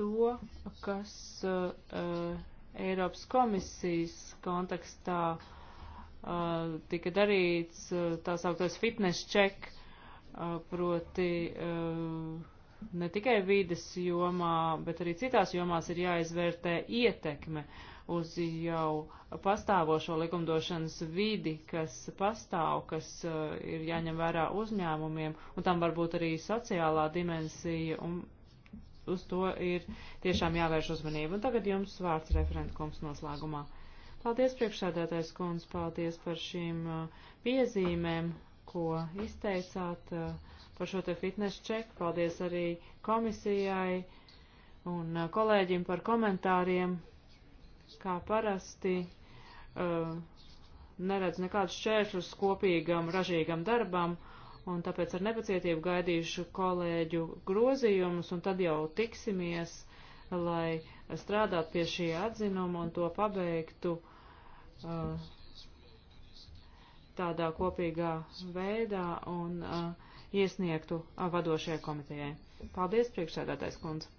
to, kas uh, Eiropas komisijas kontekstā uh, tika darīts, uh, tā sauktais fitness check, uh, proti uh, ne tikai vides jomā, bet arī citās jomās ir jāizvērtē ietekme uz jau pastāvošo likumdošanas vidi, kas pastāv, kas uh, ir jāņem vērā uzņēmumiem, un tam varbūt arī sociālā dimensija un uz to ir tiešām jāvērš uzmanība. Un tagad jums vārds referentkungs noslēgumā. Paldies priekšsēdētais kundz, paldies par šīm uh, piezīmēm, ko izteicāt uh, par šo te fitnes čeku. Paldies arī komisijai un uh, kolēģim par komentāriem. Kā parasti. Uh, neredz nekādus šķēršļus kopīgam, ražīgam darbam, un tāpēc ar nepacietību gaidīšu kolēģu grozījumus, un tad jau tiksimies, lai strādātu pie šī atzinuma un to pabeigtu uh, tādā kopīgā veidā un uh, iesniegtu uh, vadošajai komitejai. Paldies, priekšsēdētājs kundze!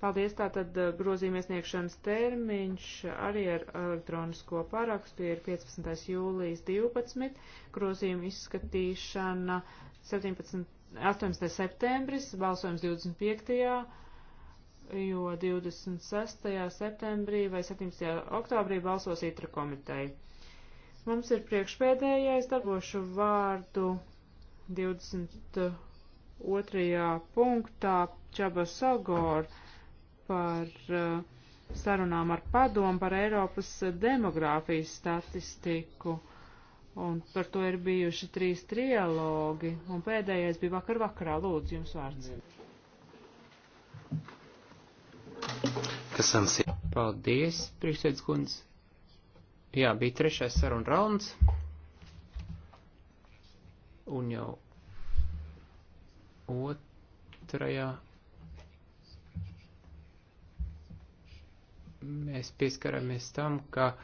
Paldies, tātad eh, grozījuma iesniegšanas termiņš arī ar elektronisko parakstu ir 15. jūlijas 12, grozījuma izskatīšana 17, 18. septembris, balsojums 25. jo 26. septembrī vai 17. oktobrī balsos itra komiteja. Mums ir priekšpēdējais darbošu vārdu 22. punktā Čaba Sagoru par eh, sarunām ar padomu par Eiropas demogrāfijas statistiku. Un par to ir bijuši trīs trialogi, un pēdējais bija vakar vakarā. Lūdzu, jums vārds. Kas ansī? Paldies, priekšsēdz kundze. Jā, bija trešais saruna rauns. Un jau otrajā mēs pieskaramies tam, ka uh,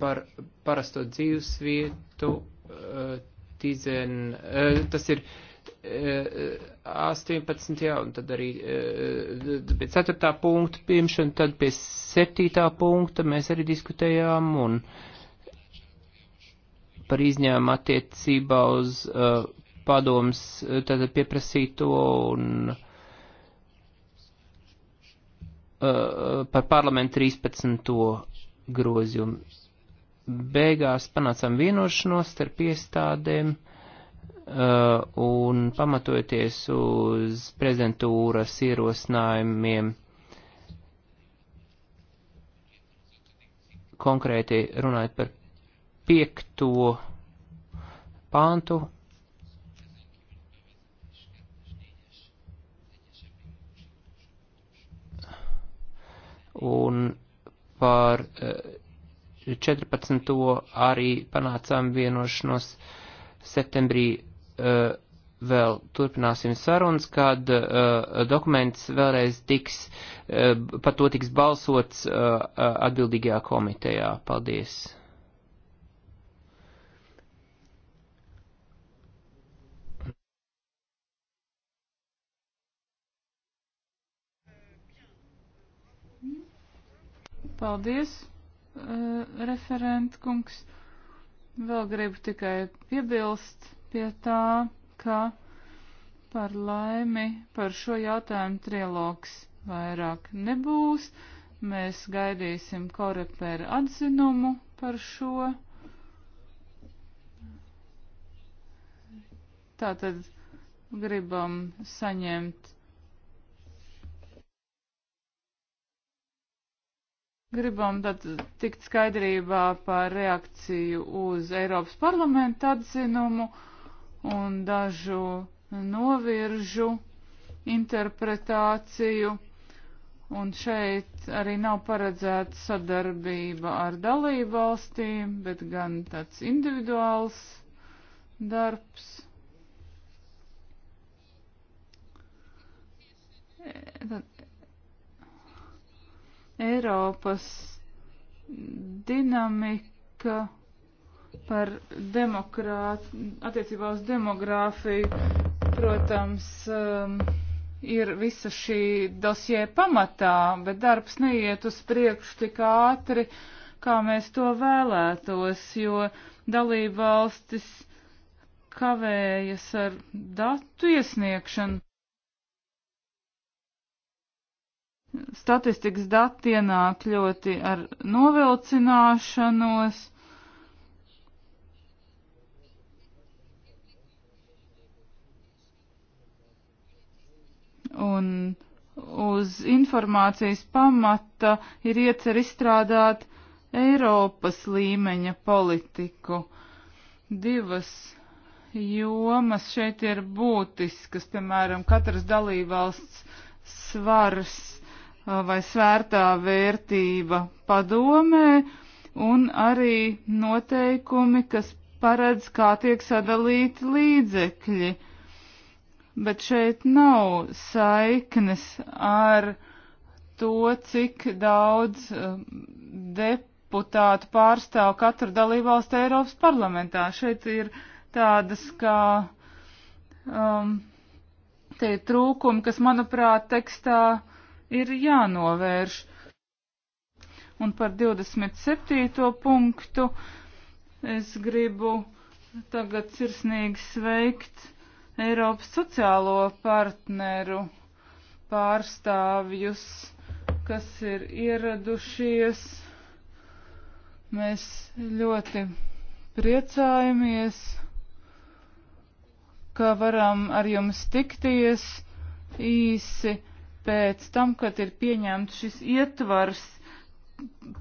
par parasto dzīvesvietu uh, tizen, uh, tas ir 18. Jā, un tad arī pie 4. punkta piemšana, tad pie 7. punkta mēs arī diskutējām un par izņēmumu attiecībā uz padoms, tad pieprasīto un uh, Uh, par parlamentu 13. grozījumu. Beigās panācām vienošanos starp iestādēm uh, un pamatojoties uz prezentūras ierosinājumiem konkrēti runājot par piekto pāntu un par 14. Eh, arī panācām vienošanos septembrī eh, vēl turpināsim sarunas, kad uh, dokuments vēlreiz tiks, uh, par to tiks balsots uh, atbildīgajā komitejā. Paldies! Paldies, uh, referent kungs. Vēl gribu tikai piebilst pie tā, ka par laimi par šo jautājumu trilogs vairāk nebūs. Mēs gaidīsim koreperu atzinumu par šo. Tātad gribam saņemt gribam tad tikt skaidrībā par reakciju uz Eiropas parlamenta atzinumu un dažu noviržu interpretāciju. Un šeit arī nav paredzēta sadarbība ar dalību valstīm, bet gan tāds individuāls darbs. E, tad Eiropas dinamika par demokrāt, attiecībā uz demogrāfiju, protams, um, ir visa šī dosie pamatā, bet darbs neiet uz priekšu tik ātri, kā mēs to vēlētos, jo dalībvalstis kavējas ar datu iesniegšanu. statistikas dati ienāk ļoti ar novilcināšanos. Un uz informācijas pamata ir iecer izstrādāt Eiropas līmeņa politiku. Divas jomas šeit ir būtiskas, piemēram, katras dalībvalsts svars vai svērtā vērtība padomē un arī noteikumi, kas paredz, kā tiek sadalīti līdzekļi. Bet šeit nav saiknes ar to, cik daudz deputātu pārstāv katru dalībvalstu Eiropas parlamentā. Šeit ir tādas kā um, te trūkumi, kas, manuprāt, tekstā ir jānovērš. Un par 27. punktu es gribu tagad sirsnīgi sveikt Eiropas sociālo partneru pārstāvjus, kas ir ieradušies. Mēs ļoti priecājamies, ka varam ar jums tikties īsi pēc tam, kad ir pieņemts šis ietvars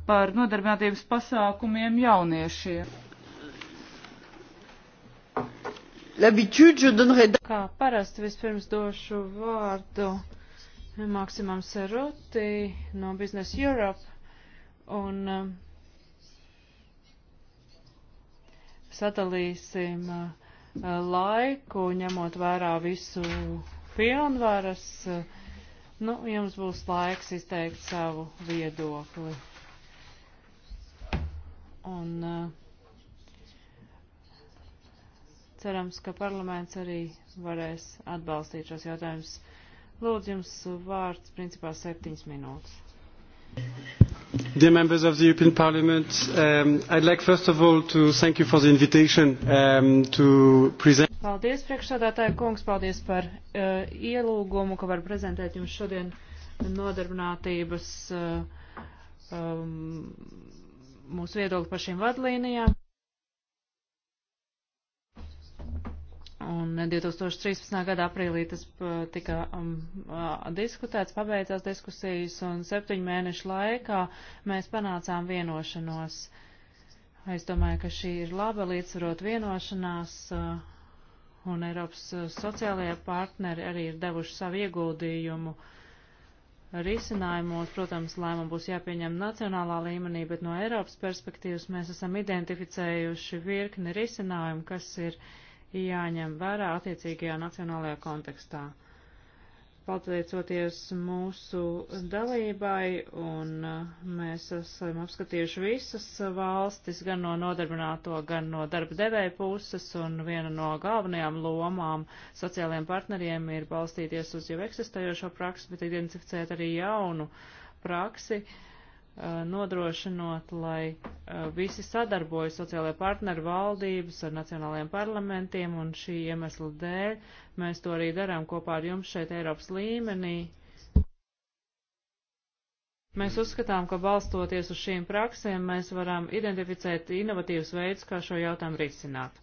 par nodarbinātības pasākumiem jauniešiem. Kā parasti vispirms došu vārdu Maksimam Seroti no Business Europe un um, sadalīsim uh, laiku, ņemot vērā visu pilnvaras. Uh, Nu, jums būs laiks izteikt savu viedokli. Un uh, cerams, ka parlaments arī varēs atbalstīt šos jautājumus. Lūdzu, jums vārds principā septiņas minūtes. Dear members of the European Parliament, um, I'd like first of all to thank you for the invitation um, to present. Paldies, priekšsādātāja kungs, paldies par uh, ielūgumu, ka var prezentēt jums šodien nodarbinātības uh, um, mūsu viedokli par šīm vadlīnijām. Un 2013. Eh, gada aprīlī tas tika um, diskutēts, pabeidzās diskusijas, un septiņu mēnešu laikā mēs panācām vienošanos. Es domāju, ka šī ir laba līdzsvarot vienošanās. Uh, un Eiropas uh, sociālajie partneri arī ir devuši savu ieguldījumu risinājumos. Protams, lēmumu būs jāpieņem nacionālā līmenī, bet no Eiropas perspektīvas mēs esam identificējuši virkni risinājumu, kas ir jāņem vērā attiecīgajā nacionālajā kontekstā pateicoties mūsu dalībai, un uh, mēs esam apskatījuši visas valstis, gan no nodarbināto, gan no darba devēja puses, un viena no galvenajām lomām sociālajiem partneriem ir balstīties uz jau eksistējošo praksi, bet identificēt arī jaunu praksi. Uh, Uh, nodrošinot, lai uh, visi sadarbojas sociālajā partneru valdības ar nacionālajiem parlamentiem, un šī iemesla dēļ mēs to arī darām kopā ar jums šeit Eiropas līmenī. Mēs uzskatām, ka balstoties uz šīm praksēm, mēs varam identificēt inovatīvus veidus, kā šo jautājumu risināt.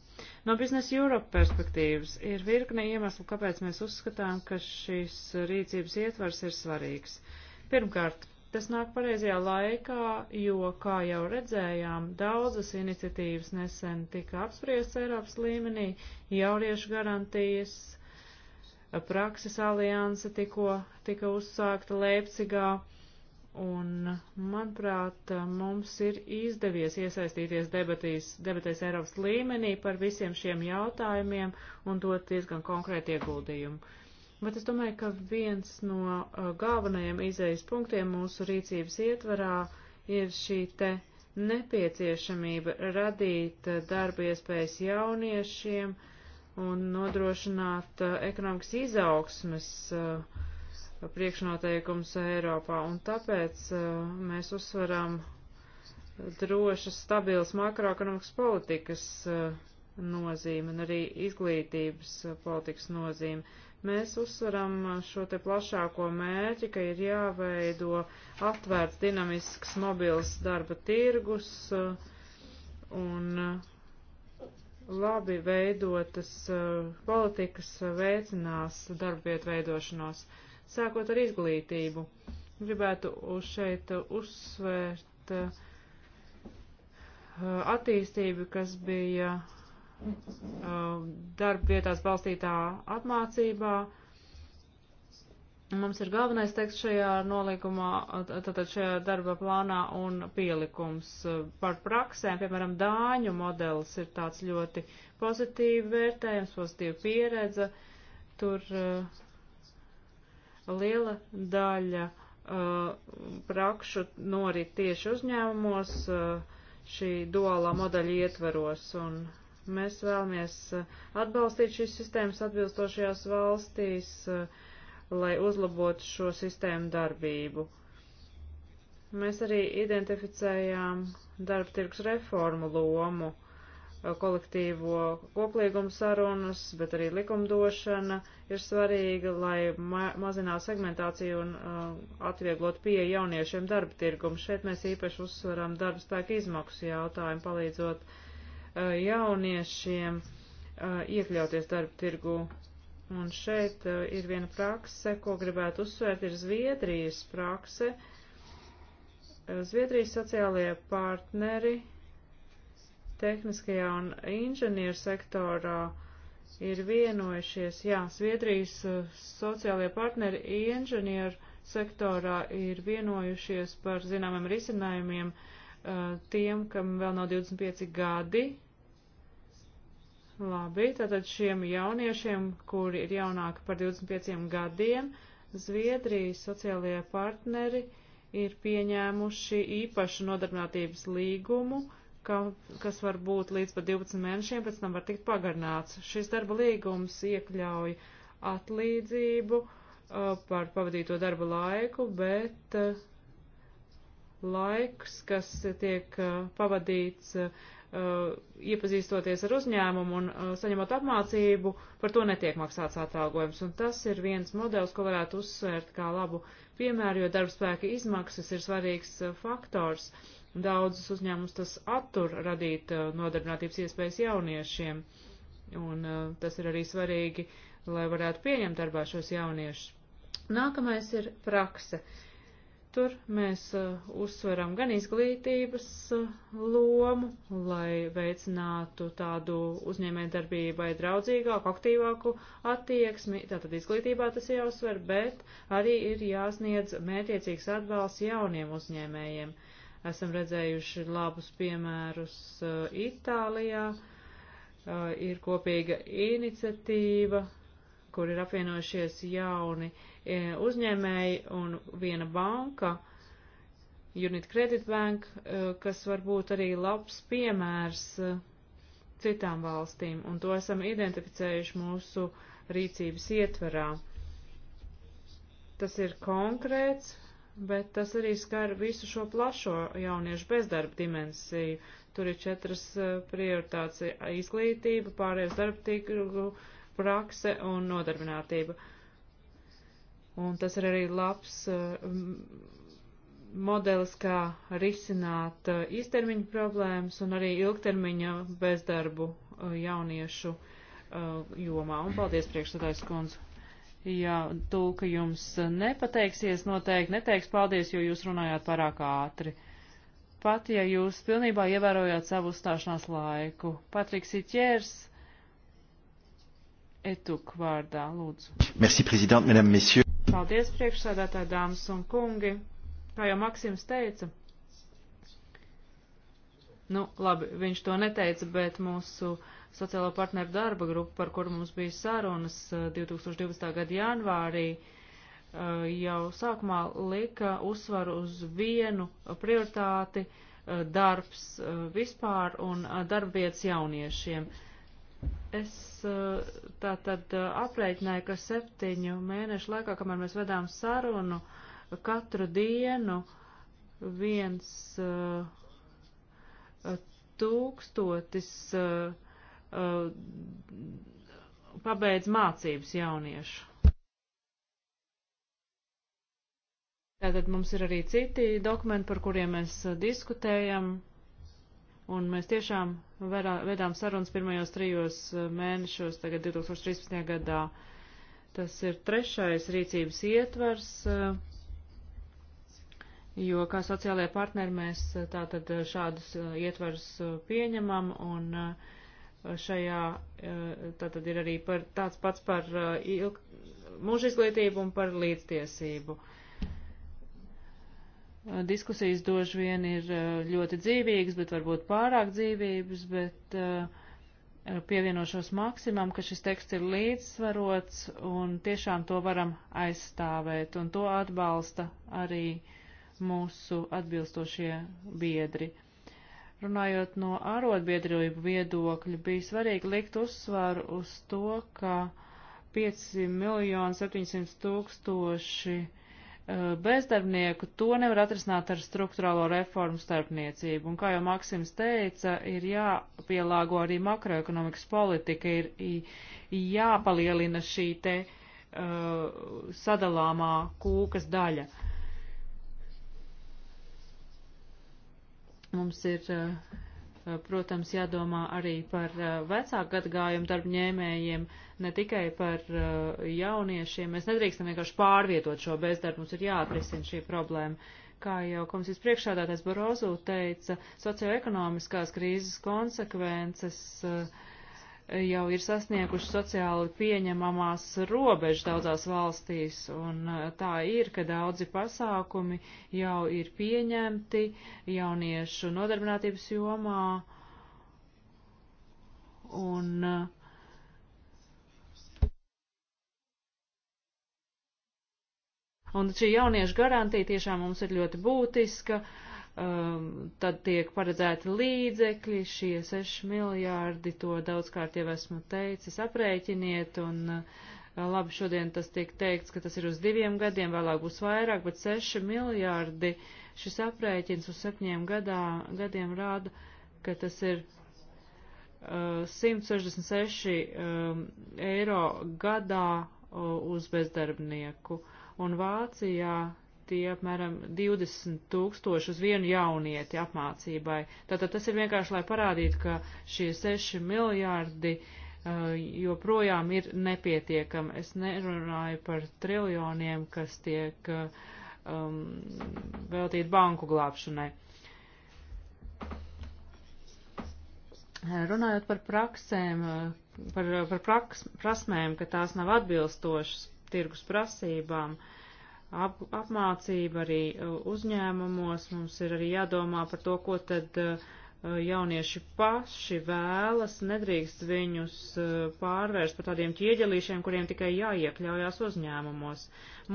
No biznesa Europe perspektīvas ir virkne iemeslu, kāpēc mēs uzskatām, ka šīs rīcības ietvars ir svarīgs. Pirmkārt, tas nāk pareizajā laikā, jo, kā jau redzējām, daudzas iniciatīvas nesen tika apspriestas Eiropas līmenī, jauriešu garantijas, prakses alianse tikko tika uzsākta Leipcigā, un, manuprāt, mums ir izdevies iesaistīties debatīs, debatēs Eiropas līmenī par visiem šiem jautājumiem un dot diezgan konkrēti ieguldījumu. Bet es domāju, ka viens no uh, galvenajiem izējas punktiem mūsu rīcības ietvarā ir šī te nepieciešamība radīt uh, darba iespējas jauniešiem un nodrošināt uh, ekonomikas izaugsmes priekšnoteikums Eiropā. Un tāpēc mēs uzsveram drošas, stabilas makroekonomikas politikas nozīme un arī izglītības politikas nozīme. Mēs uzsveram šo te plašāko mērķi, ka ir jāveido atvērts dinamisks mobils darba tirgus uh, un uh, labi veidotas uh, politikas veicinās darbvietu veidošanos, sākot ar izglītību. Gribētu uz šeit uzsvērt attīstību, kas bija Um, darbvietās balstītā apmācībā. Mums ir galvenais teksts šajā nolīgumā, tātad šajā darba plānā un pielikums par praksēm. Piemēram, Dāņu modelis ir tāds ļoti pozitīvi vērtējums, pozitīva pieredze. Tur uh, liela daļa uh, prakšu norit tieši uzņēmumos uh, šī duālā modeļa ietveros. Un, uh, Mēs vēlamies uh, atbalstīt šīs sistēmas atbilstošajās valstīs, uh, lai uzlabotu šo sistēmu darbību. Mēs arī identificējām darba tirgus reformu lomu, uh, kolektīvo koplīgumu sarunas, bet arī likumdošana ir svarīga, lai ma mazinātu segmentāciju un uh, atvieglot pieeja jauniešiem darba tirgumu. Šeit mēs īpaši uzsveram darba spēka izmaksu jautājumu, palīdzot uh, Eh, jauniešiem eh, iekļauties darba tirgu. Un šeit eh, ir viena prakse, ko gribētu uzsvērt, ir Zviedrijas prakse. Zviedrijas sociālajie partneri tehniskajā un inženieru sektorā ir vienojušies. Jā, Zviedrijas sociālajie partneri inženieru sektorā ir vienojušies par zināmiem risinājumiem tiem, kam vēl nav 25 gadi, Labi, tātad šiem jauniešiem, kuri ir jaunāki par 25 gadiem, Zviedrijas sociālajie partneri ir pieņēmuši īpašu nodarbinātības līgumu, ka, kas var būt līdz pat 12 mēnešiem, pēc tam var tikt pagarnāts. Šis darba līgums iekļauj atlīdzību uh, par pavadīto darba laiku, bet uh, laiks, kas tiek uh, pavadīts Uh, iepazīstoties ar uzņēmumu un uh, saņemot apmācību, par to netiek maksāts atalgojums. Un tas ir viens modelis, ko varētu uzsvērt kā labu piemēru, jo darbspēka izmaksas ir svarīgs uh, faktors. Daudzus uzņēmumus tas attur radīt nodarbinātības iespējas jauniešiem. Un tas ir arī svarīgi, lai varētu pieņemt darbā šos jauniešus. Nākamais ir prakse. Uh, Tur mēs uh, uzsveram gan izglītības uh, lomu, lai veicinātu tādu uzņēmējdarbībai draudzīgāku, aktīvāku attieksmi, tātad izglītībā tas jāuzsver, bet arī ir jāsniedz mētiecīgs atbalsts jauniem uzņēmējiem. Esam redzējuši labus piemērus uh, Itālijā, uh, ir kopīga iniciatīva kur ir apvienojušies jauni e, uzņēmēji un viena banka, Unit Credit Bank, e, kas var būt arī labs piemērs e, citām valstīm, un to esam identificējuši mūsu rīcības ietverā. Tas ir konkrēts, bet tas arī skar visu šo plašo jauniešu bezdarba dimensiju. Tur ir četras prioritātes - izglītība, pārējais darba tīklu prakse un nodarbinātība. Un tas ir arī labs eh, modelis, kā risināt eh, īstermiņa problēmas un arī ilgtermiņa bezdarbu eh, jauniešu jomā. Un paldies priekšsēdājas kundze. Jā, tulka jums nepateiksies, noteikti neteiks paldies, jo jūs runājāt pārāk ātri. Pat ja jūs pilnībā ievērojāt savu uzstāšanās laiku. Patriks Iķers Etuk vārdā, lūdzu. Merci, prezident, mesdames, messieurs. Paldies, priekšsādātāji, dāmas un kungi. Kā jau Maksims teica, nu, labi, viņš to neteica, bet mūsu sociālo partneru darba grupa, par kuru mums bija sarunas 2020. Eh, gada janvārī, eh, jau sākumā lika uzsvaru uz vienu prioritāti eh, darbs vispār un darbvietas jauniešiem. Es eh, tātad eh, aprēķināju, ka septiņu mēnešu laikā, kamēr mēs vedām sarunu, katru dienu viens eh, tūkstotis pabeidz mācības jauniešu. Tātad mums ir arī citi dokumenti, par kuriem mēs diskutējam. Un mēs tiešām verā, vedām sarunas pirmajos trijos eh, mēnešos, tagad 2013. gadā. Tas ir trešais rīcības ietvers, eh, jo kā sociālajie partneri mēs eh, tātad šādus ietverus pieņemam un šajā tātad ir arī par, tāds pats par ilg, mūža izglītību un par līdztiesību. Uh, Eh, diskusijas doži vien ir eh, ļoti dzīvīgas, bet varbūt pārāk dzīvības, bet eh, pievienošos maksimam, ka šis teksts ir līdzsvarots un tiešām to varam aizstāvēt, un to atbalsta arī mūsu atbilstošie biedri. Runājot no arotbiedrību viedokļa, bija svarīgi likt uzsvaru uz to, ka 5 miljoni 700 tūkstoši Eh, bezdarbnieku, to nevar atrisināt ar struktūrālo reformu starpniecību. Un kā jau Maksims teica, ir jāpielāgo arī makroekonomikas politika, ir jāpalielina šī te uh, sadalāmā kūkas daļa. Mums ir, uh, protams, jādomā arī par uh, vecāku gadgājumu darbņēmējiem. Uh, ne tikai par uh, jauniešiem. Mēs nedrīkstam vienkārši pārvietot šo bezdarbu, mums ir jāatrisina šī problēma. Kā jau komisijas priekšādātais Barozu teica, socioekonomiskās krīzes konsekvences uh, jau ir sasnieguši sociāli pieņemamās robežas daudzās valstīs, un uh, tā ir, ka daudzi pasākumi jau ir pieņemti jauniešu nodarbinātības jomā, un uh, Un šī jauniešu garantija tiešām mums ir ļoti būtiska. Um, tad tiek paredzēti līdzekļi, šie 6 miljārdi, to daudzkārt jau esmu teicis, aprēķiniet un uh, labi, šodien tas tiek teikts, ka tas ir uz diviem gadiem, vēlāk būs vairāk, bet 6 miljārdi šis aprēķins uz septiņiem gadā, gadiem rāda, ka tas ir uh, 166 um, eiro gadā uh, uz bezdarbnieku. Uh, un Vācijā tie apmēram 20 tūkstoši uz vienu jaunieti apmācībai. Tātad tas ir vienkārši, lai parādītu, ka šie 6 miljārdi uh, joprojām ir nepietiekami. Es nerunāju par triljoniem, kas tiek uh, um, veltīti banku glābšanai. Runājot par praksēm, uh, par, par praks, prasmēm, ka tās nav atbilstošas tirgus prasībām. Ap, apmācība arī uh, uzņēmumos mums ir arī jādomā par to, ko tad uh, jaunieši paši vēlas, nedrīkst viņus uh, pārvērst par tādiem ķieģelīšiem, kuriem tikai jāiekļaujās uzņēmumos.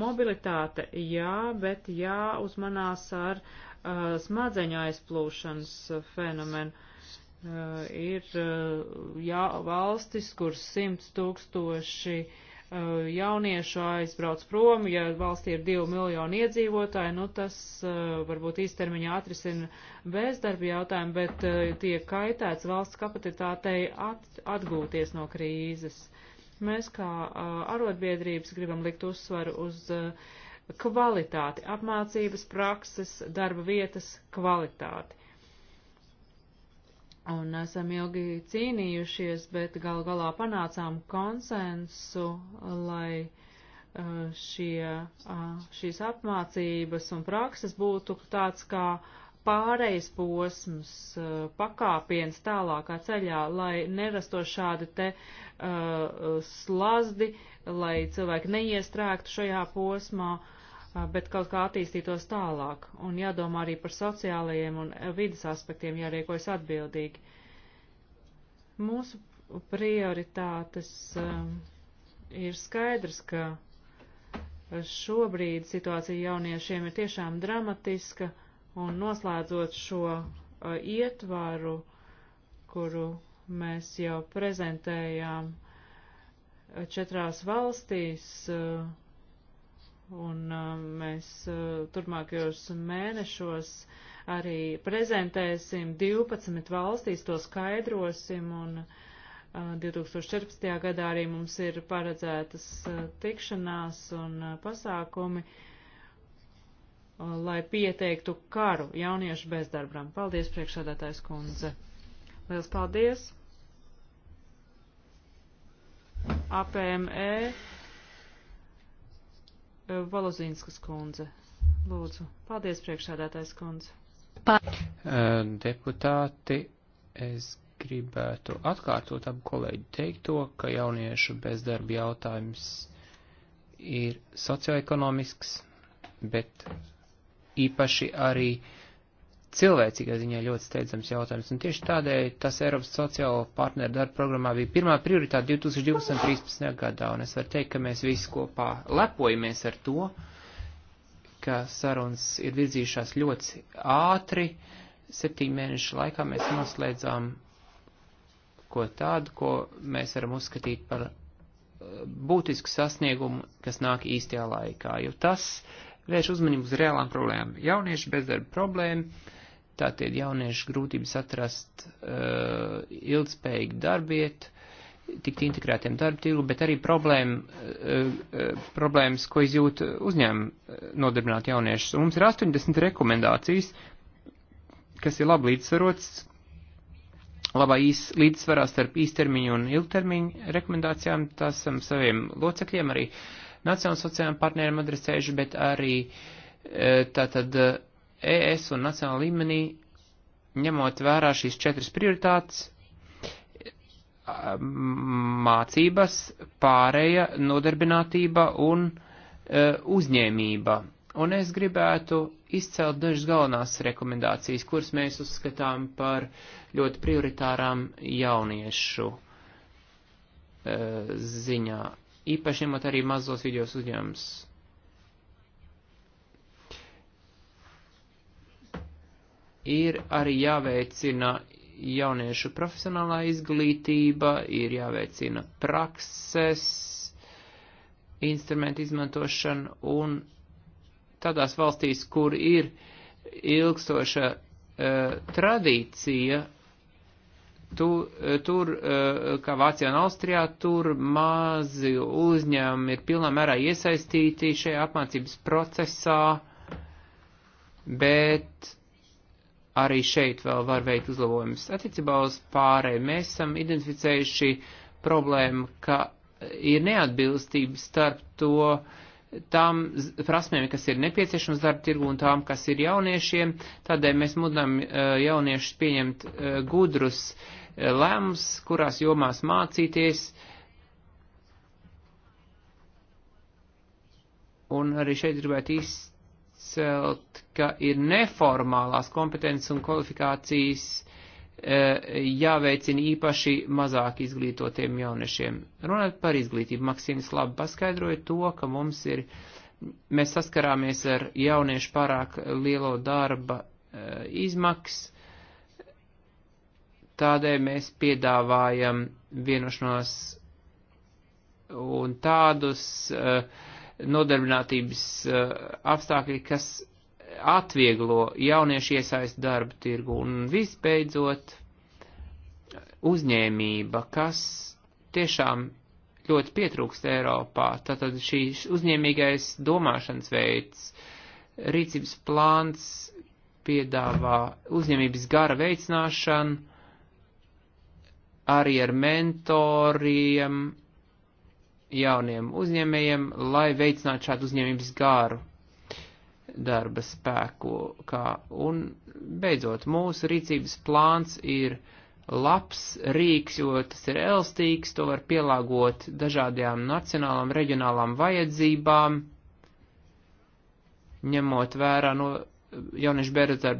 Mobilitāte jā, bet jāuzmanās ar uh, smadzeņu aizplūšanas fenomenu. Uh, ir uh, jā, valstis, kur simts tūkstoši uh, Eh, jauniešu aizbrauc prom, ja valstī ir divi miljoni iedzīvotāji, nu tas eh, varbūt īstermiņā atrisina bezdarba jautājumu, bet eh, tiek kaitēts valsts kapacitātei at atgūties no krīzes. Mēs kā arotbiedrības gribam likt uzsvaru uz kvalitāti, apmācības prakses, darba vietas kvalitāti un esam ilgi cīnījušies, bet gal galā panācām konsensu, lai uh, šie, uh, šīs apmācības un prakses būtu tāds kā pārejas posms, uh, pakāpiens tālākā ceļā, lai nerasto šādi te uh, slazdi, lai cilvēki neiestrēgtu šajā posmā. Uh, bet kaut kā attīstītos tālāk, un jādomā arī par sociālajiem un vidas aspektiem jārīkojas atbildīgi. Mūsu prioritātes ir skaidrs, ka šobrīd situācija jauniešiem ir tiešām dramatiska, un noslēdzot šo ietvaru, kuru mēs jau prezentējām četrās valstīs, uh, Un uh, mēs uh, turpmākajos mēnešos arī prezentēsim 12 valstīs, to skaidrosim, un 2014. Uh, gadā arī mums ir paredzētas tikšanās un pasākumi, lai pieteiktu karu jauniešu bezdarbram. Paldies, priekšādātājs kundze. Liels paldies! APME Eh, Valozīnskas kundze. Lūdzu. Paldies, priekšādātais kundze. Eh, deputāti, es gribētu atkārtot abu kolēģu teikto, ka jauniešu bezdarba jautājums ir socioekonomisks, bet īpaši arī uh, cilvēcīgā ziņā ļoti steidzams jautājums, un tieši tādēļ tas Eiropas sociālo partneru darba programmā bija pirmā prioritāte 2013. gadā, un es varu teikt, ka mēs visi kopā lepojamies ar to, ka sarunas ir virzījušās ļoti ātri, septiņu mēnešu laikā mēs noslēdzām ko tādu, ko mēs varam uzskatīt par eh, būtisku sasniegumu, kas nāk īstajā laikā, jo tas vērš uzmanību uz reālām problēmām. Jauniešu bezdarba problēma Tātad jauniešu grūtības atrast uh, ilgspējīgu darbietu, tikt integrētiem darba tirgu, bet arī problēma, uh, uh, problēmas, ko izjūt uzņēmumu uh, nodarbināt jauniešus. Un mums ir 80 rekomendācijas, kas ir labi līdzsvarots, labā īs, līdzsvarā starp īstermiņu un ilgtermiņu rekomendācijām. Tās esam saviem locekļiem arī nacionālajiem sociālajiem partneriem adresējuši, bet arī uh, tātad. Uh, ES un nacionāla līmenī, ņemot vērā šīs četras prioritātes, mācības, pārēja, nodarbinātība un e, uzņēmība. Un es gribētu izcelt dažas galvenās rekomendācijas, kuras mēs uzskatām par ļoti prioritārām jauniešu e, ziņā, īpaši ņemot arī mazos vidējos uzņēmumus ir arī jāveicina jauniešu profesionālā izglītība, ir jāveicina prakses, instrumentu izmantošana un tādās valstīs, kur ir ilgstoša uh, tradīcija, tu, uh, tur, uh, kā Vācijā un Austrijā, tur mazi uzņēmumi ir pilnā mērā iesaistīti šajā apmācības procesā, bet arī šeit vēl var veikt uzlabojumus. Attiecībā uz pārēju mēs esam identificējuši problēmu, ka ir neatbilstība starp to, tām prasmēm, kas ir nepieciešams darba tirgu un tām, kas ir jauniešiem. Tādēļ mēs mudinām uh, jauniešus pieņemt uh, gudrus uh, lēmumus, kurās jomās mācīties. Un arī šeit gribētu īsti izcelt, ka ir neformālās kompetences un kvalifikācijas e, jāveicina īpaši mazāk izglītotiem jauniešiem. Runājot par izglītību, Maksīnis labi paskaidroja to, ka mums ir, mēs saskarāmies ar jauniešu pārāk lielo darba e, izmaksu, tādēļ mēs piedāvājam vienošanos un tādus uh, nodarbinātības eh, apstākļi, kas atvieglo jauniešu iesaist darba tirgu un visbeidzot uzņēmība, kas tiešām ļoti pietrūkst Eiropā. Tātad šīs uzņēmīgais domāšanas veids, rīcības plāns piedāvā uzņēmības gara veicināšanu arī ar mentoriem, jauniem uzņēmējiem, lai veicinātu šādu uzņēmības gāru darba spēku. Kā. Un beidzot, mūsu rīcības plāns ir labs rīks, jo tas ir elstīgs, to var pielāgot dažādajām nacionālām, reģionālām vajadzībām, ņemot vērā no jauniešu bērnu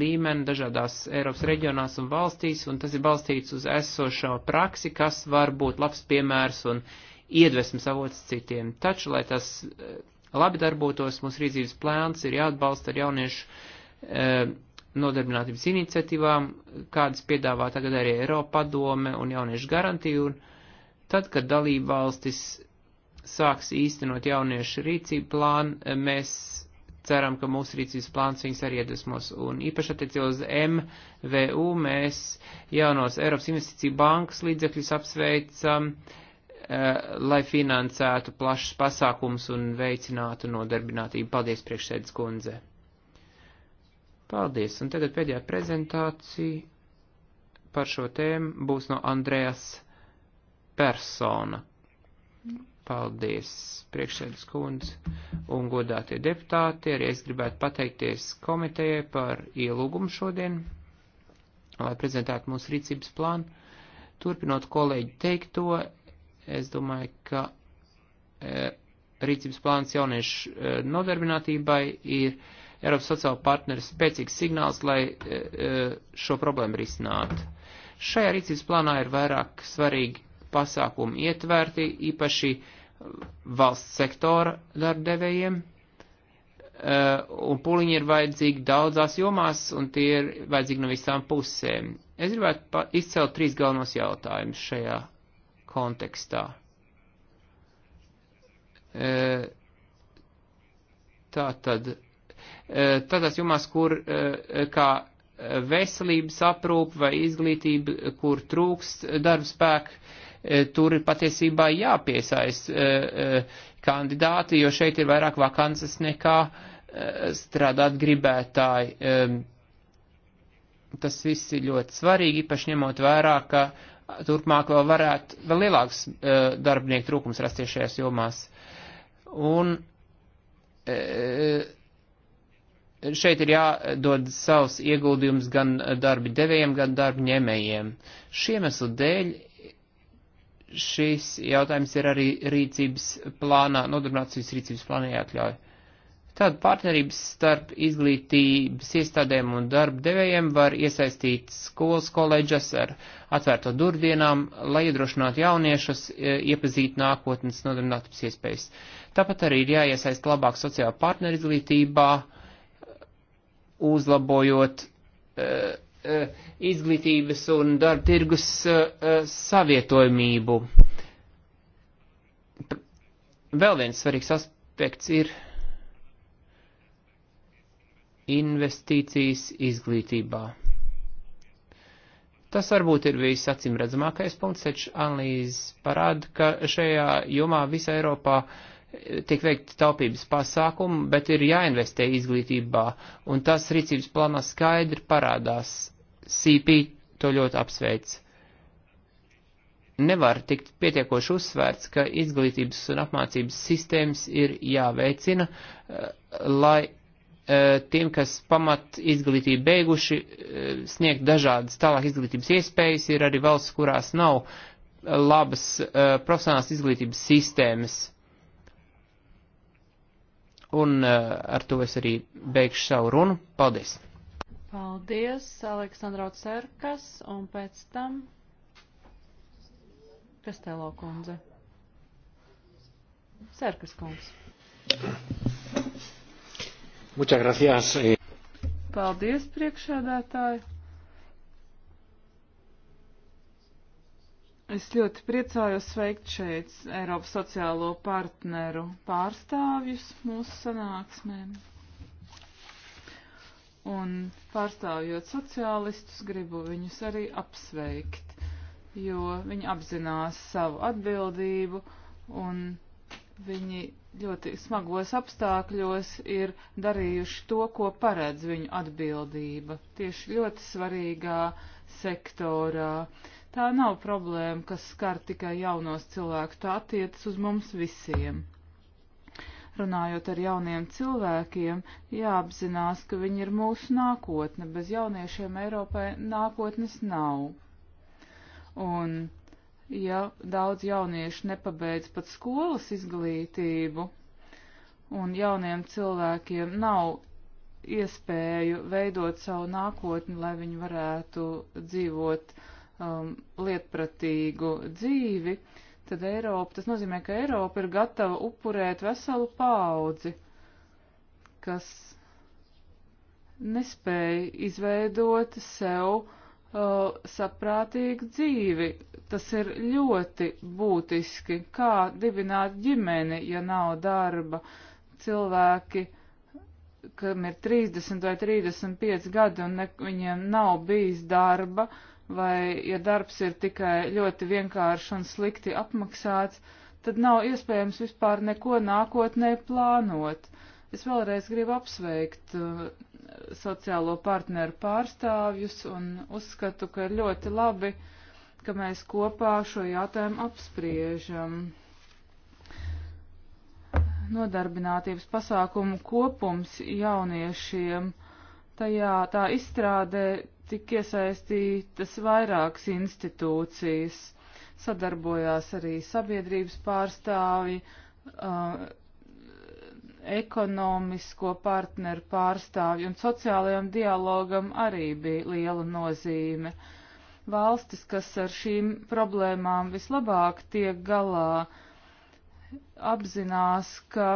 līmeni dažādās Eiropas reģionās un valstīs, un tas ir balstīts uz esošo praksi, kas var būt labs piemērs un iedvesmas avots citiem. Taču, lai tas eh, labi darbotos, mūsu rīcības plāns ir jāatbalsta ar jauniešu e, nodarbinātības iniciatīvām, kādas piedāvā tagad arī Eiropa padome un jauniešu garantiju. Un tad, kad dalība valstis sāks īstenot jauniešu rīcību plānu, eh, mēs ceram, ka mūsu rīcības plāns viņus arī iedvesmos. Un īpaši attiecībā uz MVU mēs jaunos Eiropas investīciju bankas līdzekļus apsveicam. Um, Eh, lai finansētu plašus pasākums un veicinātu nodarbinātību. Paldies, priekšsēdus kundze! Paldies! Un tagad pēdējā prezentācija par šo tēmu būs no Andrejas Persona. Paldies, priekšsēdus kundze un godātie deputāti. Arī es gribētu pateikties komitejai par ielūgumu šodien, lai prezentētu mūsu rīcības plānu. Turpinot kolēģi teikto, Es domāju, ka e, rīcības plāns jauniešu e, nodarbinātībai ir Eiropas sociāla partneru spēcīgs signāls, lai e, e, šo problēmu risinātu. Šajā rīcības plānā ir vairāk svarīgi pasākumi ietverti, īpaši valsts sektora darbdevējiem, e, un puliņi ir vajadzīgi daudzās jomās, un tie ir vajadzīgi no visām pusēm. Es gribētu izcelt trīs galvenos jautājumus šajā kontekstā. E, tā tad, e, tādās jomās, kur e, kā veselības aprūpa vai izglītība, kur trūkst darbspēku, tur ir patiesībā jāpiesaist kandidāti, jo šeit ir vairāk vakances nekā strādāt gribētāji. Tas viss ir ļoti svarīgi, īpaši ņemot vērā, ka turpmāk vēl varētu vēl lielāks uh, darbinieku trūkums rasties šajās jomās. Un uh, šeit ir jādod savs ieguldījums gan darbi devējiem, gan darbi ņēmējiem. Šiem eslu dēļ šis jautājums ir arī rīcības plānā, nodarbinācijas rīcības plānā jākļauj. Tad partnerības starp izglītības iestādēm un darba devējiem var iesaistīt skolas koledžas ar atvērto durdienām, lai iedrošinātu jauniešus e, iepazīt nākotnes nodarbinātības iespējas. Tāpat arī ir jāiesaist labāk sociāla partneru izglītībā, uzlabojot uh, uh, izglītības un darba tirgus uh, savietojamību. Vēl viens svarīgs aspekts ir investīcijas izglītībā. Tas varbūt ir viss acīm redzamākais punkts, taču analīze parāda, ka šajā jomā visā Eiropā e, tiek veikti taupības pasākumi, bet ir jāinvestē izglītībā, un tas rīcības plānā skaidri parādās. CP to ļoti apsveic. Nevar tikt pietiekoši uzsvērts, ka izglītības un apmācības sistēmas ir jāveicina, e, lai Eh, tiem, kas pamat izglītību beiguši, eh, sniegt dažādas tālāk izglītības iespējas, ir arī valsts, kurās nav labas eh, profesionālās izglītības sistēmas. Un ar to es arī beigšu savu runu. Paldies! Paldies, Aleksandro Cerkas, un pēc tam Kastelo kundze. Cerkas kungs. Muchas gracias. Eh. Paldies, priekšādātāji. Es ļoti priecājos sveikt šeit Eiropas sociālo partneru pārstāvjus mūsu sanāksmēm. Un pārstāvjot sociālistus, gribu viņus arī apsveikt, jo viņi apzinās savu atbildību un Viņi ļoti smagos apstākļos ir darījuši to, ko paredz viņu atbildība, tieši ļoti svarīgā sektorā. Tā nav problēma, kas skar tikai jaunos cilvēkus, tā attiecas uz mums visiem. Runājot ar jauniem cilvēkiem, jāapzinās, ka viņi ir mūsu nākotne, bez jauniešiem Eiropai nākotnes nav. Un ja daudz jauniešu nepabeidz pat skolas izglītību, un jauniem cilvēkiem nav iespēju veidot savu nākotni, lai viņi varētu dzīvot um, lietpratīgu dzīvi, tad Eiropa, tas nozīmē, ka Eiropa ir gatava upurēt veselu paudzi, kas nespēja izveidot sev Uh, saprātīgu dzīvi. Tas ir ļoti būtiski, kā dibināt ģimeni, ja nav darba. Cilvēki, kam ir 30 vai 35 gadi un ne, viņiem nav bijis darba, vai ja darbs ir tikai ļoti vienkārši un slikti apmaksāts, tad nav iespējams vispār neko nākotnē plānot. Es vēlreiz gribu apsveikt uh, sociālo partneru pārstāvjus un uzskatu, ka ir ļoti labi, ka mēs kopā šo jautājumu apspriežam. Nodarbinātības pasākumu kopums jauniešiem tajā tā izstrādē tik iesaistītas vairākas institūcijas, sadarbojās arī sabiedrības pārstāvji, uh, ekonomisko partneru pārstāvju un sociālajam dialogam arī bija liela nozīme. Valstis, kas ar šīm problēmām vislabāk tiek galā, apzinās, ka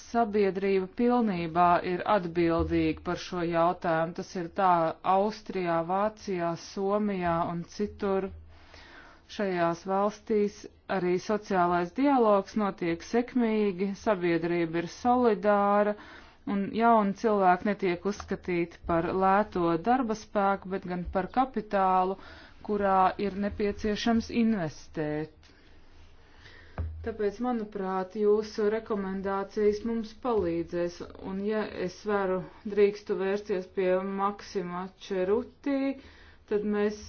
sabiedrība pilnībā ir atbildīga par šo jautājumu. Tas ir tā Austrijā, Vācijā, Somijā un citur. Šajās valstīs arī sociālais dialogs notiek sekmīgi, sabiedrība ir solidāra un jauni cilvēki netiek uzskatīti par lēto darba spēku, bet gan par kapitālu, kurā ir nepieciešams investēt. Tāpēc, manuprāt, jūsu rekomendācijas mums palīdzēs, un ja es varu drīkstu vērsties pie Maksima Čerutī, tad mēs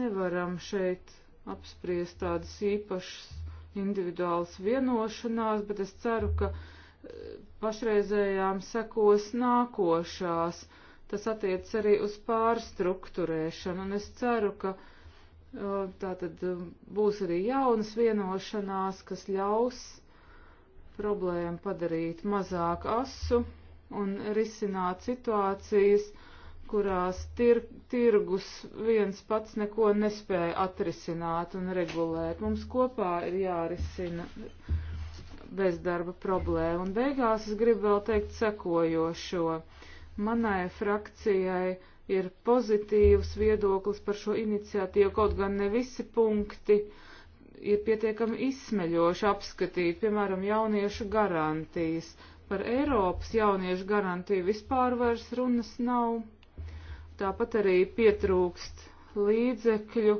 nevaram šeit apspriest tādas īpašas individuālas vienošanās, bet es ceru, ka e, pašreizējām sekos nākošās. Tas attiec arī uz pārstruktūrēšanu, un es ceru, ka e, tātad e, būs arī jaunas vienošanās, kas ļaus problēmu padarīt mazāk asu un risināt situācijas, uh, kurās tir, tirgus viens pats neko nespēja atrisināt un regulēt. Mums kopā ir jārisina bezdarba problēma. Un beigās es gribu vēl teikt sekojošo. Manai frakcijai ir pozitīvs viedoklis par šo iniciatīvu, kaut gan ne visi punkti ir pietiekami izsmeļoši apskatīt, piemēram, jauniešu garantijas. Par Eiropas jauniešu garantiju vispār vairs runas nav Tāpat arī pietrūkst līdzekļu,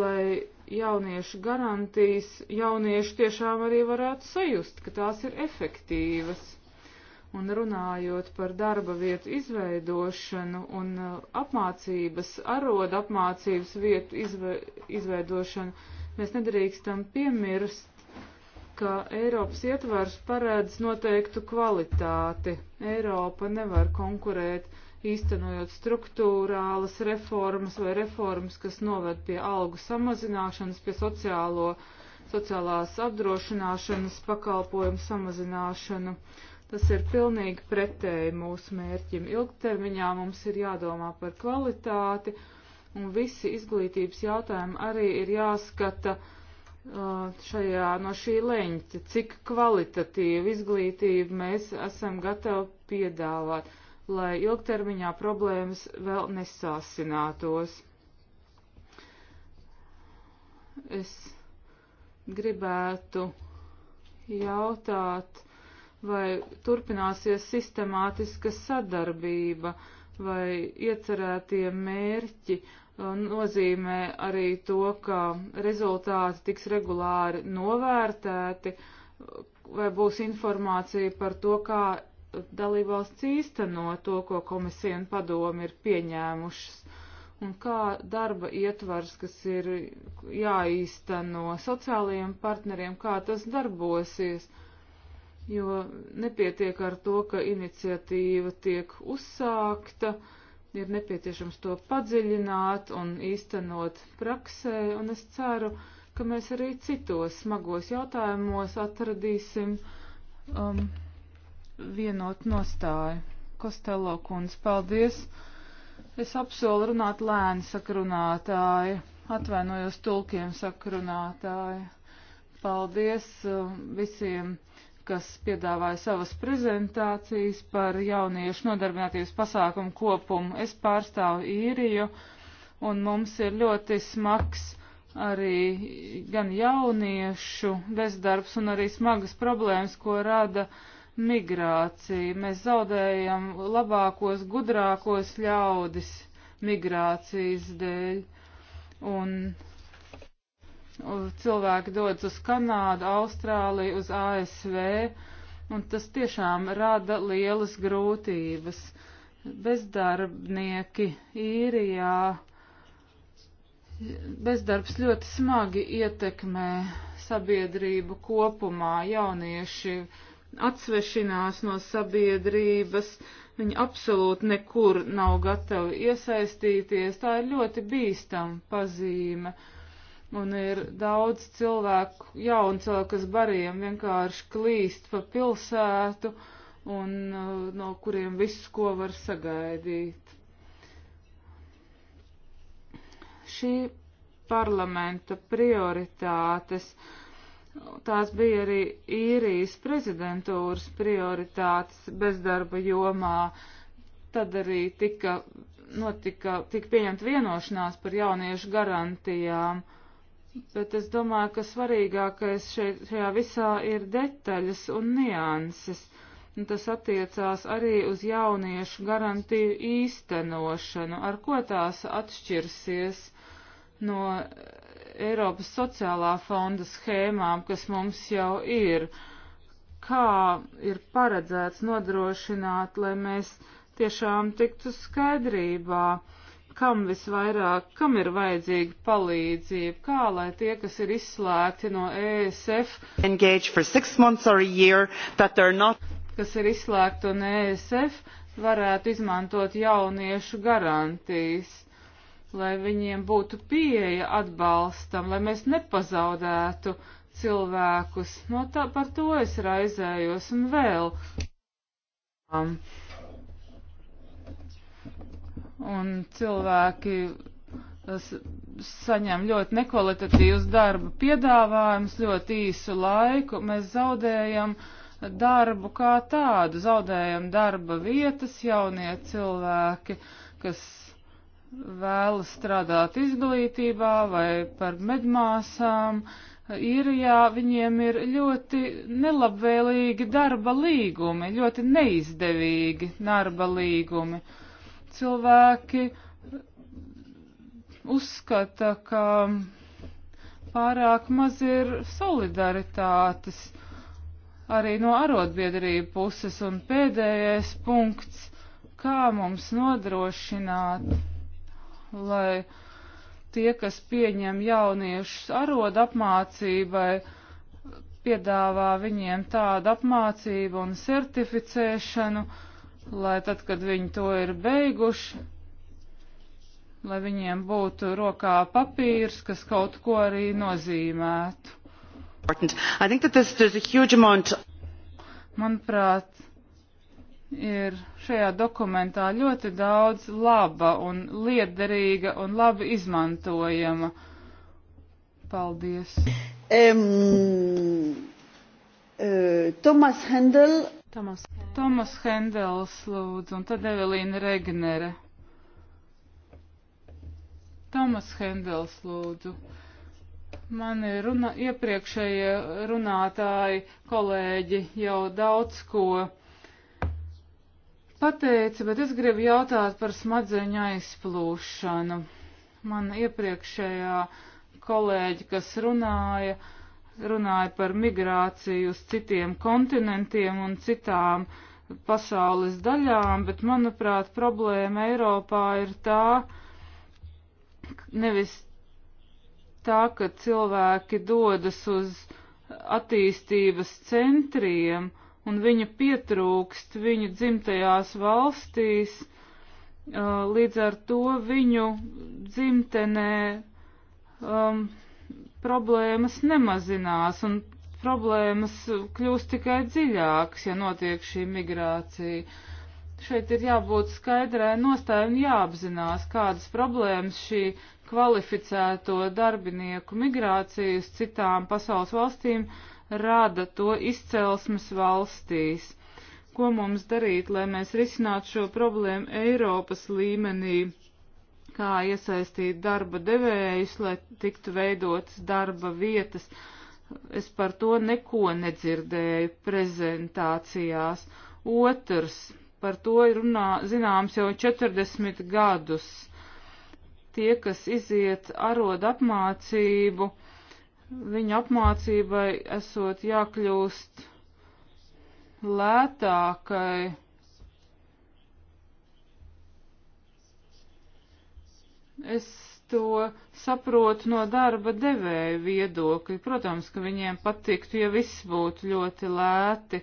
lai jauniešu garantijas jaunieši tiešām arī varētu sajust, ka tās ir efektīvas. Un runājot par darba vietu izveidošanu un uh, apmācības, arodu apmācības vietu izve, izveidošanu, mēs nedrīkstam piemirst, ka Eiropas ietvars paredz noteiktu kvalitāti. Eiropa nevar konkurēt īstenojot struktūrālas reformas vai reformas, kas noved pie algu samazināšanas, pie sociālo, sociālās apdrošināšanas pakalpojumu samazināšanu. Tas ir pilnīgi pretēji mūsu mērķim. Ilgtermiņā mums ir jādomā par kvalitāti, un visi izglītības jautājumi arī ir jāskata uh, šajā no šī leņķa, cik kvalitatīvu izglītību mēs esam gatavi piedāvāt lai ilgtermiņā problēmas vēl nesāsinātos. Es gribētu jautāt, vai turpināsies sistemātiska sadarbība, vai iecerētie mērķi uh, nozīmē arī to, ka rezultāti tiks regulāri novērtēti, vai būs informācija par to, kā dalībvalsts īsteno to, ko komisija un padomi ir pieņēmušas, un kā darba ietvars, kas ir jāīsteno sociālajiem partneriem, kā tas darbosies, jo nepietiek ar to, ka iniciatīva tiek uzsākta, ir nepieciešams to padziļināt un īstenot praksē, un es ceru, ka mēs arī citos smagos jautājumos atradīsim um, vienot nostāju. Kostelo kundz, paldies. Es apsolu runāt lēni sakrunātāji. Atvainojos tulkiem sakrunātāji. Paldies uh, visiem, kas piedāvāja savas prezentācijas par jauniešu nodarbinātības pasākumu kopumu. Es pārstāvu īriju un mums ir ļoti smags arī gan jauniešu bezdarbs un arī smagas problēmas, ko rada uh, migrācija. Mēs zaudējam labākos, gudrākos ļaudis migrācijas dēļ. Un cilvēki dodas uz Kanādu, Austrāliju, uz ASV, un tas tiešām rada lielas grūtības. Bezdarbnieki īrijā. Bezdarbs ļoti smagi ietekmē sabiedrību kopumā. Jaunieši atsvešinās no sabiedrības, viņi absolūti nekur nav gatavi iesaistīties. Tā ir ļoti bīstama pazīme. Un ir daudz cilvēku, jaunu cilvēku, kas bariem vienkārši klīst pa pilsētu un uh, no kuriem viss, ko var sagaidīt. Šī parlamenta prioritātes Tās bija arī īrijas prezidentūras prioritātes bezdarba jomā. Tad arī tika, notika, tika pieņemta vienošanās par jauniešu garantijām. Bet es domāju, ka svarīgākais šeit, šajā visā ir detaļas un nianses. Un tas attiecās arī uz jauniešu garantiju īstenošanu, ar ko tās atšķirsies no Eiropas sociālā fonda schēmām, kas mums jau ir. Kā ir paredzēts nodrošināt, lai mēs tiešām tiktu skaidrībā, kam visvairāk, kam ir vajadzīga palīdzība, kā lai tie, kas ir izslēgti no ESF, year, not... kas ir izslēgti no ESF, varētu izmantot jauniešu garantijas lai viņiem būtu pieeja atbalstam, lai mēs nepazaudētu cilvēkus. No tā par to es raizējos un vēl. Um, un cilvēki saņem ļoti nekvalitatīvus darba piedāvājumus, ļoti īsu laiku. Mēs zaudējam darbu kā tādu, zaudējam darba vietas jaunie cilvēki, kas vēlas strādāt izglītībā vai par medmāsām, īrijā viņiem ir ļoti nelabvēlīgi darba līgumi, ļoti neizdevīgi darba līgumi. Cilvēki uzskata, ka pārāk maz ir solidaritātes arī no arotbiedrību puses un pēdējais punkts, kā mums nodrošināt lai tie, kas pieņem jauniešus arodu apmācībai, piedāvā viņiem tādu apmācību un certificēšanu, lai tad, kad viņi to ir beiguši, lai viņiem būtu rokā papīrs, kas kaut ko arī nozīmētu. Manuprāt, ir šajā dokumentā ļoti daudz laba un liederīga un labi izmantojama. Paldies. Um, uh, eh, Tomas Hendel. Tomas. Tomas Hendels lūdzu, un tad Evelīna Regnere. Tomas Hendels lūdzu. Mani runa, iepriekšējie runātāji, kolēģi jau daudz ko pateica, bet es gribu jautāt par smadzeņu aizplūšanu. Man iepriekšējā kolēģi, kas runāja, runāja par migrāciju uz citiem kontinentiem un citām pasaules daļām, bet, manuprāt, problēma Eiropā ir tā, nevis tā, ka cilvēki dodas uz attīstības centriem, uh, un viņa pietrūkst viņu dzimtajās valstīs, līdz ar to viņu dzimtenē um, problēmas nemazinās un problēmas kļūst tikai dziļākas, ja notiek šī migrācija. Šeit ir jābūt skaidrai nostāju un jāapzinās, kādas problēmas šī kvalificēto darbinieku migrācija uz citām pasaules valstīm uh, rada to izcelsmes valstīs. Ko mums darīt, lai mēs risinātu šo problēmu Eiropas līmenī? Kā iesaistīt darba devējus, lai tiktu veidotas darba vietas? Es par to neko nedzirdēju prezentācijās. Otrs, par to runā, zināms, jau 40 gadus. Tie, kas iziet arod apmācību, viņa apmācībai esot jākļūst lētākai. Es to saprotu no darba devēja viedokļa. Protams, ka viņiem patiktu, ja viss būtu ļoti lēti,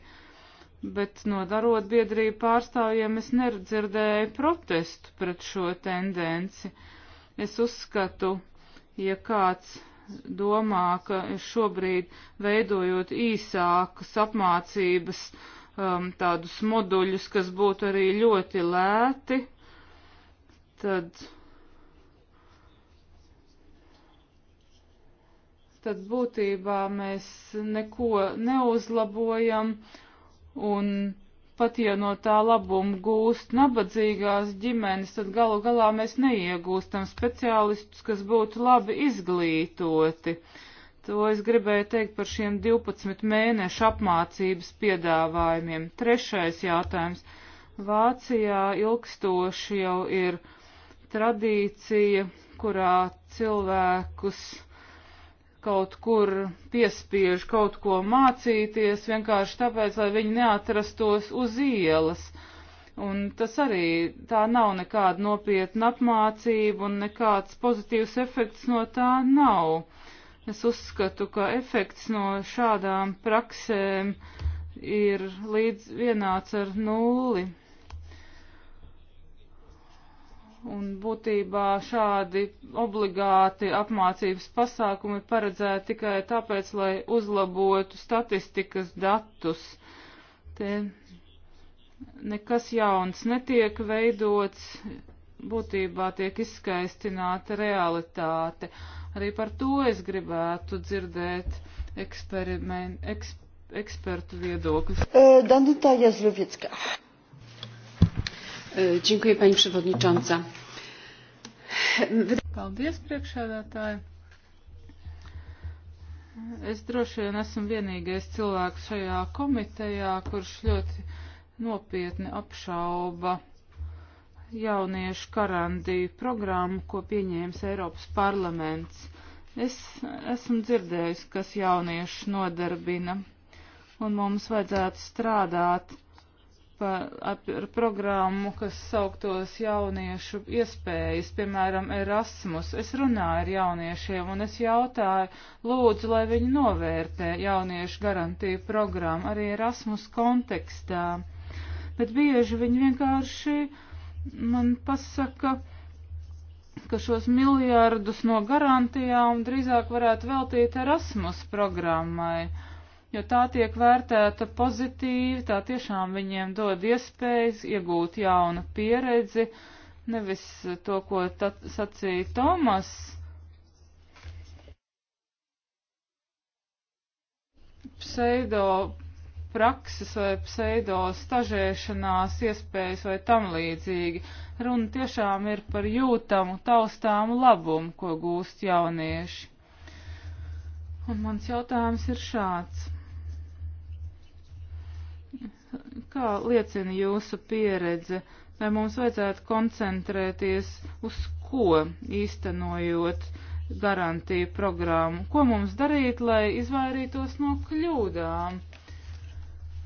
bet no darotbiedrību pārstāvjiem es nedzirdēju protestu pret šo tendenci. Es uzskatu, ja kāds domā, ka šobrīd veidojot īsākas apmācības um, tādus moduļus, kas būtu arī ļoti lēti, tad, tad būtībā mēs neko neuzlabojam un pat ja no tā labumu gūst nabadzīgās ģimenes, tad galu galā mēs neiegūstam speciālistus, kas būtu labi izglītoti. To es gribēju teikt par šiem 12 mēnešu apmācības piedāvājumiem. Trešais jautājums. Vācijā ilgstoši jau ir tradīcija, kurā cilvēkus kaut kur piespiež kaut ko mācīties, vienkārši tāpēc, lai viņi neatrastos uz ielas. Un tas arī tā nav nekāda nopietna apmācība un nekāds pozitīvs efekts no tā nav. Es uzskatu, ka efekts no šādām praksēm ir līdz vienāds ar nulli un būtībā šādi obligāti apmācības pasākumi paredzēti tikai tāpēc, lai uzlabotu statistikas datus. Te nekas jauns netiek veidots, būtībā tiek izskaistināta realitāte. Arī par to es gribētu dzirdēt ekspertu viedokli. Uh, Danita Jazloviecka. E, dziękuję, pani przewodnicząca. Paldies, priekšsēdētāji. Es droši vien esmu vienīgais cilvēks šajā komitejā, kurš ļoti nopietni apšauba jauniešu karandiju programmu, ko pieņēmis Eiropas parlaments. Es esmu dzirdējis, kas jauniešu nodarbina, un mums vajadzētu strādāt par, par programmu, kas sauktos jauniešu iespējas, piemēram, Erasmus. Es runāju ar jauniešiem un es jautāju, lūdzu, lai viņi novērtē jauniešu garantiju programmu arī Erasmus kontekstā. Bet bieži viņi vienkārši man pasaka, ka šos miljardus no garantijām drīzāk varētu veltīt Erasmus programmai. Uh, jo tā tiek vērtēta pozitīvi, tā tiešām viņiem dod iespējas iegūt jaunu pieredzi, nevis to, ko sacīja Tomas. Pseido prakses vai pseido stažēšanās iespējas vai tam līdzīgi. Runa tiešām ir par jūtamu, taustāmu labumu, ko gūst jaunieši. Un mans jautājums ir šāds. Kā liecina jūsu pieredze, vai mums vajadzētu koncentrēties uz ko īstenojot garantiju programmu? Ko mums darīt, lai izvairītos no kļūdām?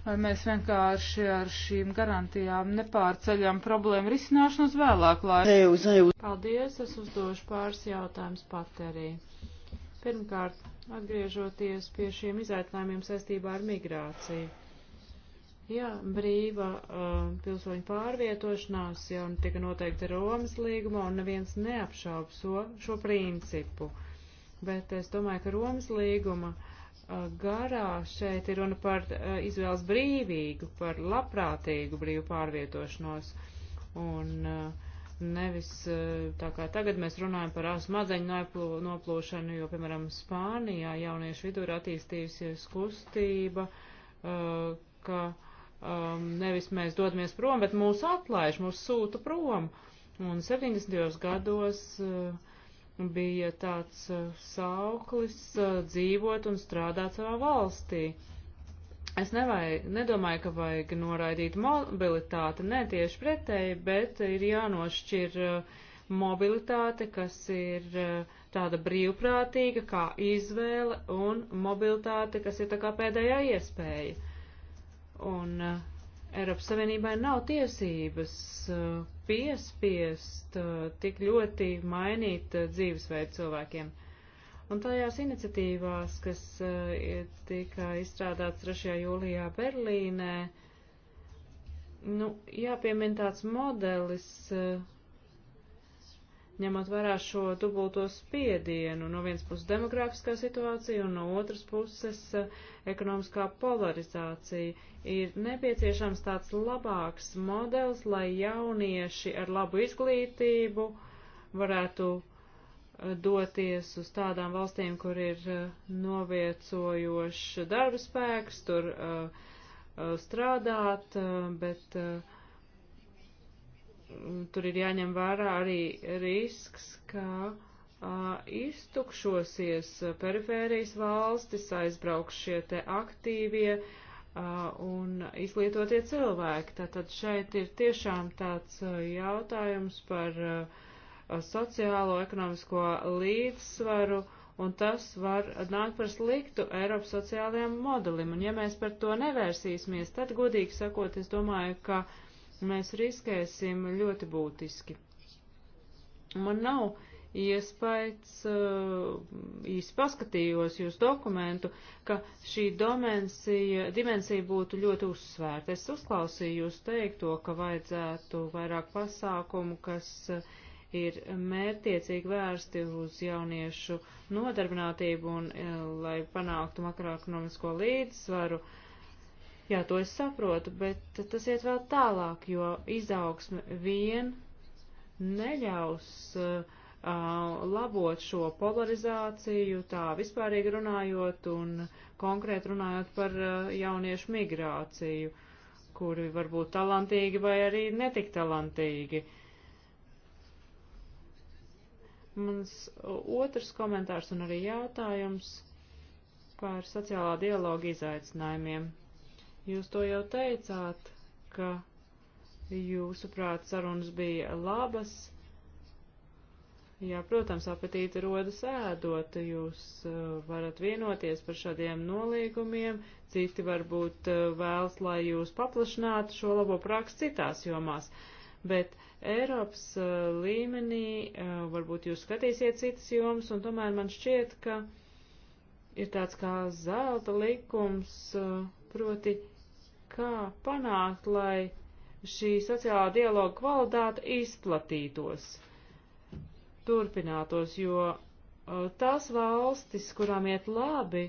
Vai mēs vienkārši ar šīm garantijām nepārceļam problēmu risināšanu uz vēlāku laiku? Paldies, es uzdošu pāris jautājumus pat arī. Pirmkārt, atgriežoties pie šiem izaicinājumiem saistībā ar migrāciju Jā, brīva uh, pilsoņu pārvietošanās jau tika noteikta Romas līgumā, un neviens neapšauba šo, šo principu. Bet es domāju, ka Romas līguma uh, garā šeit ir runa par uh, izvēles brīvīgu, par labprātīgu brīvu pārvietošanos. Un uh, nevis uh, tā kā tagad mēs runājam par smadzeņu noplūšanu, jo, piemēram, Spānijā jauniešu vidū ir attīstījusies kustība, uh, ka um, nevis mēs dodamies prom, bet mūs atlaiž, mūs sūta prom. Un 70. gados uh, bija tāds uh, sauklis uh, dzīvot un strādāt savā valstī. Es nevai, nedomāju, ka vajag noraidīt mobilitāti, nē, tieši pretēji, bet ir jānošķir uh, mobilitāte, kas ir uh, tāda brīvprātīga kā izvēle un mobilitāte, kas ir tā kā pēdējā iespēja. Un uh, Eiropas Savienībai nav tiesības uh, piespiest uh, tik ļoti mainīt uh, dzīvesveidu cilvēkiem. Un tajās iniciatīvās, kas uh, tika izstrādāts 3. jūlijā Berlīnē, nu, jāpiemina tāds modelis, uh, ņemot vērā šo dubulto spiedienu, no vienas puses demografiskā situācija un no otras puses eh, ekonomiskā polarizācija, ir nepieciešams tāds labāks modelis, lai jaunieši ar labu izglītību varētu eh, doties uz tādām valstīm, kur ir eh, noviecojošs darba spēks, tur strādāt, bet uh, tur ir jāņem vērā arī risks, ka uh, iztukšosies perifērijas valstis, aizbrauks šie te aktīvie uh, un izlietotie cilvēki. Tātad šeit ir tiešām tāds uh, jautājums par uh, sociālo, ekonomisko līdzsvaru, un tas var nākt par sliktu Eiropas sociālajiem modelim. Un ja mēs par to nevērsīsimies, tad godīgi sakot, es domāju, ka uh, mēs riskēsim ļoti būtiski. Man nav iespējas, uh, īsi paskatījos jūs dokumentu, ka šī domensija, dimensija būtu ļoti uzsvērta. Es uzklausīju jūs teikto, ka vajadzētu vairāk pasākumu, kas uh, ir mērtiecīgi vērsti uz jauniešu nodarbinātību un uh, lai panāktu makroekonomisko līdzsvaru. Uh, Jā, to es saprotu, bet tas iet vēl tālāk, jo izaugsme vien neļaus uh, labot šo polarizāciju, tā vispārīgi runājot un konkrēt runājot par uh, jauniešu migrāciju, kuri var būt talantīgi vai arī netik talantīgi. Mans otrs komentārs un arī jautājums par sociālā dialoga izaicinājumiem. Jūs to jau teicāt, ka jūsuprāt sarunas bija labas. Jā, protams, apetīti rodas ēdot, jūs uh, varat vienoties par šādiem nolīgumiem, citi varbūt uh, vēlas, lai jūs paplašinātu šo labo praksi citās jomās, bet Eiropas uh, līmenī uh, varbūt jūs skatīsiet citas jomas, un tomēr man šķiet, ka ir tāds kā zelta likums, uh, proti kā panākt, lai šī sociālā dialoga kvalitāte izplatītos, turpinātos, jo uh, tās valstis, kurām iet labi,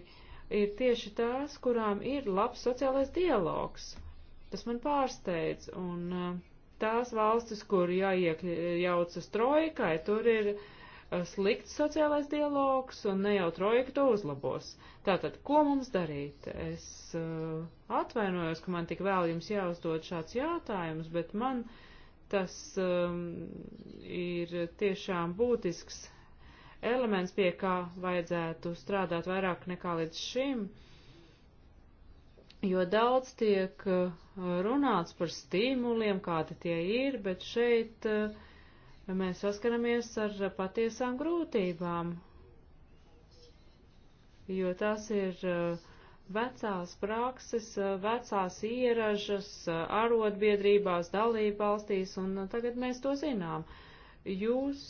ir tieši tās, kurām ir labs sociālais dialogs. Tas man pārsteidz, un uh, tās valstis, kur jāiekļaucas trojkai, tur ir uh, slikts sociālais dialogs un ne jau trojka to uzlabos. Tātad, ko mums darīt? Es uh, atvainojos, ka man tik vēl jums jāuzdod šāds jautājums, bet man tas um, ir tiešām būtisks elements, pie kā vajadzētu strādāt vairāk nekā līdz šim. Jo daudz tiek uh, runāts par stimuliem, kādi tie ir, bet šeit uh, mēs saskaramies ar patiesām grūtībām, jo tās ir eh, vecās prakses, eh, vecās ieražas, eh, arotbiedrībās, dalība valstīs, un tagad mēs to zinām. Jūs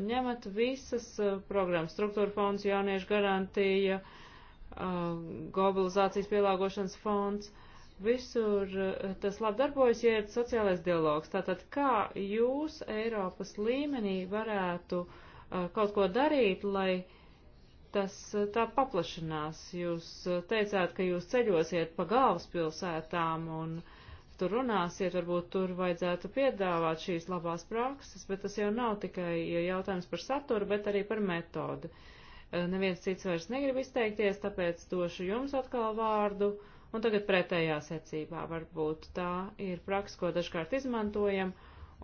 ņemat visas programmas, struktūra fonds, jauniešu garantija, globalizācijas pielāgošanas fonds, uh, Visur eh, tas labi darbojas, ja ir sociālais dialogs. Tātad, kā jūs Eiropas līmenī varētu uh, kaut ko darīt, lai tas uh, tā paplašinās? Jūs teicāt, ka jūs ceļosiet pa galvaspilsētām un tur runāsiet, varbūt tur vajadzētu piedāvāt šīs labās prakses, bet tas jau nav tikai jautājums par saturu, bet arī par metodi. Uh, neviens cits vairs negrib izteikties, tāpēc došu jums atkal vārdu. Uh, Un tagad pretējā secībā varbūt tā ir praksa, ko dažkārt izmantojam.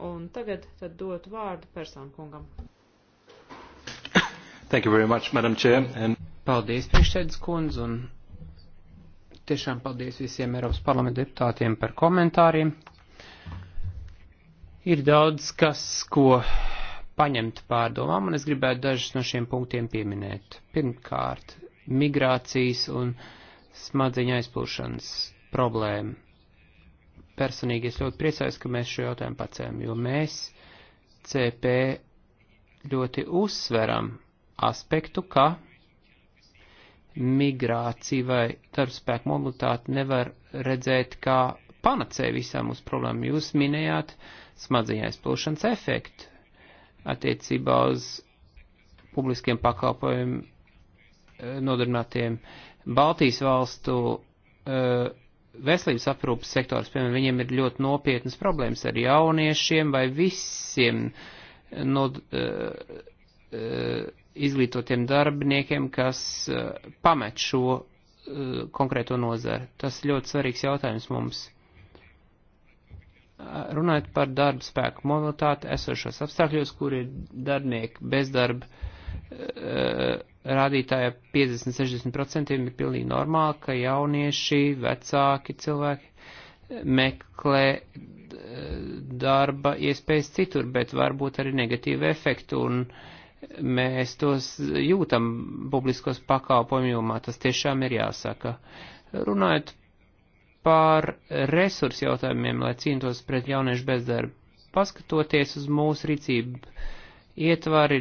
Un tagad tad dot vārdu personu kungam. Thank you very much, Madam Chair. And... Paldies, priekšsēdus kundz, un tiešām paldies visiem Eiropas parlamenta deputātiem par komentāriem. Ir daudz, kas, ko paņemt pārdomām, un es gribētu dažus no šiem punktiem pieminēt. Pirmkārt, migrācijas un uh, smadzeņa aizplūšanas problēmu. Personīgi es ļoti priecājos, ka mēs šo jautājumu pacēm, jo mēs CP ļoti uzsveram aspektu, ka migrācija vai darbspēku mobilitāte nevar redzēt kā panacē visām uz problēmu. Jūs minējāt smadzeņa aizplūšanas efektu attiecībā uz publiskiem pakalpojumiem eh, nodarbinātiem uh, Baltijas valstu uh, veselības aprūpas sektors, piemēram, viņiem ir ļoti nopietnas problēmas ar jauniešiem vai visiem no, uh, eh, uh, eh, izglītotiem darbiniekiem, kas uh, pamet šo uh, konkrēto nozari. Tas ļoti svarīgs jautājums mums. Runājot par darba spēku mobilitāti esošos apstākļos, kur ir darbinieki bezdarba, uh, Eh, rādītāja 50-60% ir pilnīgi normāli, ka jaunieši, vecāki cilvēki meklē eh, darba iespējas citur, bet varbūt arī negatīvu efektu, un mēs tos jūtam publiskos pakalpojumu jomā, tas tiešām ir jāsaka. Runājot par resursu jautājumiem, lai cīnītos pret jauniešu bezdarbu, paskatoties uz mūsu rīcību, ietvari,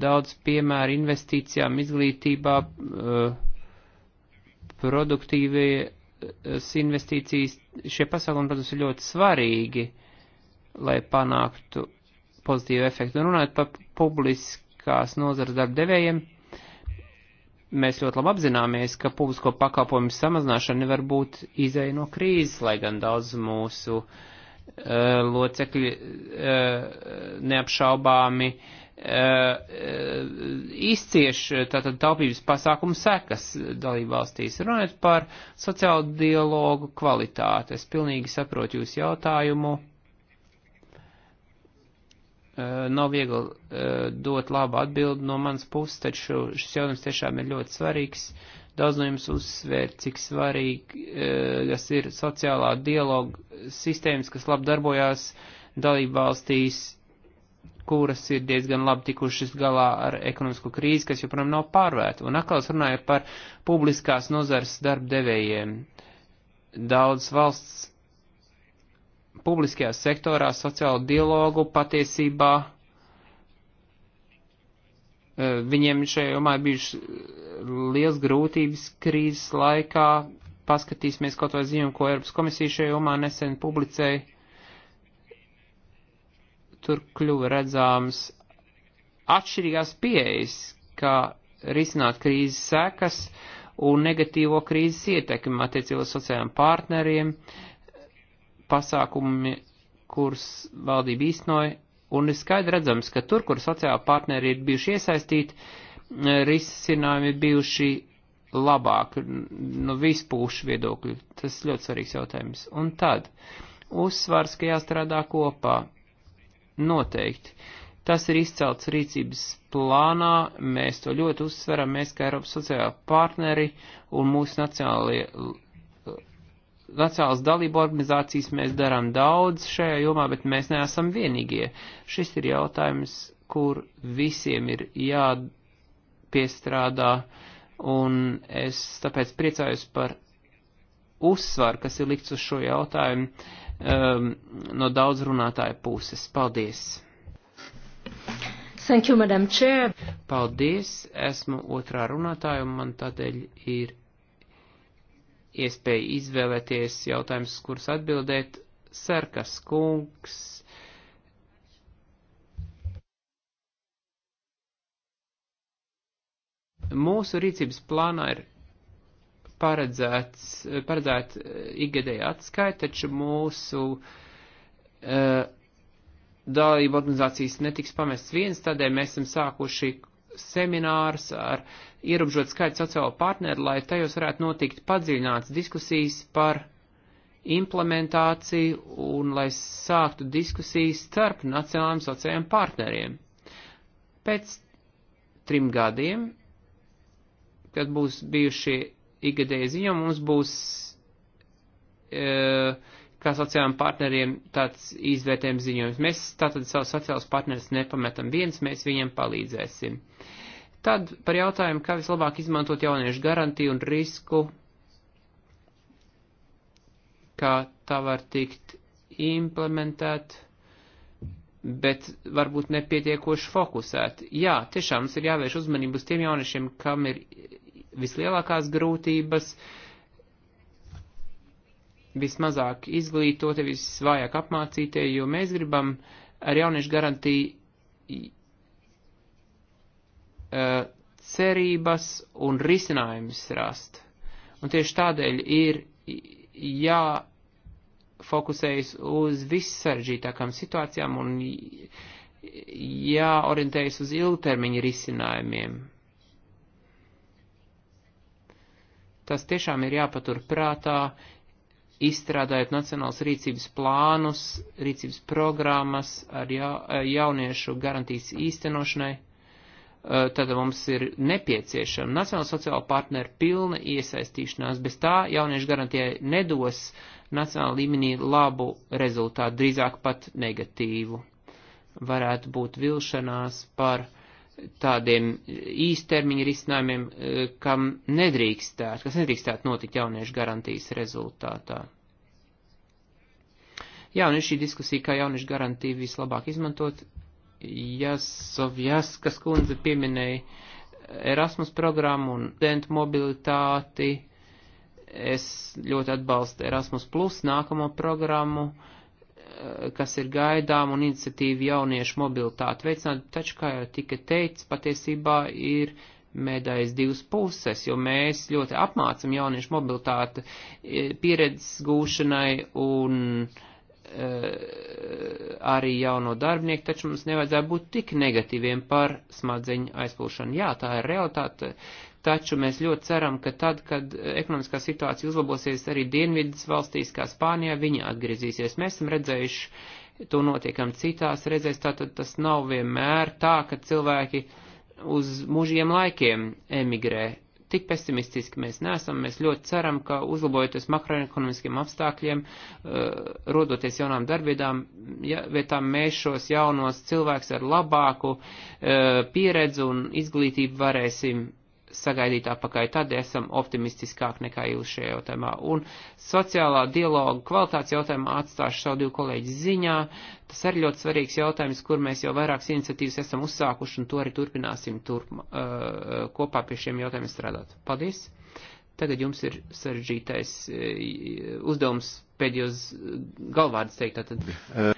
daudz piemēru investīcijām, izglītībā, eh, produktīvas eh, investīcijas. Šie pasākumi, protams, ir ļoti svarīgi, lai panāktu pozitīvu efektu. Un runājot par publiskās nozares darbdevējiem, mēs ļoti labi apzināmies, ka publisko pakalpojumu samazināšana nevar būt izēja no krīzes, lai gan daudz mūsu uh, Eh, locekļi eh, neapšaubāmi eh, izcieš tātad taupības pasākumu sekas dalībvalstīs. Runājot par sociālu dialogu kvalitāti, es pilnīgi saprotu jūsu jautājumu. Nav viegli dot labu atbildi no manas puses, taču šis jautājums tiešām ir ļoti svarīgs. Uh, Daudz no jums uzsvēr, cik svarīgi e, tas ir sociālā dialoga sistēmas, kas labi darbojās dalību valstīs, kuras ir diezgan labi tikušas galā ar ekonomisko krīzi, kas joprojām nav pārvērta. Un atkal es runāju par publiskās nozars darbdevējiem. Daudz valsts publiskajā sektorā sociālo dialogu patiesībā Viņiem šajā jomā ir bijušas eh, liels grūtības krīzes laikā. Paskatīsimies kaut vai ziņu, ko Eiropas komisija šajā jomā nesen publicēja. Tur kļuva redzāms atšķirīgās pieejas, kā risināt krīzes sekas un negatīvo krīzes ietekmi attiecībā uz sociālajiem partneriem, pasākumi, kurus valdība īstenoja, un ir skaidri redzams, ka tur, kur sociāla partneri ir bijuši iesaistīti, eh, risinājumi ir bijuši labāk no nu, vispūšu viedokļu. Tas ļoti svarīgs jautājums. Un tad uzsvars, ka jāstrādā kopā. Noteikti. Tas ir izcelts rīcības plānā, mēs to ļoti uzsveram, mēs kā Eiropas sociālā partneri un mūsu nacionālie nacionālas dalību organizācijas mēs darām daudz šajā jomā, bet mēs neesam vienīgie. Šis ir jautājums, kur visiem ir jāpiestrādā, un es tāpēc priecājos par uzsvaru, kas ir likts uz šo jautājumu um, no daudz runātāja puses. Paldies! Thank you, Madam Chair. Paldies, esmu otrā runātāja, un man tādēļ ir iespēja izvēlēties jautājumus, kurus atbildēt. Sarkas kungs. Mūsu rīcības plānā ir paredzēts, paredzēt eh, ikgadēja atskaita, taču mūsu uh, eh, dalību organizācijas netiks pamests viens, tādēļ mēs esam sākuši seminārs ar ierobežot skaitu sociālo partneru, lai tajos varētu notikt padziļināts diskusijas par implementāciju un lai sāktu diskusijas starp nacionālajiem sociālajiem partneriem. Pēc trim gadiem, kad būs bijušie ikgadēji ziņo, mums būs e, kā sociālajiem partneriem tāds izvērtējums ziņojums. Mēs tātad savus sociālus partnerus nepametam viens, mēs viņiem palīdzēsim. Tad par jautājumu, kā vislabāk izmantot jauniešu garantiju un risku, kā tā var tikt implementēt, bet varbūt nepietiekoši fokusēt. Jā, tiešām mums ir jāvērš uzmanību uz tiem jauniešiem, kam ir vislielākās grūtības, uh, vismazāk izglītotie, visvājāk apmācītie, jo mēs gribam ar jauniešu garantiju e, cerības un risinājumus rast. Un tieši tādēļ ir jāfokusējas uz vissaržītākām situācijām un jāorientējas uz ilgtermiņa risinājumiem. Tas tiešām ir jāpatur prātā, izstrādājot nacionāls rīcības plānus, rīcības programmas ar ja, jauniešu garantijas īstenošanai. Eh, tad mums ir nepieciešama nacionāla sociāla partnera pilna iesaistīšanās, bez tā jauniešu garantijai nedos nacionāla līmenī labu rezultātu, drīzāk pat negatīvu. Varētu būt vilšanās par uh, tādiem īstermiņa risinājumiem, eh, kam nedrīkstētu, kas nedrīkstētu notikt jauniešu garantijas rezultātā. Jā, un ir šī diskusija, kā jauniešu garantiju vislabāk izmantot. Jasovjaskas kundze pieminēja Erasmus programmu un studentu mobilitāti. Es ļoti atbalstu Erasmus Plus nākamo programmu. Uh, kas ir gaidām un iniciatīva jauniešu mobilitāti veicināt, taču, kā jau tika teikts, patiesībā ir medaļas divas puses, jo mēs ļoti apmācam jauniešu mobilitāti e, pieredzes gūšanai un e, arī jauno darbinieku, taču mums nevajadzētu būt tik negatīviem par smadzeņu aizplūšanu. Jā, tā ir realitāte. Uh, taču mēs ļoti ceram, ka tad, kad eh, ekonomiskā situācija uzlabosies arī Dienvidas valstīs, kā Spānijā, viņi atgriezīsies. Mēs esam redzējuši to notiekam citās redzēs, tātad tas nav vienmēr tā, ka cilvēki uz mūžiem laikiem emigrē. Tik pesimistiski mēs neesam, mēs ļoti ceram, ka uzlabojoties makroekonomiskiem apstākļiem, eh, rodoties jaunām darbvietām, ja, vietām mēs šos jaunos cilvēkus ar labāku eh, pieredzi un izglītību varēsim sagaidīt apakai, tad esam optimistiskāk nekā jūs šajā jautājumā. Un sociālā dialoga kvalitātes jautājumā atstāšu savu divu kolēģi ziņā. Tas arī ļoti svarīgs jautājums, kur mēs jau vairākas iniciatīvas esam uzsākuši un to arī turpināsim turp, uh, kopā pie šiem jautājumiem strādāt. Paldies! Tagad jums ir sarežģītais uh, uzdevums pēdējos uh, galvārdus teikt. Tātad.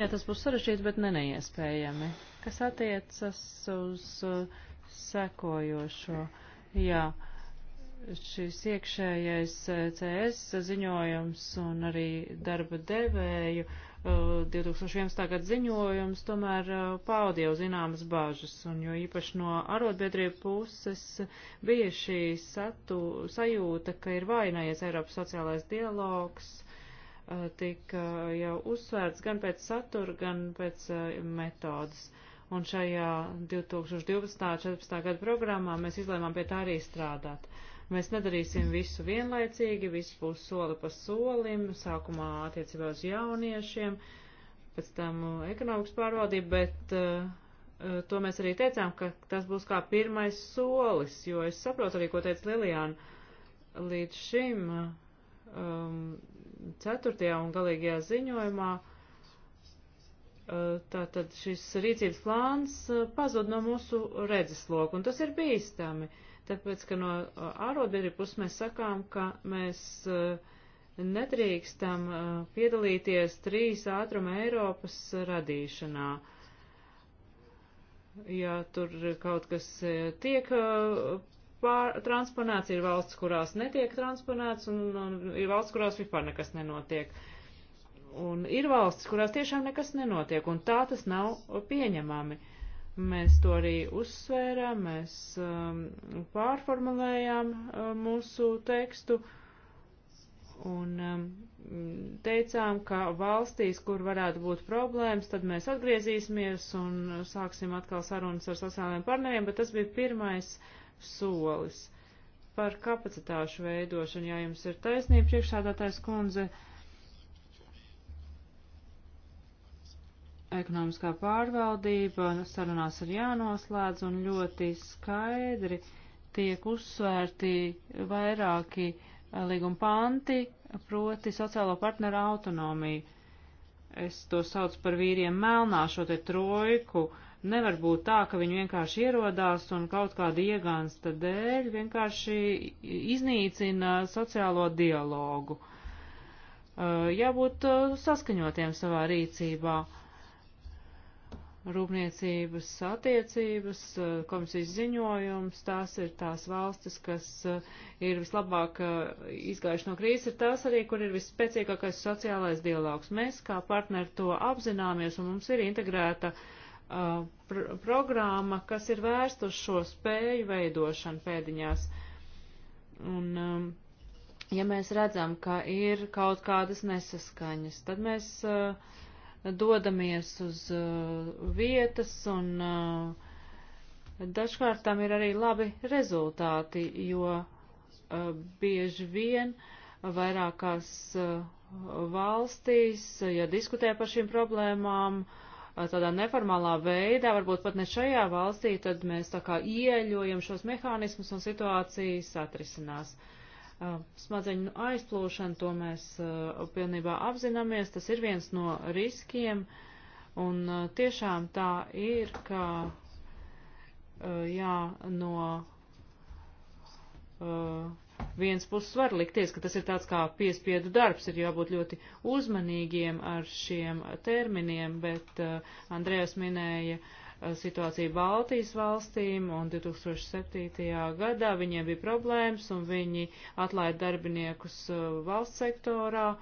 Jā, tas būs sarežģīti, bet ne neiespējami. Kas attiecas uz uh, sekojošo? Uh, Jā, šis iekšējais eh, CS ziņojums un arī darba devēju 2011. Eh, gada ziņojums tomēr eh, paudīja jau zināmas bāžas, un jo īpaši no arotbiedrību puses bija šī satu, sajūta, ka ir vainājies Eiropas sociālais dialogs, tika jau uzsvērts gan pēc satura, gan pēc metodas. Uh, un šajā 2012.14. gada programmā mēs izlēmām pie tā arī strādāt. Mēs nedarīsim visu vienlaicīgi, viss būs soli pa solim, sākumā attiecībā uz jauniešiem, pēc tam uh, ekonomikas pārvaldība, bet uh, uh, to mēs arī teicām, ka tas būs kā pirmais solis, jo es saprotu arī, ko teica Lilijāna. Līdz šim uh, um, ceturtajā un galīgajā ziņojumā uh, Eh, tātad šis rīcības plāns eh, pazud no mūsu redzesloku, un tas ir bīstami, tāpēc, ka no eh, ārotbiedrību puses mēs sakām, ka mēs nedrīkstam piedalīties trīs ātruma Eiropas radīšanā. Ja tur kaut kas tiek pār, transponēts, ir valsts, kurās netiek transponēts, un, un ir valsts, kurās vispār nekas nenotiek. Uh, Un ir valstis, kurās tiešām nekas nenotiek, un tā tas nav pieņemami. Mēs to arī uzsvērām, mēs um, pārformulējām um, mūsu tekstu un um, teicām, ka valstīs, kur varētu būt problēmas, tad mēs atgriezīsimies un sāksim atkal sarunas ar sociālajiem partneriem, bet tas bija pirmais solis par kapacitāšu veidošanu. Ja jums ir taisnība, priekšsādātājs kundze. Uh, ekonomiskā pārvaldība, sarunās ir jānoslēdz un ļoti skaidri tiek uzsvērti vairāki eh, līguma panti, proti sociālo partneru autonomiju. Es to saucu par vīriem melnā šo te trojku. Nevar būt tā, ka viņi vienkārši ierodās un kaut kāda iegānsta dēļ vienkārši iznīcina sociālo dialogu. Eh, jābūt eh, saskaņotiem savā rīcībā. Uh, rūpniecības attiecības, komisijas ziņojums, tās ir tās valstis, kas ir vislabāk izgājuši no krīzes, ir tās arī, kur ir visspēcīgākais sociālais dialogs. Mēs kā partneri to apzināmies un mums ir integrēta uh, pr programma, kas ir vērst uz šo spēju veidošanu pēdiņās. Un, um, ja mēs redzam, ka ir kaut kādas nesaskaņas, tad mēs uh, dodamies uz uh, vietas un uh, dažkārt tam ir arī labi rezultāti, jo uh, bieži vien vairākās valstīs, ja diskutē par šīm problēmām, tādā neformālā veidā, varbūt pat ne šajā valstī, tad mēs tā kā ieļojam šos mehānismus un situācijas atrisinās. Uh, Uh, smadzeņu aizplūšana, to mēs uh, pilnībā apzināmies, tas ir viens no riskiem, un uh, tiešām tā ir, ka jā, no viens puses var likties, ka tas ir tāds kā piespiedu darbs, ir jābūt ļoti uzmanīgiem ar šiem terminiem, bet Andrējas minēja uh, situāciju Baltijas valstīm, un 2007. gadā viņiem bija problēmas, un viņi atlaida darbiniekus uh, valsts sektorā,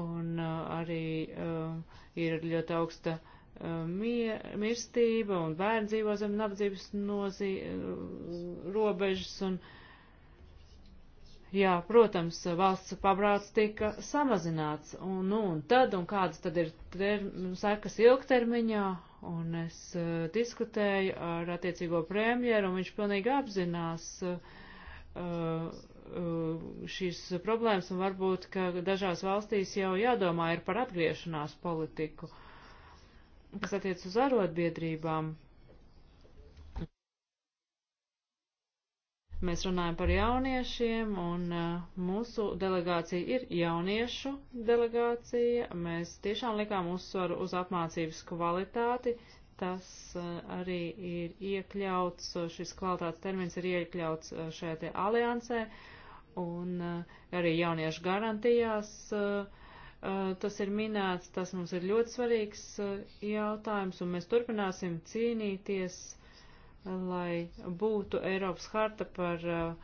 un uh, arī uh, ir ļoti augsta mie, mirstība, un bērni dzīvo zem nabadzības nozī, robežas, un, jā, protams, valsts pabrāts tika samazināts, un, nu, un tad, un kādas tad ir ter, sekas ilgtermiņā, Un es uh, diskutēju ar attiecīgo premjeru, un viņš pilnīgi apzinās uh, uh, šīs problēmas, un varbūt, ka dažās valstīs jau jādomā ir par atgriešanās politiku, kas attiec uz arotbiedrībām. Uh, Mēs runājam par jauniešiem, un uh, mūsu delegācija ir jauniešu delegācija. Mēs tiešām likām uzsvaru uz apmācības kvalitāti. Tas uh, arī ir iekļauts, uh, šis kvalitātes termins ir iekļauts šajā te aliansē, un arī jauniešu garantijās tas ir minēts, tas mums ir ļoti svarīgs jautājums, un mēs turpināsim cīnīties lai būtu Eiropas harta par uh,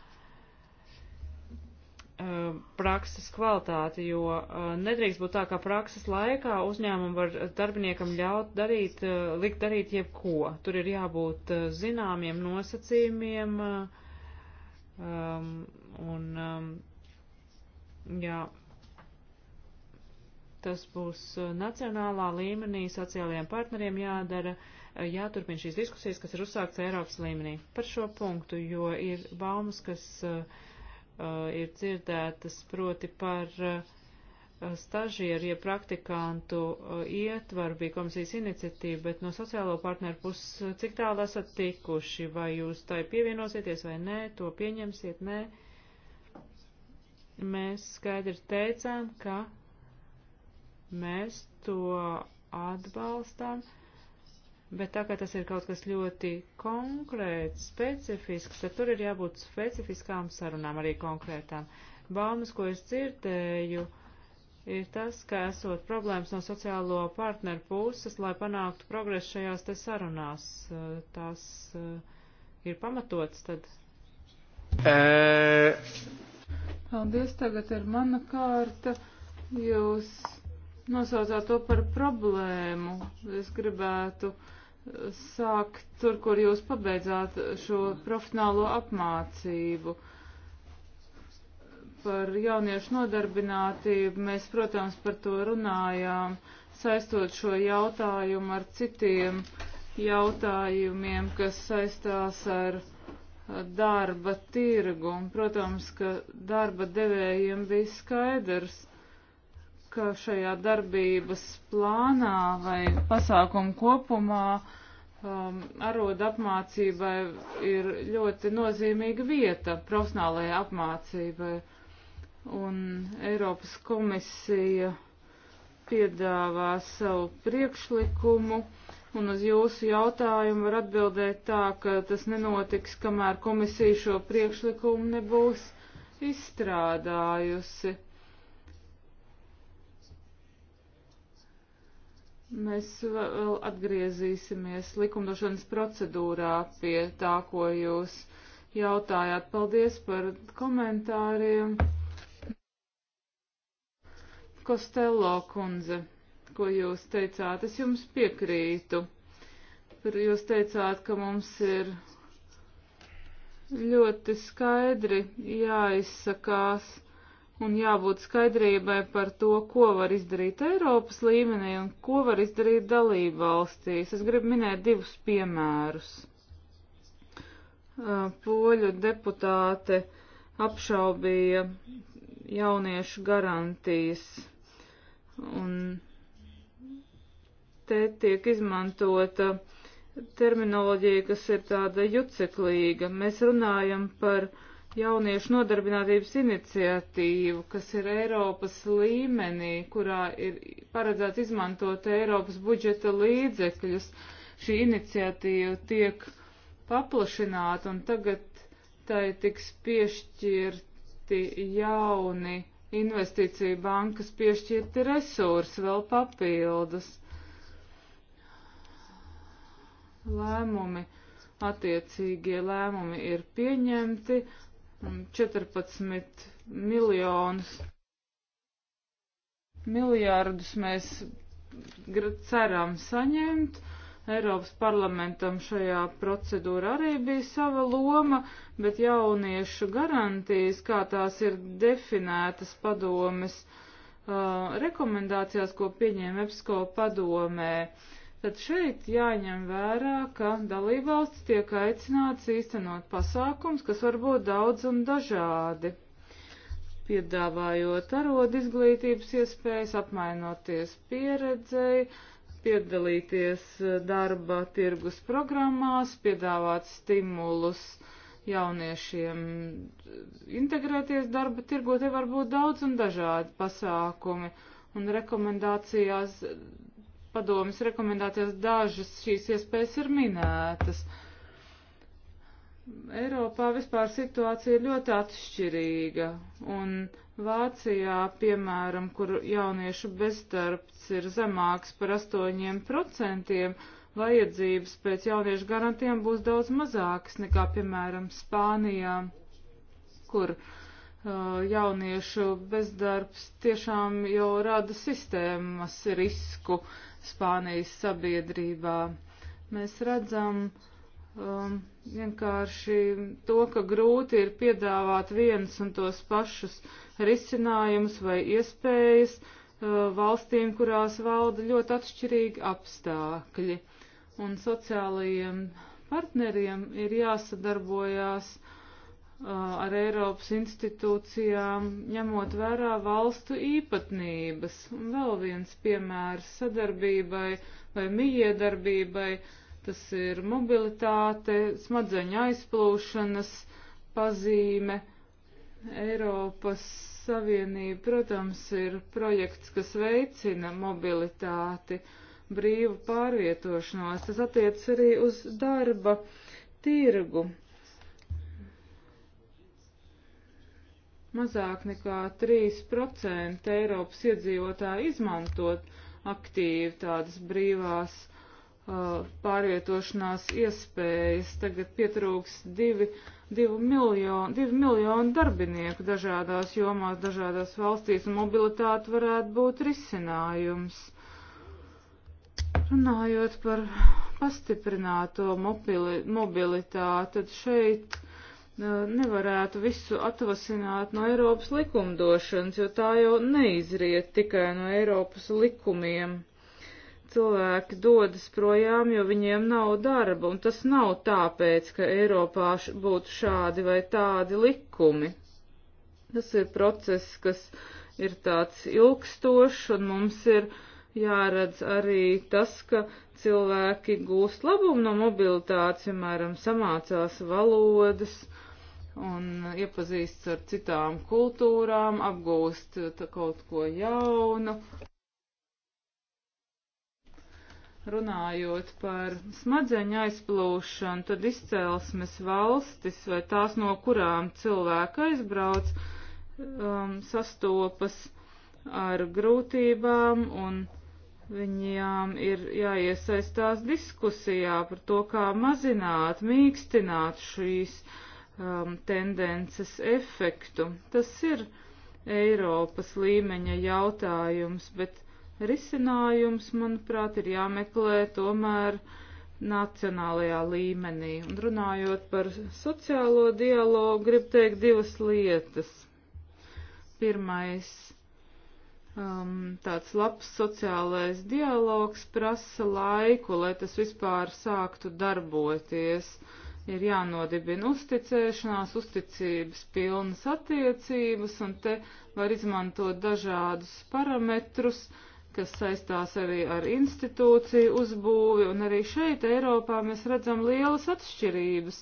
uh, prakses kvalitāti, jo uh, nedrīkst būt tā, ka prakses laikā uzņēmumu var darbiniekam ļaut darīt, likt darīt jebko. Tur ir jābūt zināmiem nosacījumiem um, un, um, jā, tas būs nacionālā līmenī sociālajiem partneriem jādara. Uh, jāturpina šīs diskusijas, kas ir uzsākts Eiropas līmenī par šo punktu, jo ir baumas, kas uh, uh ir dzirdētas proti par uh, stažieru, ja praktikantu uh, ietvaru bija komisijas iniciatīva, bet no sociālo partneru puses, cik tālu esat tikuši, vai jūs tai pievienosieties vai nē, to pieņemsiet, nē. Mēs skaidri teicām, ka mēs to atbalstām. Uh, Bet tā kā tas ir kaut kas ļoti konkrēts, specifisks, tad tur ir jābūt specifiskām sarunām arī konkrētām. Baumas, ko es dzirdēju, ir tas, ka esot problēmas no sociālo partneru puses, lai panāktu progresu šajās te sarunās, eh, tās eh, ir pamatots tad. E... Paldies, tagad ir mana kārta. Jūs nosaucāt to par problēmu. Es gribētu sākt tur, kur jūs pabeidzāt šo profesionālo apmācību. Par jauniešu nodarbinātību mēs, protams, par to runājām, saistot šo jautājumu ar citiem jautājumiem, kas saistās ar darba tirgu. Un, protams, ka darba devējiem bija skaidrs, ka šajā darbības plānā vai pasākumu kopumā uh, um, aroda apmācībai ir ļoti nozīmīga vieta profesionālajai apmācībai. Un Eiropas komisija piedāvā savu priekšlikumu, un uz jūsu jautājumu var atbildēt tā, ka tas nenotiks, kamēr komisija šo priekšlikumu nebūs izstrādājusi. Mēs vēl atgriezīsimies likumdošanas procedūrā pie tā, ko jūs jautājāt. Paldies par komentāriem. Kostello kundze, ko jūs teicāt, es jums piekrītu. Jūs teicāt, ka mums ir ļoti skaidri jāizsakās un jābūt skaidrībai par to, ko var izdarīt Eiropas līmenī un ko var izdarīt dalību valstīs. Es gribu minēt divus piemērus. Uh, poļu deputāte apšaubīja jauniešu garantijas un te tiek izmantota terminoloģija, kas ir tāda juceklīga. Mēs runājam par uh, jauniešu nodarbinātības iniciatīvu, kas ir Eiropas līmenī, kurā ir paredzēts izmantot Eiropas budžeta līdzekļus. Šī iniciatīva tiek paplašināta un tagad tai tiks piešķirti jauni investīciju bankas piešķirti resursi vēl papildus. Lēmumi, attiecīgie lēmumi ir pieņemti 14 miljonus, miljārdus mēs ceram saņemt. Eiropas parlamentam šajā procedūra arī bija sava loma, bet jauniešu garantijas, kā tās ir definētas padomes uh, rekomendācijās, ko pieņēma EPSCO padomē, uh, Tad šeit jāņem vērā, ka dalībvalsts tiek aicināts īstenot pasākums, kas var būt daudz un dažādi, piedāvājot arodu izglītības iespējas, apmainoties pieredzei, piedalīties eh, darba tirgus programmās, piedāvāt stimulus jauniešiem eh, integrēties darba tirgu. Te var būt daudz un dažādi pasākumi un rekomendācijās padomas rekomendācijās dažas šīs iespējas ir minētas. Eiropā vispār situācija ir ļoti atšķirīga, un Vācijā, piemēram, kur jauniešu bezdarbs ir zemāks par 8%, vajadzības pēc jauniešu garantiem būs daudz mazākas nekā, piemēram, Spānijā, kur uh, jauniešu bezdarbs tiešām jau rada sistēmas risku. Uh, Spānijas sabiedrībā. Mēs redzam um, vienkārši to, ka grūti ir piedāvāt viens un tos pašus risinājumus vai iespējas uh, valstīm, kurās valda ļoti atšķirīgi apstākļi. Un sociālajiem partneriem ir jāsadarbojās ar Eiropas institūcijām, ņemot vērā valstu īpatnības. Un vēl viens piemērs sadarbībai vai mijiedarbībai, tas ir mobilitāte, smadzeņa aizplūšanas pazīme. Eiropas Savienība, protams, ir projekts, kas veicina mobilitāti, brīvu pārvietošanos. Tas attiec arī uz darba tirgu. mazāk nekā 3% Eiropas iedzīvotāji izmantot aktīvi tādas brīvās uh, pārvietošanās iespējas. Tagad pietrūks 2 miljonu, divi miljonu darbinieku dažādās jomās, dažādās valstīs, un mobilitāte varētu būt risinājums. Runājot par pastiprināto mobili, mobilitāti, tad šeit nevarētu visu atvasināt no Eiropas likumdošanas, jo tā jau neizriet tikai no Eiropas likumiem. Cilvēki dodas projām, jo viņiem nav darba, un tas nav tāpēc, ka Eiropā būtu šādi vai tādi likumi. Tas ir process, kas ir tāds ilgstošs, un mums ir jāredz arī tas, ka cilvēki gūst labumu no mobilitātes, piemēram, samācās valodas, uh, un iepazīsts ar citām kultūrām, apgūst uh, kaut ko jaunu. Runājot par smadzeņu aizplūšanu, tad izcelsmes valstis vai tās, no kurām cilvēki aizbrauc, um, sastopas ar grūtībām un viņām ir jāiesaistās diskusijā par to, kā mazināt, mīkstināt šīs uh, um, tendences efektu. Tas ir Eiropas līmeņa jautājums, bet risinājums, manuprāt, ir jāmeklē tomēr nacionālajā līmenī. Un runājot par sociālo dialogu, gribu teikt divas lietas. Pirmais, um, tāds labs sociālais dialogs prasa laiku, lai tas vispār sāktu darboties. Uh, ir jānodibina uzticēšanās, uzticības pilnas attiecības, un te var izmantot dažādus parametrus, kas saistās arī ar institūciju uzbūvi, un arī šeit Eiropā mēs redzam lielas atšķirības.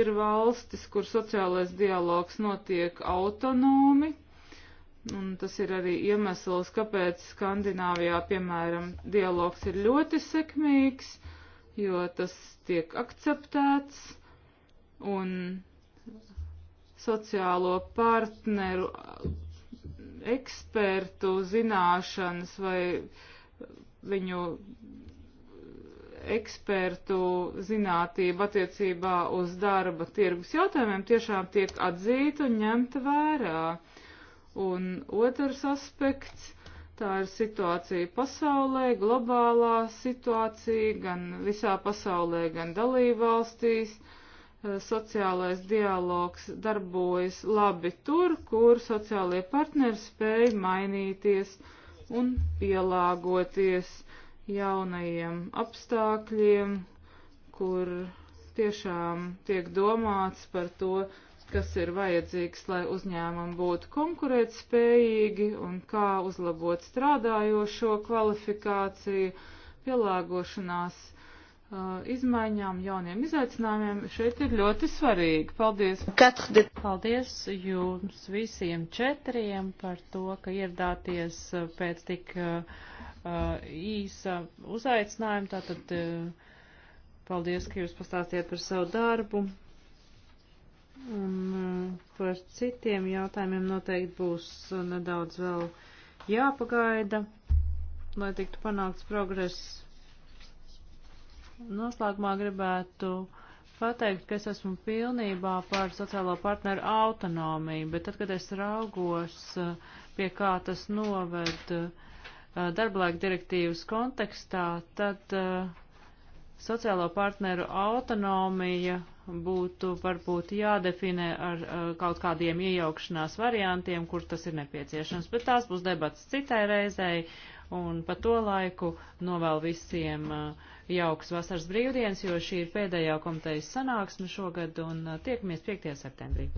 Ir valstis, kur sociālais dialogs notiek autonomi, un tas ir arī iemesls, kāpēc Skandināvijā, piemēram, dialogs ir ļoti sekmīgs jo tas tiek akceptēts un sociālo partneru ekspertu zināšanas vai viņu ekspertu zinātība attiecībā uz darba tirgus jautājumiem tiešām tiek atzīta un ņemta vērā. Un otrs aspekts Tā ir situācija pasaulē, globālā situācija, gan visā pasaulē, gan dalībvalstīs. Eh, sociālais dialogs darbojas labi tur, kur sociālie partneri spēj mainīties un pielāgoties jaunajiem apstākļiem, kur tiešām tiek domāts par to, kas ir vajadzīgs, lai uzņēmumi būtu konkurētspējīgi un kā uzlabot strādājošo kvalifikāciju, pielāgošanās uh, izmaiņām, jauniem izaicinājumiem šeit ir ļoti svarīgi. Paldies! Katru. Paldies jums visiem četriem par to, ka ieradāties uh, pēc tik uh, uh, īsa uzaicinājuma. Tātad uh, paldies, ka jūs pastāstījāt par savu darbu. Un eh, par citiem jautājumiem noteikti būs eh, nedaudz vēl jāpagaida, lai tiktu panākts progress. Noslēgumā gribētu pateikt, ka es esmu pilnībā par sociālo partneru autonomiju, bet tad, kad es raugos, eh, pie kā tas noved darblaika direktīvas kontekstā, tad sociālo partneru autonomija būtu varbūt jādefinē ar uh, kaut kādiem iejaukšanās variantiem, kur tas ir nepieciešams, bet tās būs debats citai reizei, un pa to laiku novēl visiem uh, jauks vasaras brīvdienas, jo šī ir pēdējā komitejas sanāksme šogad, un uh, tiekamies 5. septembrī.